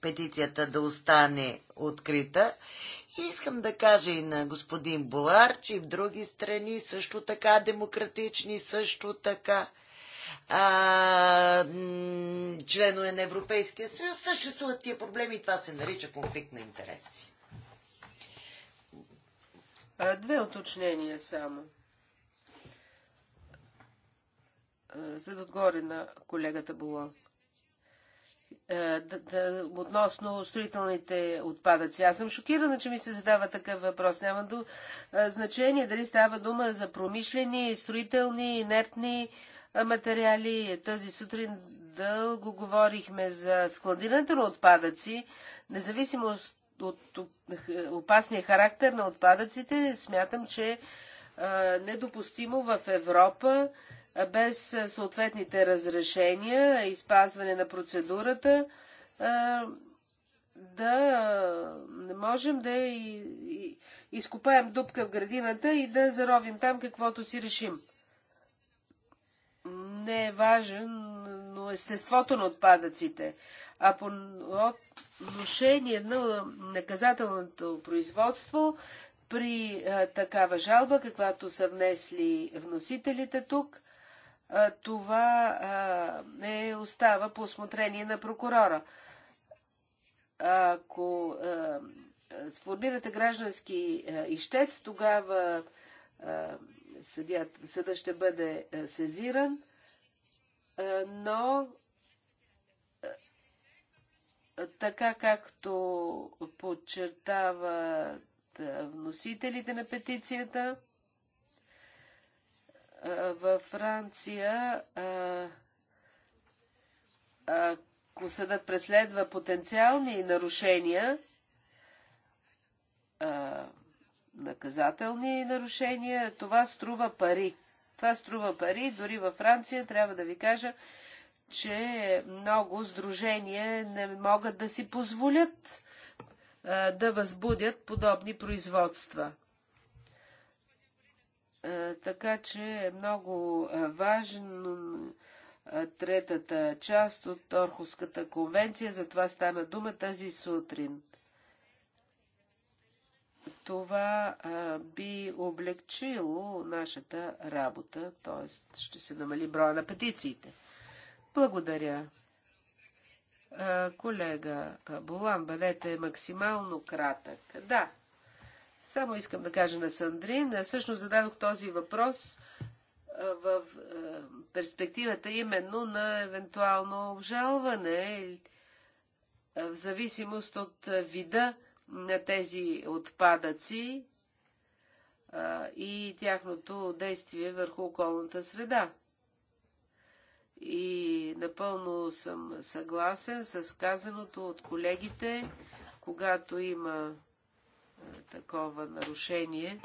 петицията да остане открита. И искам да кажа и на господин Булар, че и в други страни също така демократични, също така а, членове на Европейския съюз, съществуват тия проблеми и това се нарича конфликт на интереси. Две уточнения само. За да отгоре на колегата Болон. Относно строителните отпадъци. Аз съм шокирана, че ми се задава такъв въпрос. Няма до значение дали става дума за промишлени, строителни, инертни материали. Тази сутрин дълго говорихме за складирането на отпадъци. Независимо от опасния характер на отпадъците, смятам, че недопустимо в Европа без съответните разрешения и спазване на процедурата да не можем да изкопаем дупка в градината и да заровим там каквото си решим не е важен, но естеството на отпадъците. А по отношение на наказателното производство, при такава жалба, каквато са внесли вносителите тук, това не остава по осмотрение на прокурора. Ако сформирате граждански ищец, тогава съдът ще бъде сезиран е, но е, така както подчертават е, вносителите на петицията, във Франция, ако съдът преследва потенциални нарушения, наказателни нарушения, това струва пари. Това струва пари. Дори във Франция трябва да ви кажа, че много сдружения не могат да си позволят да възбудят подобни производства. така че е много важно третата част от Орховската конвенция, за това стана дума тази сутрин. Това а, би облегчило нашата работа, т.е. ще се намали броя на петициите. Благодаря. А, колега Болан, бъдете максимално кратък. Да, само искам да кажа на Сандрин. Всъщност зададох този въпрос в перспективата именно на евентуално обжалване, в зависимост от вида на тези отпадъци и тяхното действие върху околната среда. И напълно съм съгласен с казаното от колегите, когато има такова нарушение.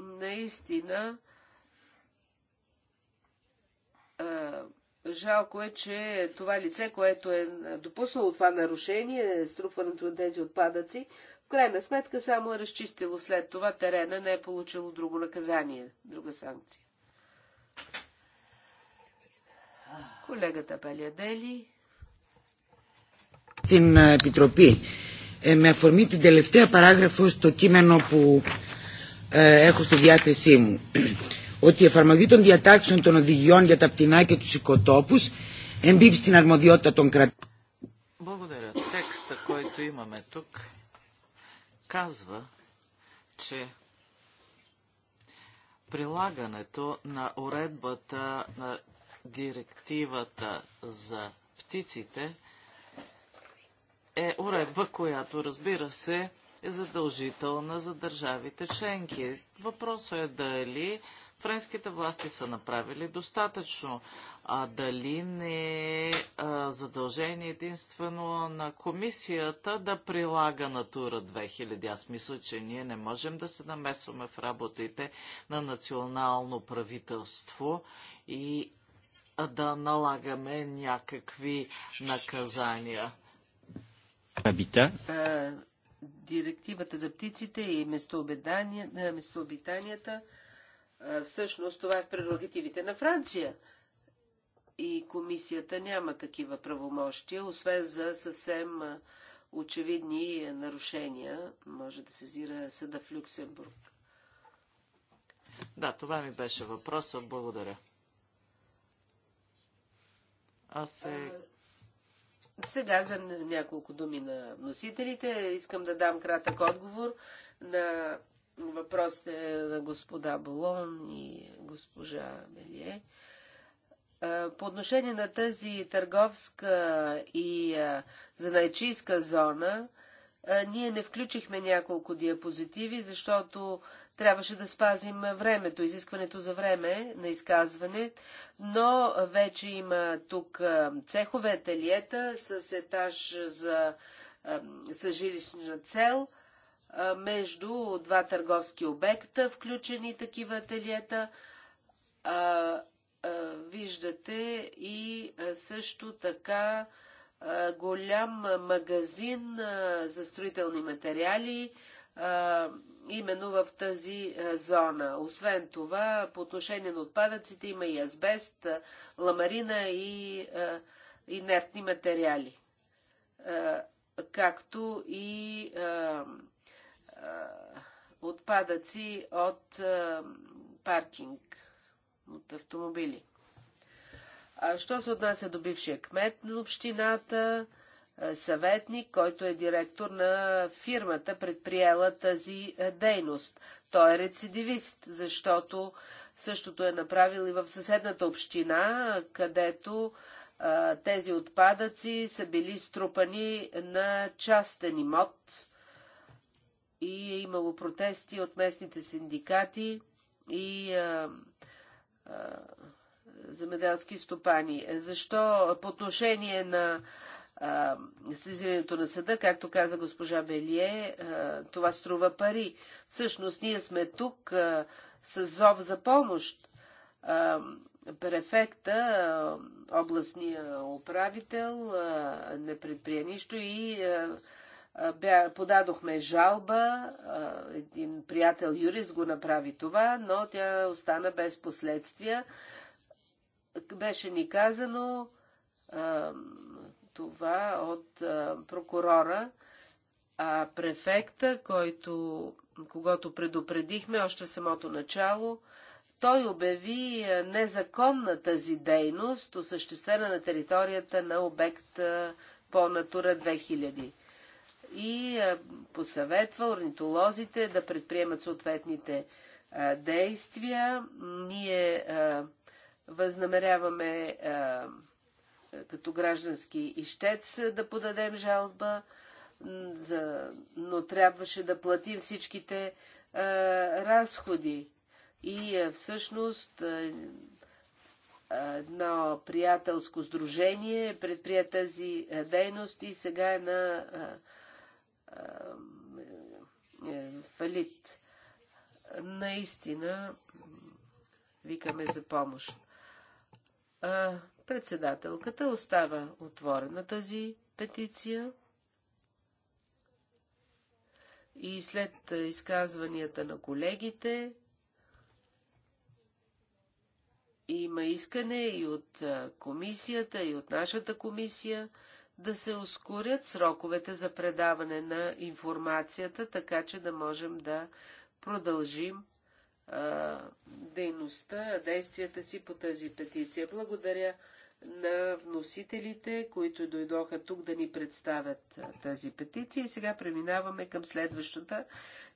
наистина, Жалко е, че това лице, което е допуснало това нарушение, струпването на тези отпадъци, в крайна сметка само е разчистило след това терена, не е получило друго наказание, друга санкция. Колегата Пелиадели. Στην е, Επιτροπή, ε, με αφορμή την τελευταία παράγραφο στο κείμενο που έχω στη διάθεσή μου ότι η εφαρμογή των διατάξεων των οδηγιών για τα πτηνά και τους οικοτόπους εμπίπτει στην αρμοδιότητα των κρατών. Благодаря. Текста, който имаме тук, казва, че прилагането на уредбата на директивата за птиците е уредба, която, разбира се, е задължителна за държавите членки. Въпросът е дали френските власти са направили достатъчно. А дали не е задължение единствено на комисията да прилага Натура 2000? Аз мисля, че ние не можем да се намесваме в работите на национално правителство и да налагаме някакви наказания. Е, директивата за птиците и е, местообитанията Всъщност това е в прерогативите на Франция. И комисията няма такива правомощия, освен за съвсем очевидни нарушения. Може да сезира съда в Люксембург. Да, това ми беше въпроса. Благодаря. Аз се... Сега за няколко думи на носителите. Искам да дам кратък отговор на въпросите на господа Болон и госпожа Белие. По отношение на тази търговска и занайчийска зона, ние не включихме няколко диапозитиви, защото трябваше да спазим времето, изискването за време на изказване, но вече има тук цехове, ателиета с етаж за, с жилищна цел – между два търговски обекта, включени такива ателиета. Виждате и също така голям магазин за строителни материали, именно в тази зона. Освен това, по отношение на отпадъците има и азбест, ламарина и инертни материали, както и отпадъци от паркинг, от автомобили. А що се отнася до бившия кмет на общината, съветник, който е директор на фирмата, предприела тази дейност. Той е рецидивист, защото същото е направил и в съседната община, където а, тези отпадъци са били струпани на частен имот и е имало протести от местните синдикати и а, а, земеделски стопани. Защо по отношение на а, сезирането на съда, както каза госпожа Белие, а, това струва пари. Всъщност ние сме тук а, с зов за помощ. А, префекта, областния управител не предприе нищо и подадохме жалба, един приятел юрист го направи това, но тя остана без последствия. Беше ни казано това от прокурора, а префекта, който, когато предупредихме още в самото начало, той обяви незаконна тази дейност, осъществена на територията на обект по Натура 2000 и е, посъветва орнитолозите да предприемат съответните е, действия. Ние е, възнамеряваме като граждански ищец да подадем жалба, но трябваше да платим всичките разходи. И всъщност едно приятелско сдружение предприе тази дейност и сега е на фалит. Наистина викаме за помощ. А, председателката остава отворена тази петиция. И след изказванията на колегите има искане и от комисията, и от нашата комисия да се ускорят сроковете за предаване на информацията, така че да можем да продължим а, дейността, действията си по тази петиция. Благодаря на вносителите, които дойдоха тук да ни представят тази петиция. И сега преминаваме към следващата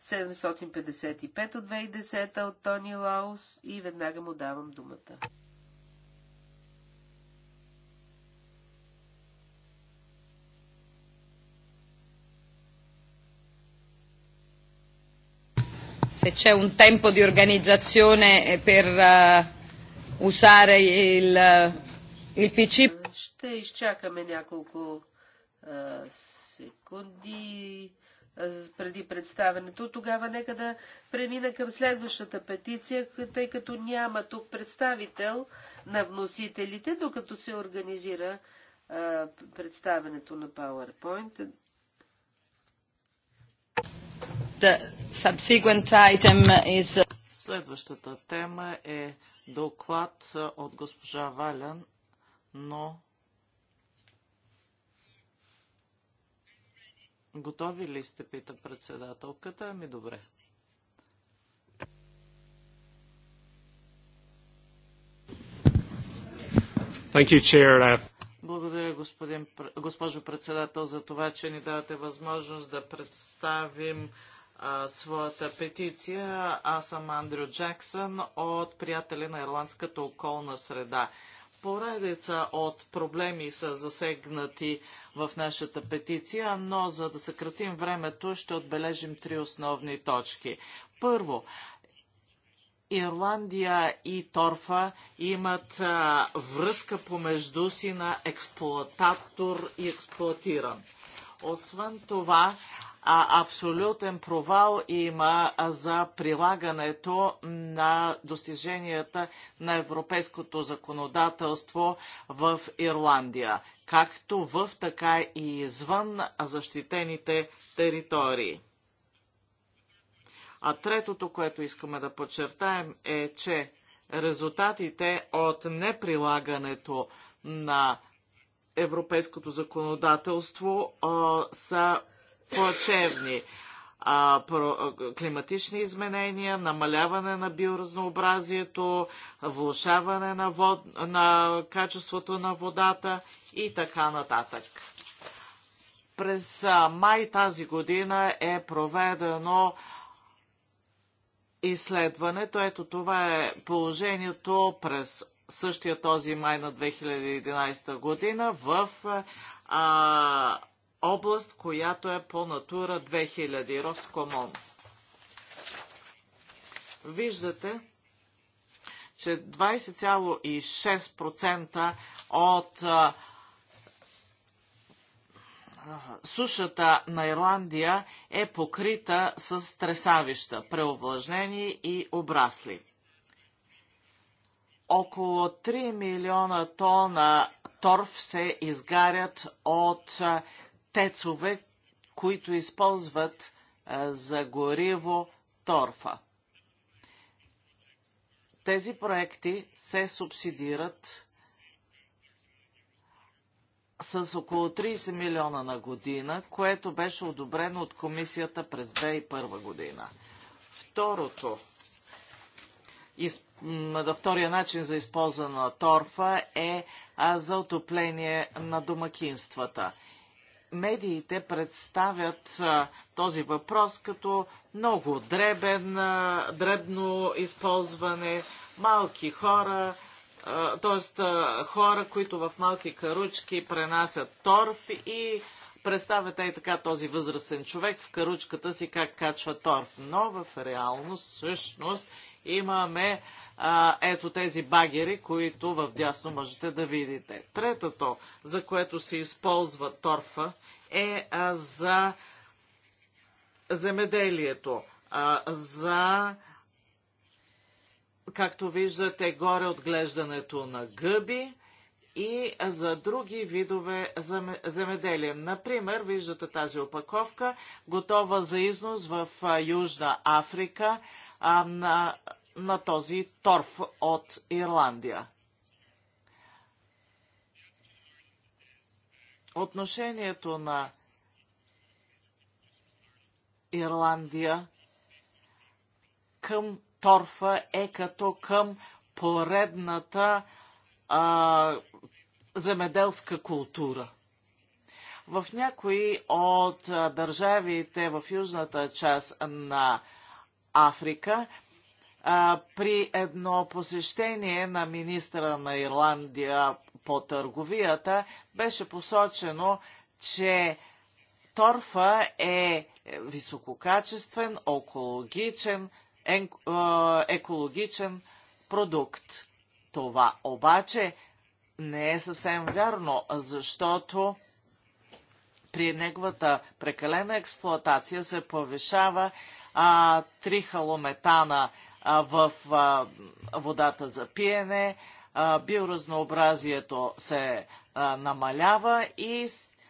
755 от 2010 от Тони Лаус и веднага му давам думата. se c'è un tempo di organizzazione eh, per uh, usare il, eh, il PC. Ще изчакаме няколко е, секунди е, преди представенето. Тогава нека да премина към следващата петиция, тъй като няма тук представител на вносителите, докато се организира е, представенето на PowerPoint. Uh, Следващата тема е доклад от госпожа Валян, но Готови ли сте, пита председателката? Ами добре. Thank you, chair. Uh, Благодаря, господин, госпожо председател, за това, че ни давате възможност да представим своята петиция. Аз съм Андрю Джексън от приятели на Ирландската околна среда. Поредица от проблеми са засегнати в нашата петиция, но за да съкратим времето ще отбележим три основни точки. Първо, Ирландия и торфа имат а, връзка помежду си на експлоататор и експлоатиран. Освен това, а, абсолютен провал има за прилагането на достиженията на европейското законодателство в Ирландия, както в така и извън защитените територии. А третото, което искаме да подчертаем е, че резултатите от неприлагането на европейското законодателство а, са плачевни. А, про, а, климатични изменения, намаляване на биоразнообразието, влушаване на, вод, на качеството на водата и така нататък. През а, май тази година е проведено изследването. Ето това е положението през същия този май на 2011 година в а, област, която е по натура 2000, Роскомон. Виждате, че 20,6% от а, сушата на Ирландия е покрита с тресавища, преовлажнени и обрасли. Около 3 милиона тона торф се изгарят от тецове, които използват а, за гориво торфа. Тези проекти се субсидират с около 30 милиона на година, което беше одобрено от комисията през 2001 година. Второто, из, втория начин за използване на торфа е а, за отопление на домакинствата – медиите представят а, този въпрос като много дребен, а, дребно използване, малки хора, т.е. хора, които в малки каручки пренасят торф и представят ей така този възрастен човек в каручката си как качва торф. Но в реалност, всъщност, имаме а, ето тези багери, които в дясно можете да видите. Третото, за което се използва торфа, е а, за земеделието, а, за както виждате, горе отглеждането на гъби и за други видове земеделие. Например, виждате тази опаковка, готова за износ в Южна Африка а, на на този торф от Ирландия. Отношението на Ирландия към торфа е като към поредната а, земеделска култура. В някои от държавите в южната част на Африка при едно посещение на министра на Ирландия по търговията беше посочено, че торфа е висококачествен, екологичен, екологичен продукт. Това обаче не е съвсем вярно, защото при неговата прекалена експлоатация се повишава а, трихалометана в водата за пиене, биоразнообразието се намалява и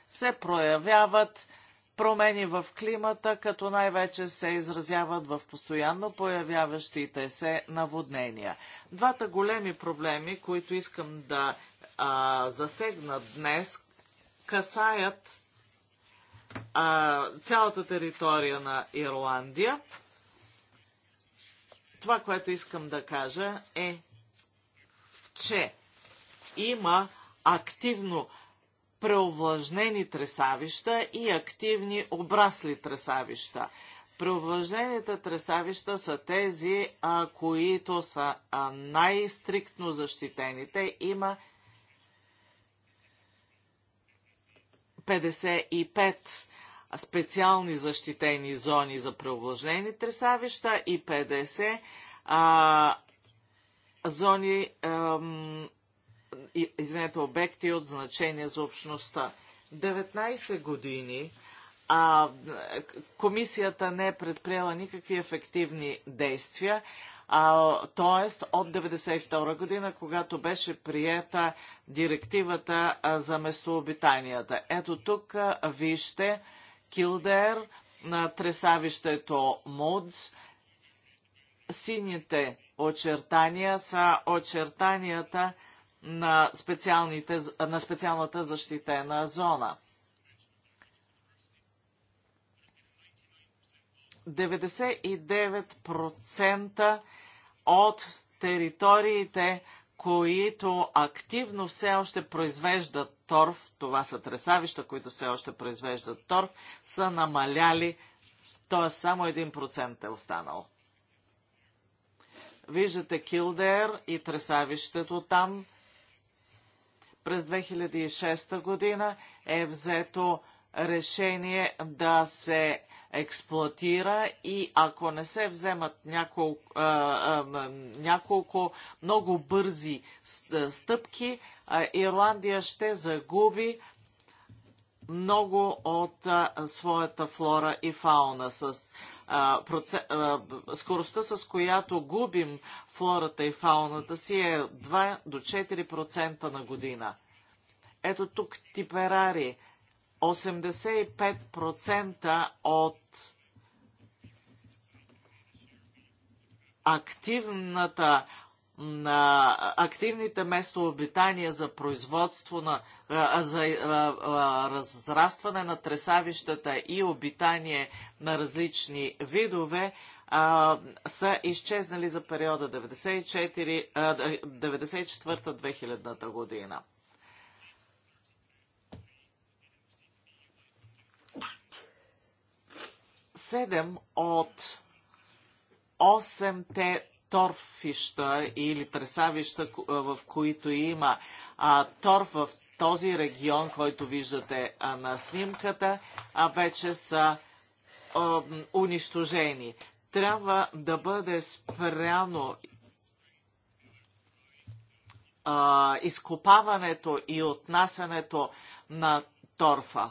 се проявяват промени в климата, като най-вече се изразяват в постоянно появяващите се наводнения. Двата големи проблеми, които искам да а, засегна днес, касаят а, цялата територия на Ирландия. Това, което искам да кажа е, че има активно преовлажнени тресавища и активни обрасли тресавища. Преовлажнените тресавища са тези, а, които са най-стриктно защитените. Има 55 специални защитени зони за преоблажнени тресавища и 50 а, зони, а, извинете, обекти от значение за общността. 19 години а, комисията не е предприела никакви ефективни действия, т.е. от 1992 година, когато беше приета директивата а, за местообитанията. Ето тук а, вижте Килдер, на тресавището Мудс. Сините очертания са очертанията на, на специалната защитена зона. 99% от териториите които активно все още произвеждат торф, това са тресавища, които все още произвеждат торф, са намаляли, т.е. само 1% е останал. Виждате Килдер и тресавището там. През 2006 година е взето решение да се експлуатира и ако не се вземат няколко, няколко много бързи стъпки, Ирландия ще загуби много от своята флора и фауна. С, скоростта, с която губим флората и фауната си е 2 до 4% на година. Ето тук Типерари 85% от активната на активните местообитания за производство на, за разрастване на тресавищата и обитание на различни видове а, са изчезнали за периода 94-2000 година. 7 от 8-те торфища или тресавища, в които има а, торф в този регион, който виждате а, на снимката, а вече са а, унищожени. Трябва да бъде спряно а, изкопаването и отнасянето на торфа.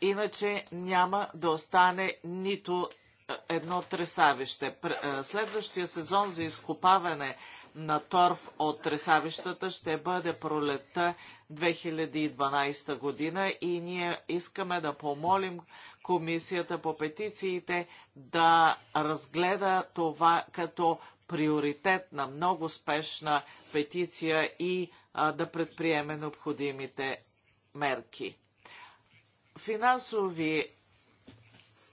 Иначе няма да остане нито е, едно тресавище. Е, следващия сезон за изкопаване на торф от тресавищата ще бъде пролетта 2012 година и ние искаме да помолим Комисията по петициите да разгледа това като приоритет на много спешна петиция и а, да предприеме необходимите мерки финансови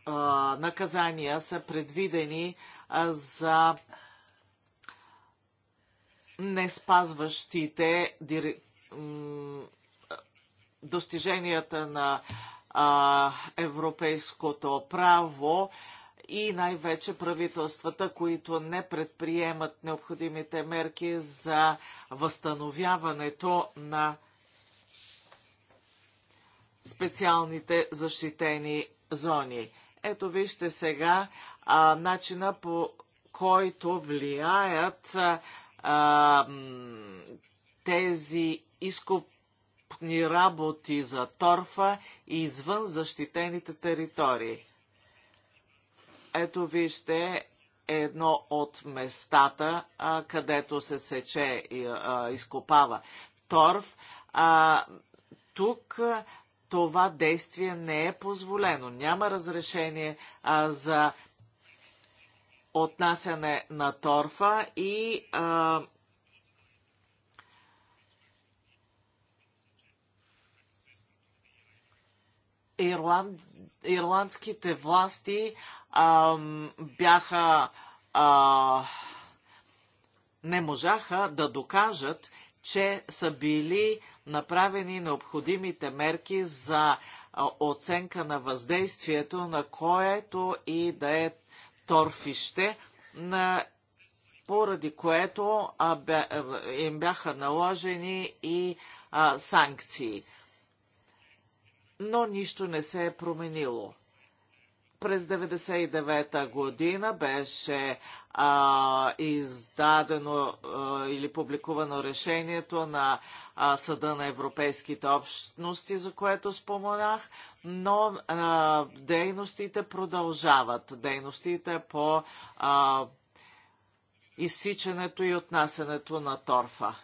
а, наказания са предвидени а, за не спазващите достиженията на а, европейското право и най-вече правителствата, които не предприемат необходимите мерки за възстановяването на специалните защитени зони. Ето вижте сега а, начина по който влияят а, а, тези изкупни работи за торфа извън защитените територии. Ето вижте едно от местата, а, където се сече и а, изкопава торф. А, тук а, това действие не е позволено. Няма разрешение а, за отнасяне на торфа и а, Ирланд, ирландските власти а, бяха а, не можаха да докажат, че са били направени необходимите мерки за оценка на въздействието, на което и да е торфище, на поради което им бяха наложени и санкции. Но нищо не се е променило. През 1999 година беше а, издадено а, или публикувано решението на а, Съда на Европейските общности, за което споменах, но а, дейностите продължават. Дейностите по а, изсичането и отнасянето на торфа.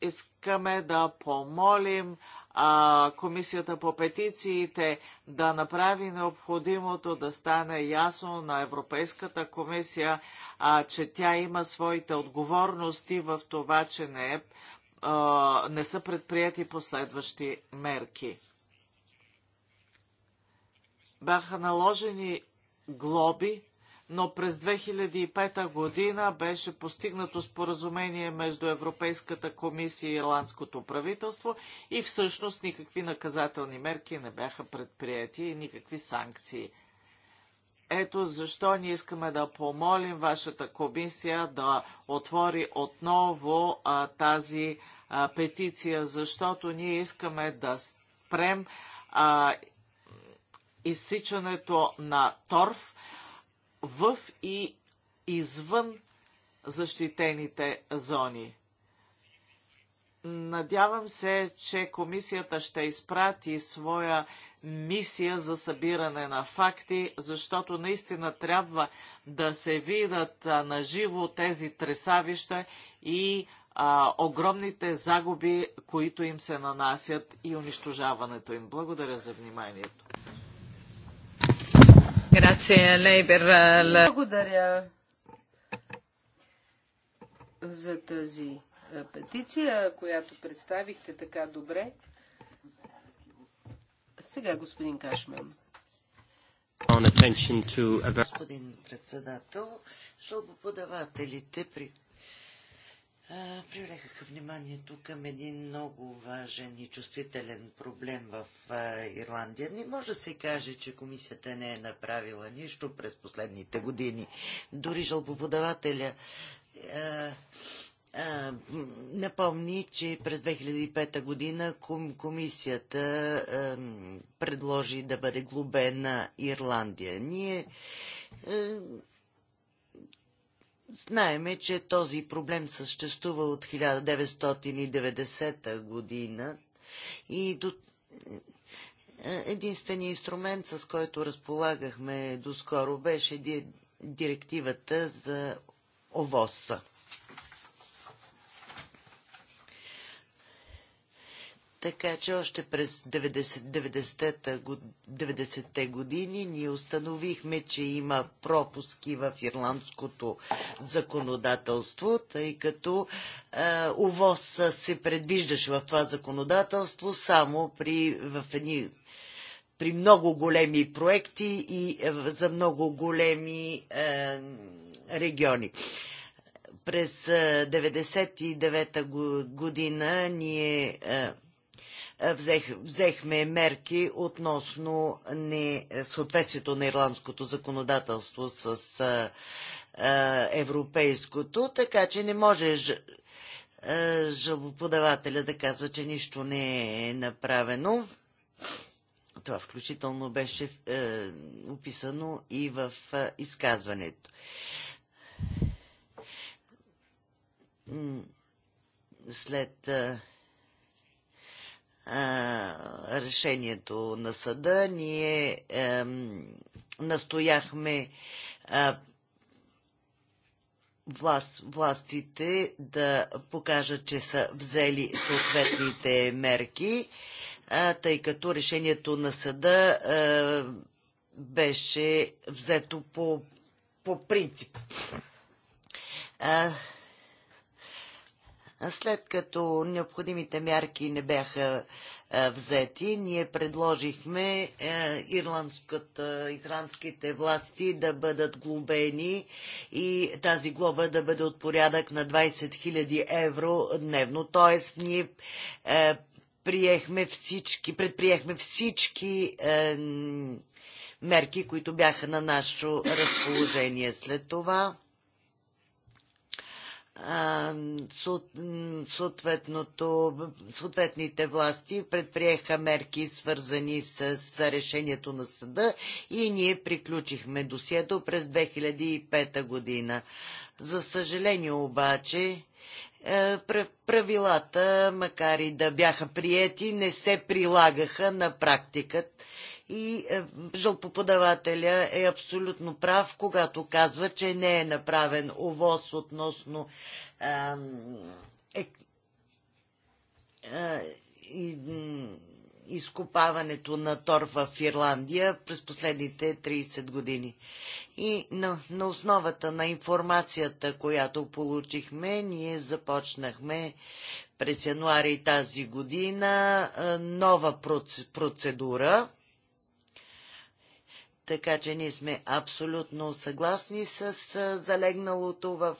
Искаме да помолим а, Комисията по петициите да направи необходимото да стане ясно на Европейската комисия, а, че тя има своите отговорности в това, че не, е, а, не са предприяти последващи мерки. Бяха наложени глоби но през 2005 година беше постигнато споразумение между Европейската комисия и ирландското правителство и всъщност никакви наказателни мерки не бяха предприяти и никакви санкции. Ето защо ние искаме да помолим вашата комисия да отвори отново а, тази а, петиция, защото ние искаме да спрем а, изсичането на торф, в и извън защитените зони. Надявам се, че комисията ще изпрати своя мисия за събиране на факти, защото наистина трябва да се видят наживо тези тресавища и а, огромните загуби, които им се нанасят и унищожаването им. Благодаря за вниманието. Eh, Благодаря за тази е, петиция, която представихте така добре. Сега господин Кашман. Господин председател, жалбоподавателите при привлекаха вниманието към един много важен и чувствителен проблем в Ирландия. Не може да се каже, че комисията не е направила нищо през последните години. Дори жалбоподавателя напомни, че през 2005 година комисията предложи да бъде глобена Ирландия. Ние Знаеме, че този проблем съществува от 1990 година и до... Е, единственият инструмент, с който разполагахме доскоро, беше директивата за овоса. Така че още през 90-те 90 години ние установихме, че има пропуски в ирландското законодателство, тъй като е, увоз се предвиждаше в това законодателство само при, в едни, при много големи проекти и е, за много големи е, региони през 1999 е, година ние е, е, взех, взехме мерки относно не, съответствието на ирландското законодателство с а, е, а, е, европейското, така че не може а, жалбоподавателя да казва, че нищо не е направено. Това включително беше е, описано и в е, изказването. След е, решението на съда. Ние а, настояхме а, власт, властите да покажат, че са взели съответните мерки, а, тъй като решението на съда а, беше взето по, по принцип. А, след като необходимите мерки не бяха е, взети, ние предложихме е, ирландските власти да бъдат глобени и тази глоба да бъде от порядък на 20 000 евро дневно. Тоест, ние е, приехме всички, предприехме всички мерки, които бяха на нашето разположение. След това съответните власти предприеха мерки свързани с, с решението на съда и ние приключихме досието през 2005 година. За съжаление обаче, е, правилата, макар и да бяха приети, не се прилагаха на практиката и е, жълпоподавателя е абсолютно прав, когато казва, че не е направен овоз относно е, е, изкопаването на тор в Ирландия през последните 30 години. И на, на основата на информацията, която получихме, ние започнахме през януари тази година нова процедура така че ние сме абсолютно съгласни с залегналото в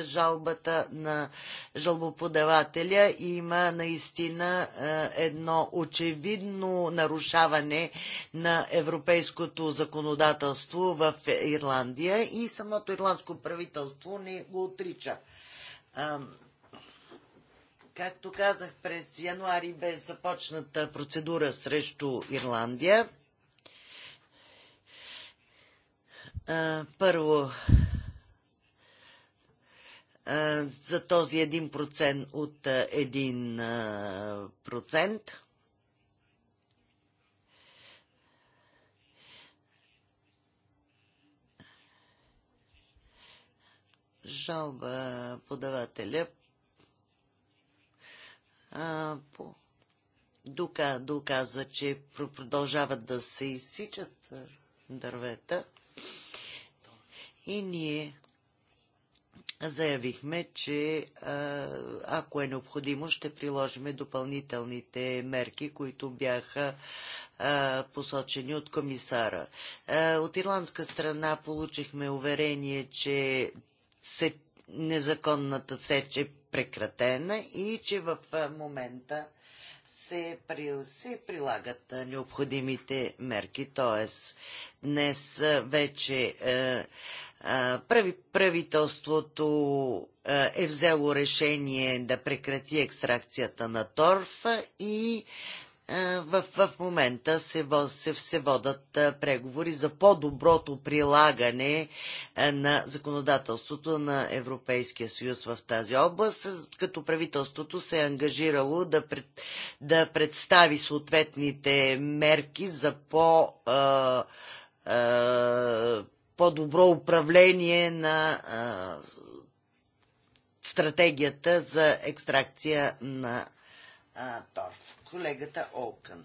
жалбата на жалбоподавателя. Има наистина едно очевидно нарушаване на европейското законодателство в Ирландия и самото ирландско правителство не го отрича. Както казах, през януари бе започната процедура срещу Ирландия първо, за този 1% от 1%. жалба подавателя а, по, дока, доказа, че продължават да се изсичат дървета. И ние заявихме, че ако е необходимо, ще приложиме допълнителните мерки, които бяха посочени от комисара. От ирландска страна получихме уверение, че се, незаконната сеч е прекратена и че в момента се, се прилагат необходимите мерки. Т.е. днес вече е, е, правителството е, е взело решение да прекрати екстракцията на торф и е, в, в момента се, се, се водат е, преговори за по-доброто прилагане е, на законодателството на Европейския съюз в тази област, като правителството се е ангажирало да, пред, да представи съответните мерки за по, а, а, по-добро управление на а, стратегията за екстракция на а, торф колегата Олкън.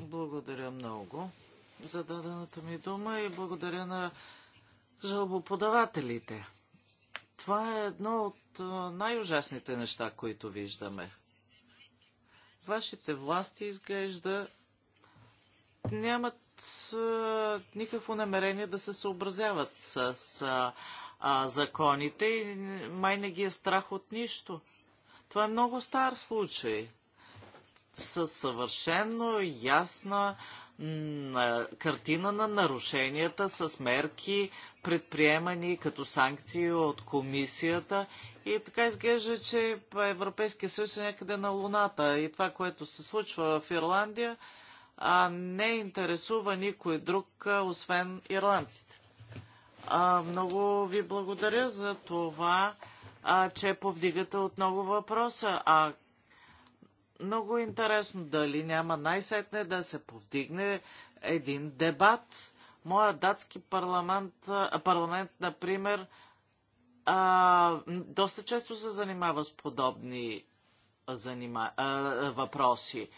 Благодаря много за дадената ми дума и благодаря на жалбоподавателите. Това е едно от най-ужасните неща, които виждаме. Вашите власти изглежда нямат а, никакво намерение да се съобразяват с а, а, законите и май не ги е страх от нищо. Това е много стар случай. Със съвършенно ясна картина на нарушенията с мерки, предприемани като санкции от комисията. И така изглежда, че Европейския съюз е някъде на Луната. И това, което се случва в Ирландия, а не интересува никой друг, освен ирландците. А, много ви благодаря за това а, че повдигате отново въпроса. А много интересно дали няма най-сетне да се повдигне един дебат. Моя датски парламент, парламент например, а, доста често се занимава с подобни занима, а, въпроси.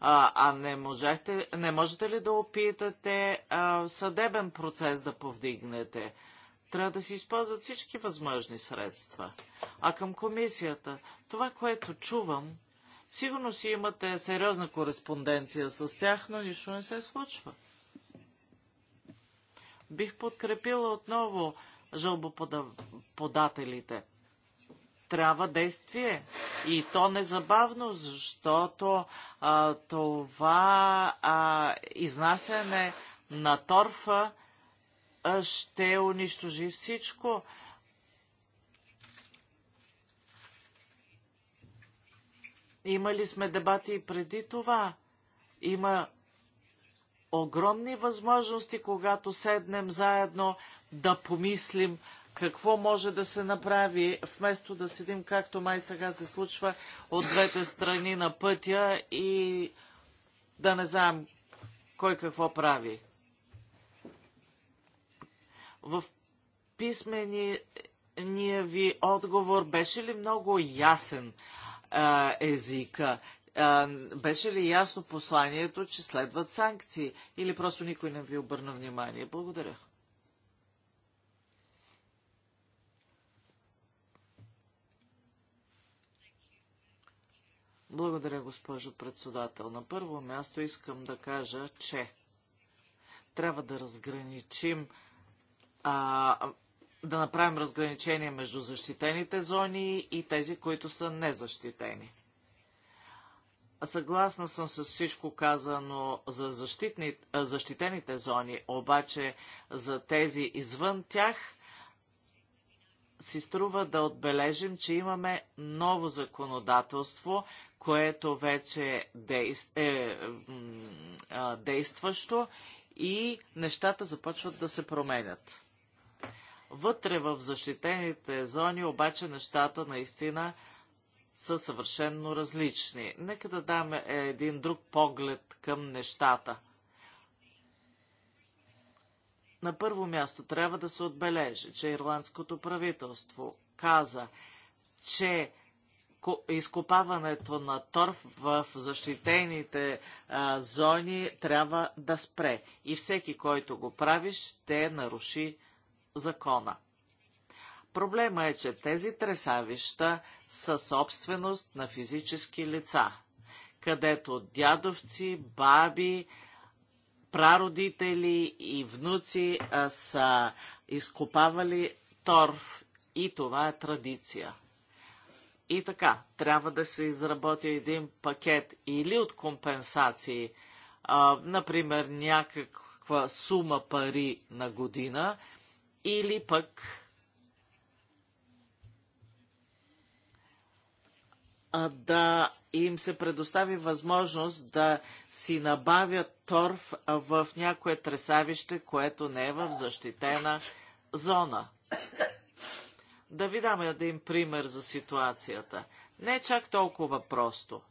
А, а не, можете, не можете ли да опитате а, съдебен процес да повдигнете? Трябва да се използват всички възможни средства. А към комисията, това, което чувам, сигурно си имате сериозна кореспонденция с тях, но нищо не се случва. Бих подкрепила отново жълбоподателите. Трябва действие. И то незабавно, защото а, това а, изнасяне на торфа ще унищожи всичко. Имали сме дебати и преди това. Има огромни възможности, когато седнем заедно да помислим какво може да се направи, вместо да седим, както май сега се случва, от двете страни на пътя и да не знаем кой какво прави в писмения ви отговор беше ли много ясен а, езика? А, беше ли ясно посланието, че следват санкции? Или просто никой не ви обърна внимание? Благодаря. Благодаря, госпожо председател. На първо място искам да кажа, че трябва да разграничим а, да направим разграничение между защитените зони и тези, които са незащитени. Съгласна съм с всичко казано за защитни, защитените зони, обаче за тези извън тях си струва да отбележим, че имаме ново законодателство, което вече действ, е, действащо и нещата започват да се променят. Вътре в защитените зони обаче нещата наистина са съвършенно различни. Нека да дам един друг поглед към нещата. На първо място трябва да се отбележи, че ирландското правителство каза, че изкопаването на торф в защитените а, зони трябва да спре. И всеки, който го прави, ще наруши закона. Проблема е, че тези тресавища са собственост на физически лица, където дядовци, баби, прародители и внуци са изкопавали торф и това е традиция. И така, трябва да се изработи един пакет или от компенсации, а, например някаква сума пари на година – или пък да им се предостави възможност да си набавят торф в някое тресавище, което не е в защитена зона. Да ви дам един пример за ситуацията. Не е чак толкова просто.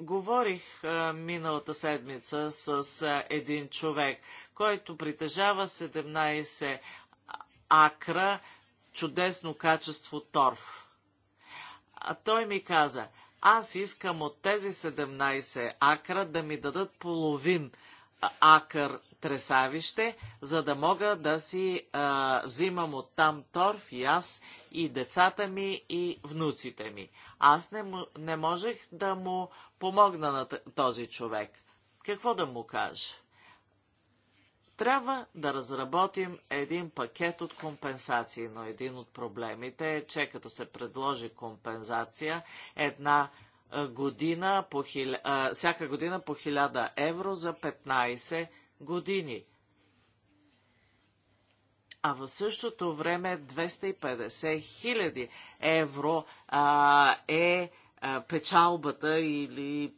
Говорих а, миналата седмица с а, един човек, който притежава 17 акра чудесно качество торф. А той ми каза, аз искам от тези 17 акра да ми дадат половин акър тресавище, за да мога да си а, взимам от там торф и аз, и децата ми, и внуците ми. Аз не, не можех да му помогна на този човек. Какво да му кажа? Трябва да разработим един пакет от компенсации, но един от проблемите е, че като се предложи компенсация, една година по, а, всяка година по 1000 евро за 15 години. А в същото време 250 хиляди евро а, е а, печалбата или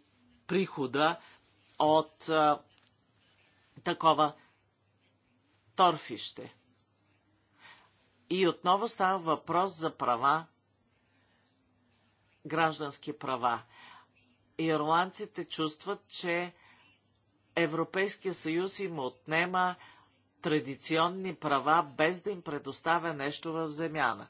прихода от а, такова торфище. И отново става въпрос за права, граждански права. Ирландците чувстват, че Европейския съюз им отнема традиционни права, без да им предоставя нещо в земяна.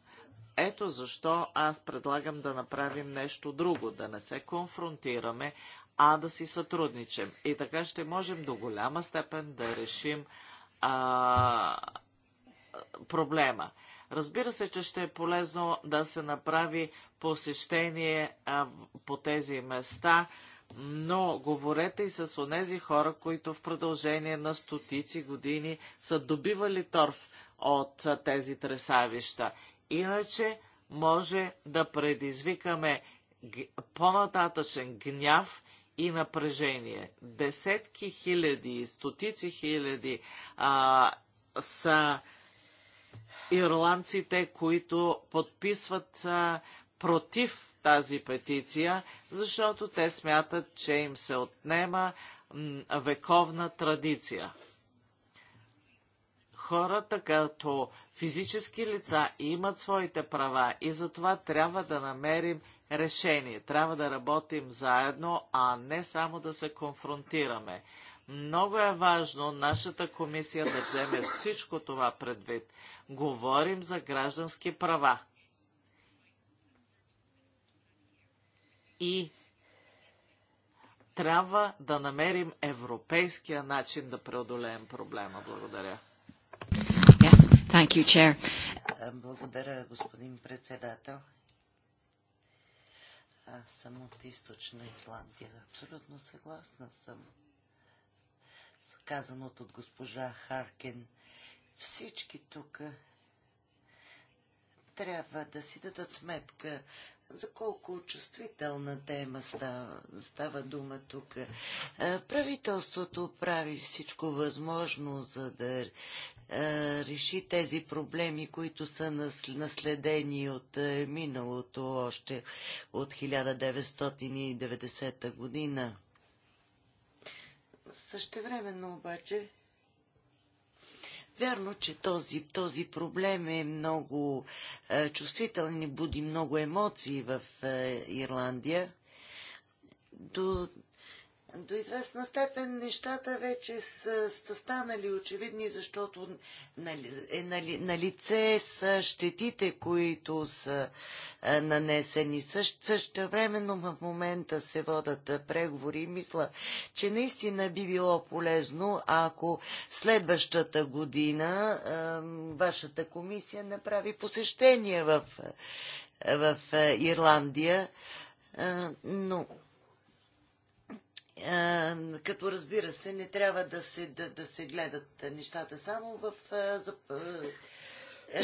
Ето защо аз предлагам да направим нещо друго, да не се конфронтираме, а да си сътрудничим. И така ще можем до голяма степен да решим а, проблема. Разбира се, че ще е полезно да се направи посещение а, по тези места, но говорете и с онези хора, които в продължение на стотици години са добивали торф от а, тези тресавища. Иначе може да предизвикаме по-нататъчен гняв и напрежение. Десетки хиляди, стотици хиляди а, са ирландците, които подписват а, против тази петиция, защото те смятат, че им се отнема м, вековна традиция. Хората като физически лица имат своите права и затова трябва да намерим решение. Трябва да работим заедно, а не само да се конфронтираме. Много е важно нашата комисия да вземе всичко това предвид. Говорим за граждански права. И трябва да намерим европейския начин да преодолеем проблема. Благодаря. Yes, thank you, chair. Благодаря, господин председател. Аз съм от източна Ирландия. Абсолютно съгласна съм казаното от госпожа Харкен. Всички тук трябва да си дадат сметка за колко чувствителна тема става, става дума тук. Е, правителството прави всичко възможно, за да е, реши тези проблеми, които са наследени от е, миналото още от 1990 година. Същевременно обаче, вярно, че този, този проблем е много е, чувствителен и буди много емоции в е, Ирландия. До, до известна степен нещата вече са, са станали очевидни, защото нали, е нали, на лице са щетите, които са е, нанесени. Също, също времено в момента се водат е, преговори и мисля, че наистина би било полезно, ако следващата година е, вашата комисия направи посещение в, е, в е, Ирландия. Е, но е, като разбира се, не трябва да се, да, да се гледат нещата само в е, за, е,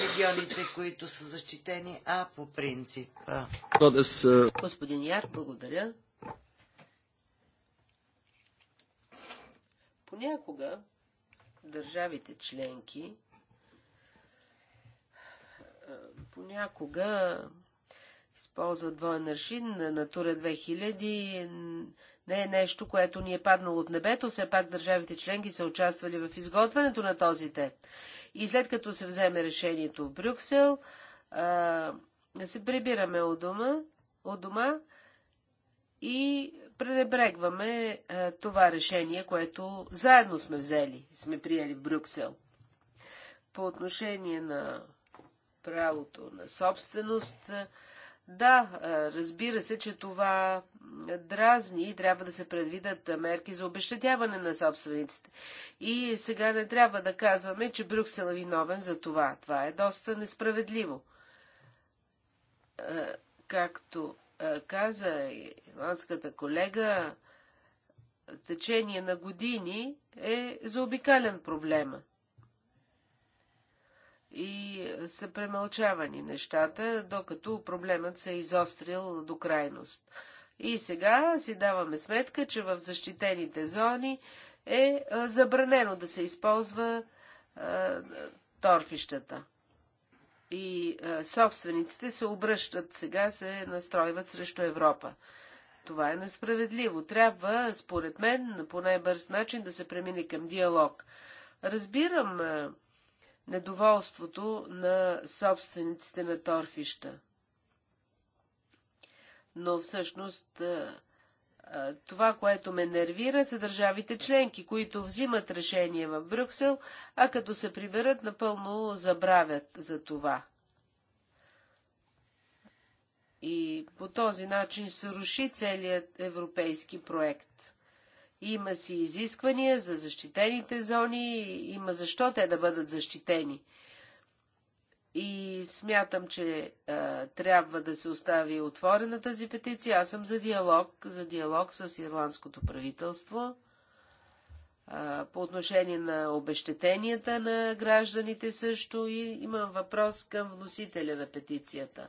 регионите, които са защитени, а по принцип. Господин Яр, благодаря. Понякога държавите членки понякога използват двоен аршин на Натура 2000 не е нещо, което ни е паднало от небето, все пак държавите членки са участвали в изготвянето на този те. И след като се вземе решението в Брюксел, а, се прибираме от дома, от дома и пренебрегваме а, това решение, което заедно сме взели, сме приели в Брюксел. По отношение на правото на собственост, да, разбира се, че това дразни и трябва да се предвидат мерки за обещатяване на собствениците. И сега не трябва да казваме, че Брюксел е виновен за това. Това е доста несправедливо. Както каза ирландската колега, течение на години е заобикален проблема – и са премълчавани нещата, докато проблемът се е изострил до крайност. И сега си даваме сметка, че в защитените зони е, е забранено да се използва е, торфищата. И е, собствениците се обръщат, сега се настройват срещу Европа. Това е несправедливо. Трябва, според мен, по най-бърз начин да се премине към диалог. Разбирам е, недоволството на собствениците на торфища. Но всъщност това, което ме нервира, са държавите членки, които взимат решение в Брюксел, а като се приберат, напълно забравят за това. И по този начин се руши целият европейски проект. Има си изисквания за защитените зони, има защо те да бъдат защитени. И смятам, че а, трябва да се остави отворена тази петиция. Аз съм за диалог, за диалог с ирландското правителство а, по отношение на обещетенията на гражданите също. И имам въпрос към вносителя на петицията.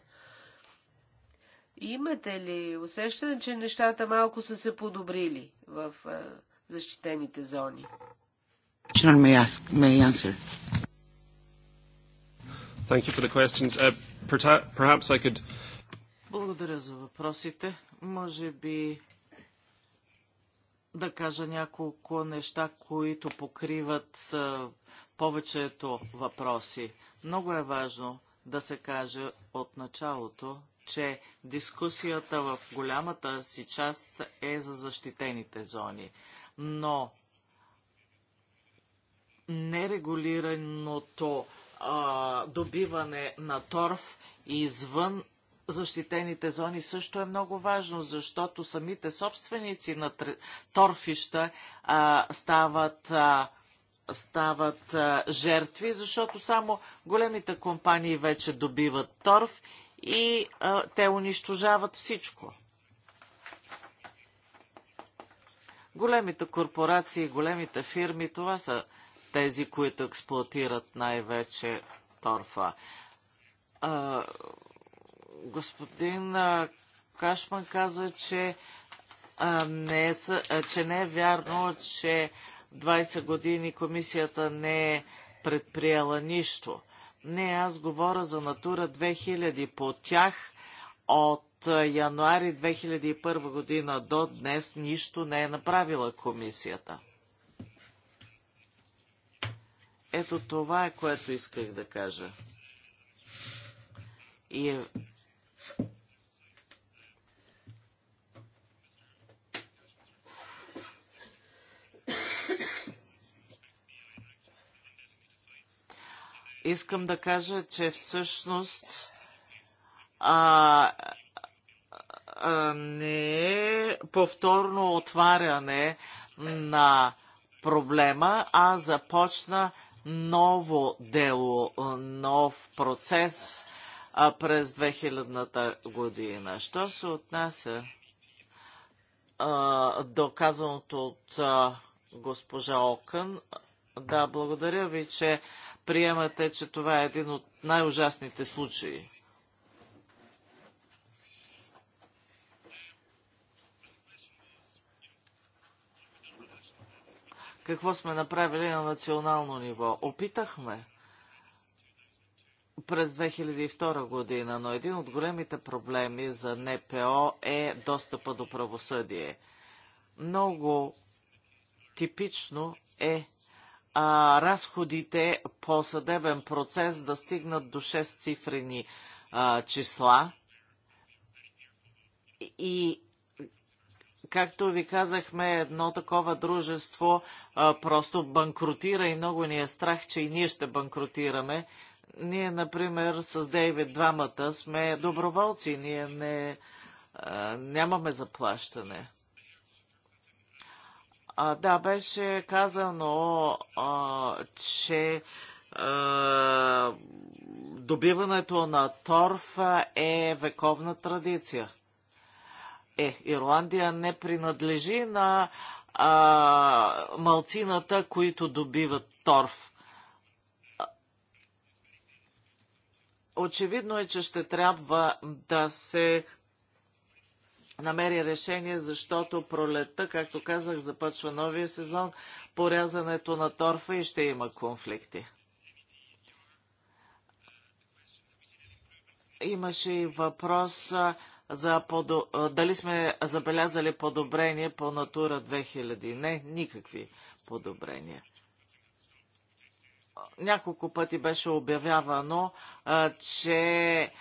Имате ли усещане, че нещата малко са се подобрили в защитените зони. Uh, Благодаря за въпросите. Може би да кажа няколко неща, които покриват повечето въпроси. Много е важно да се каже от началото, че дискусията в голямата си част е за защитените зони. Но нерегулираното а, добиване на торф извън защитените зони също е много важно, защото самите собственици на торфища а, стават, а, стават а, жертви, защото само големите компании вече добиват торф и а, те унищожават всичко. Големите корпорации, големите фирми, това са тези, които експлуатират най-вече торфа. А, господин а, Кашман каза, че, а, не е, а, че не е вярно, че 20 години комисията не е предприела нищо. Не, аз говоря за Натура 2000. По тях от януари 2001 година до днес нищо не е направила комисията. Ето това е, което исках да кажа. И е искам да кажа, че всъщност а, а, не е повторно отваряне на проблема, а започна ново дело, нов процес а, през 2000-та година. Що се отнася а, до казаното от а, госпожа Окън, да, благодаря ви, че приемате, че това е един от най-ужасните случаи? Какво сме направили на национално ниво? Опитахме през 2002 година, но един от големите проблеми за НПО е достъпа до правосъдие. Много типично е а, разходите по съдебен процес да стигнат до 6 цифрени а, числа. И както ви казахме, едно такова дружество а, просто банкротира и много ни е страх, че и ние ще банкротираме. Ние, например, с Дейвид двамата сме доброволци, ние не, а, нямаме заплащане. А, да, беше казано, а, че а, добиването на торф е вековна традиция. Е, Ирландия не принадлежи на а, малцината, които добиват торф. Очевидно е, че ще трябва да се намери решение, защото пролетта, както казах, започва новия сезон, порязането на торфа и ще има конфликти. Имаше и въпрос за подо... дали сме забелязали подобрение по Натура 2000. Не, никакви подобрения. Няколко пъти беше обявявано, че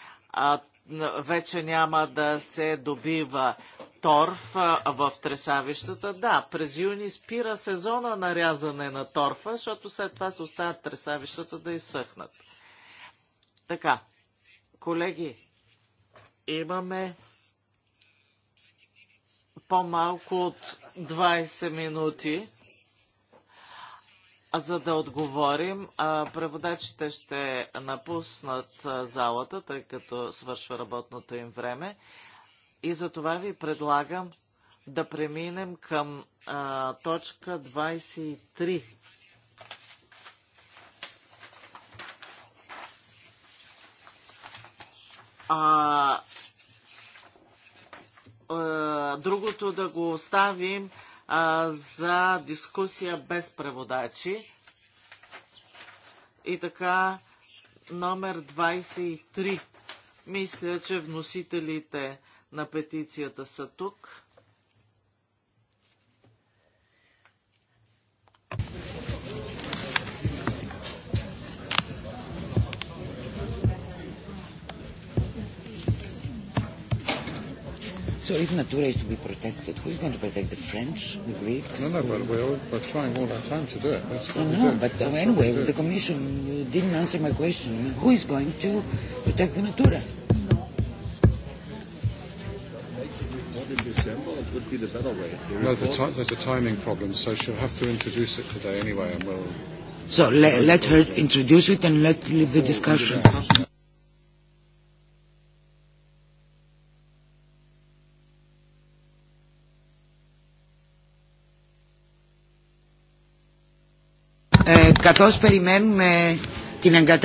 вече няма да се добива торф в тресавищата. Да, през юни спира сезона на рязане на торфа, защото след това се оставят тресавищата да изсъхнат. Така, колеги, имаме по-малко от 20 минути за да отговорим. Преводачите ще напуснат залата, тъй като свършва работното им време. И за това ви предлагам да преминем към а, точка 23. А, а, другото да го оставим а, за дискусия без преводачи. И така, номер 23. Мисля, че вносителите на петицията са тук. So if Natura is to be protected, who's going to protect the French, the Greeks? No, no, but we're, we're trying all the time to do it. That's what no, we no, do. but That's anyway, the Commission didn't answer my question. Who is going to protect the Natura? December, would be the better way. no, the ti- there's a timing problem, so she'll have to introduce it today anyway, and we'll. So le- let her introduce it and let leave the discussion. καθώς περιμένουμε την εγκατάσταση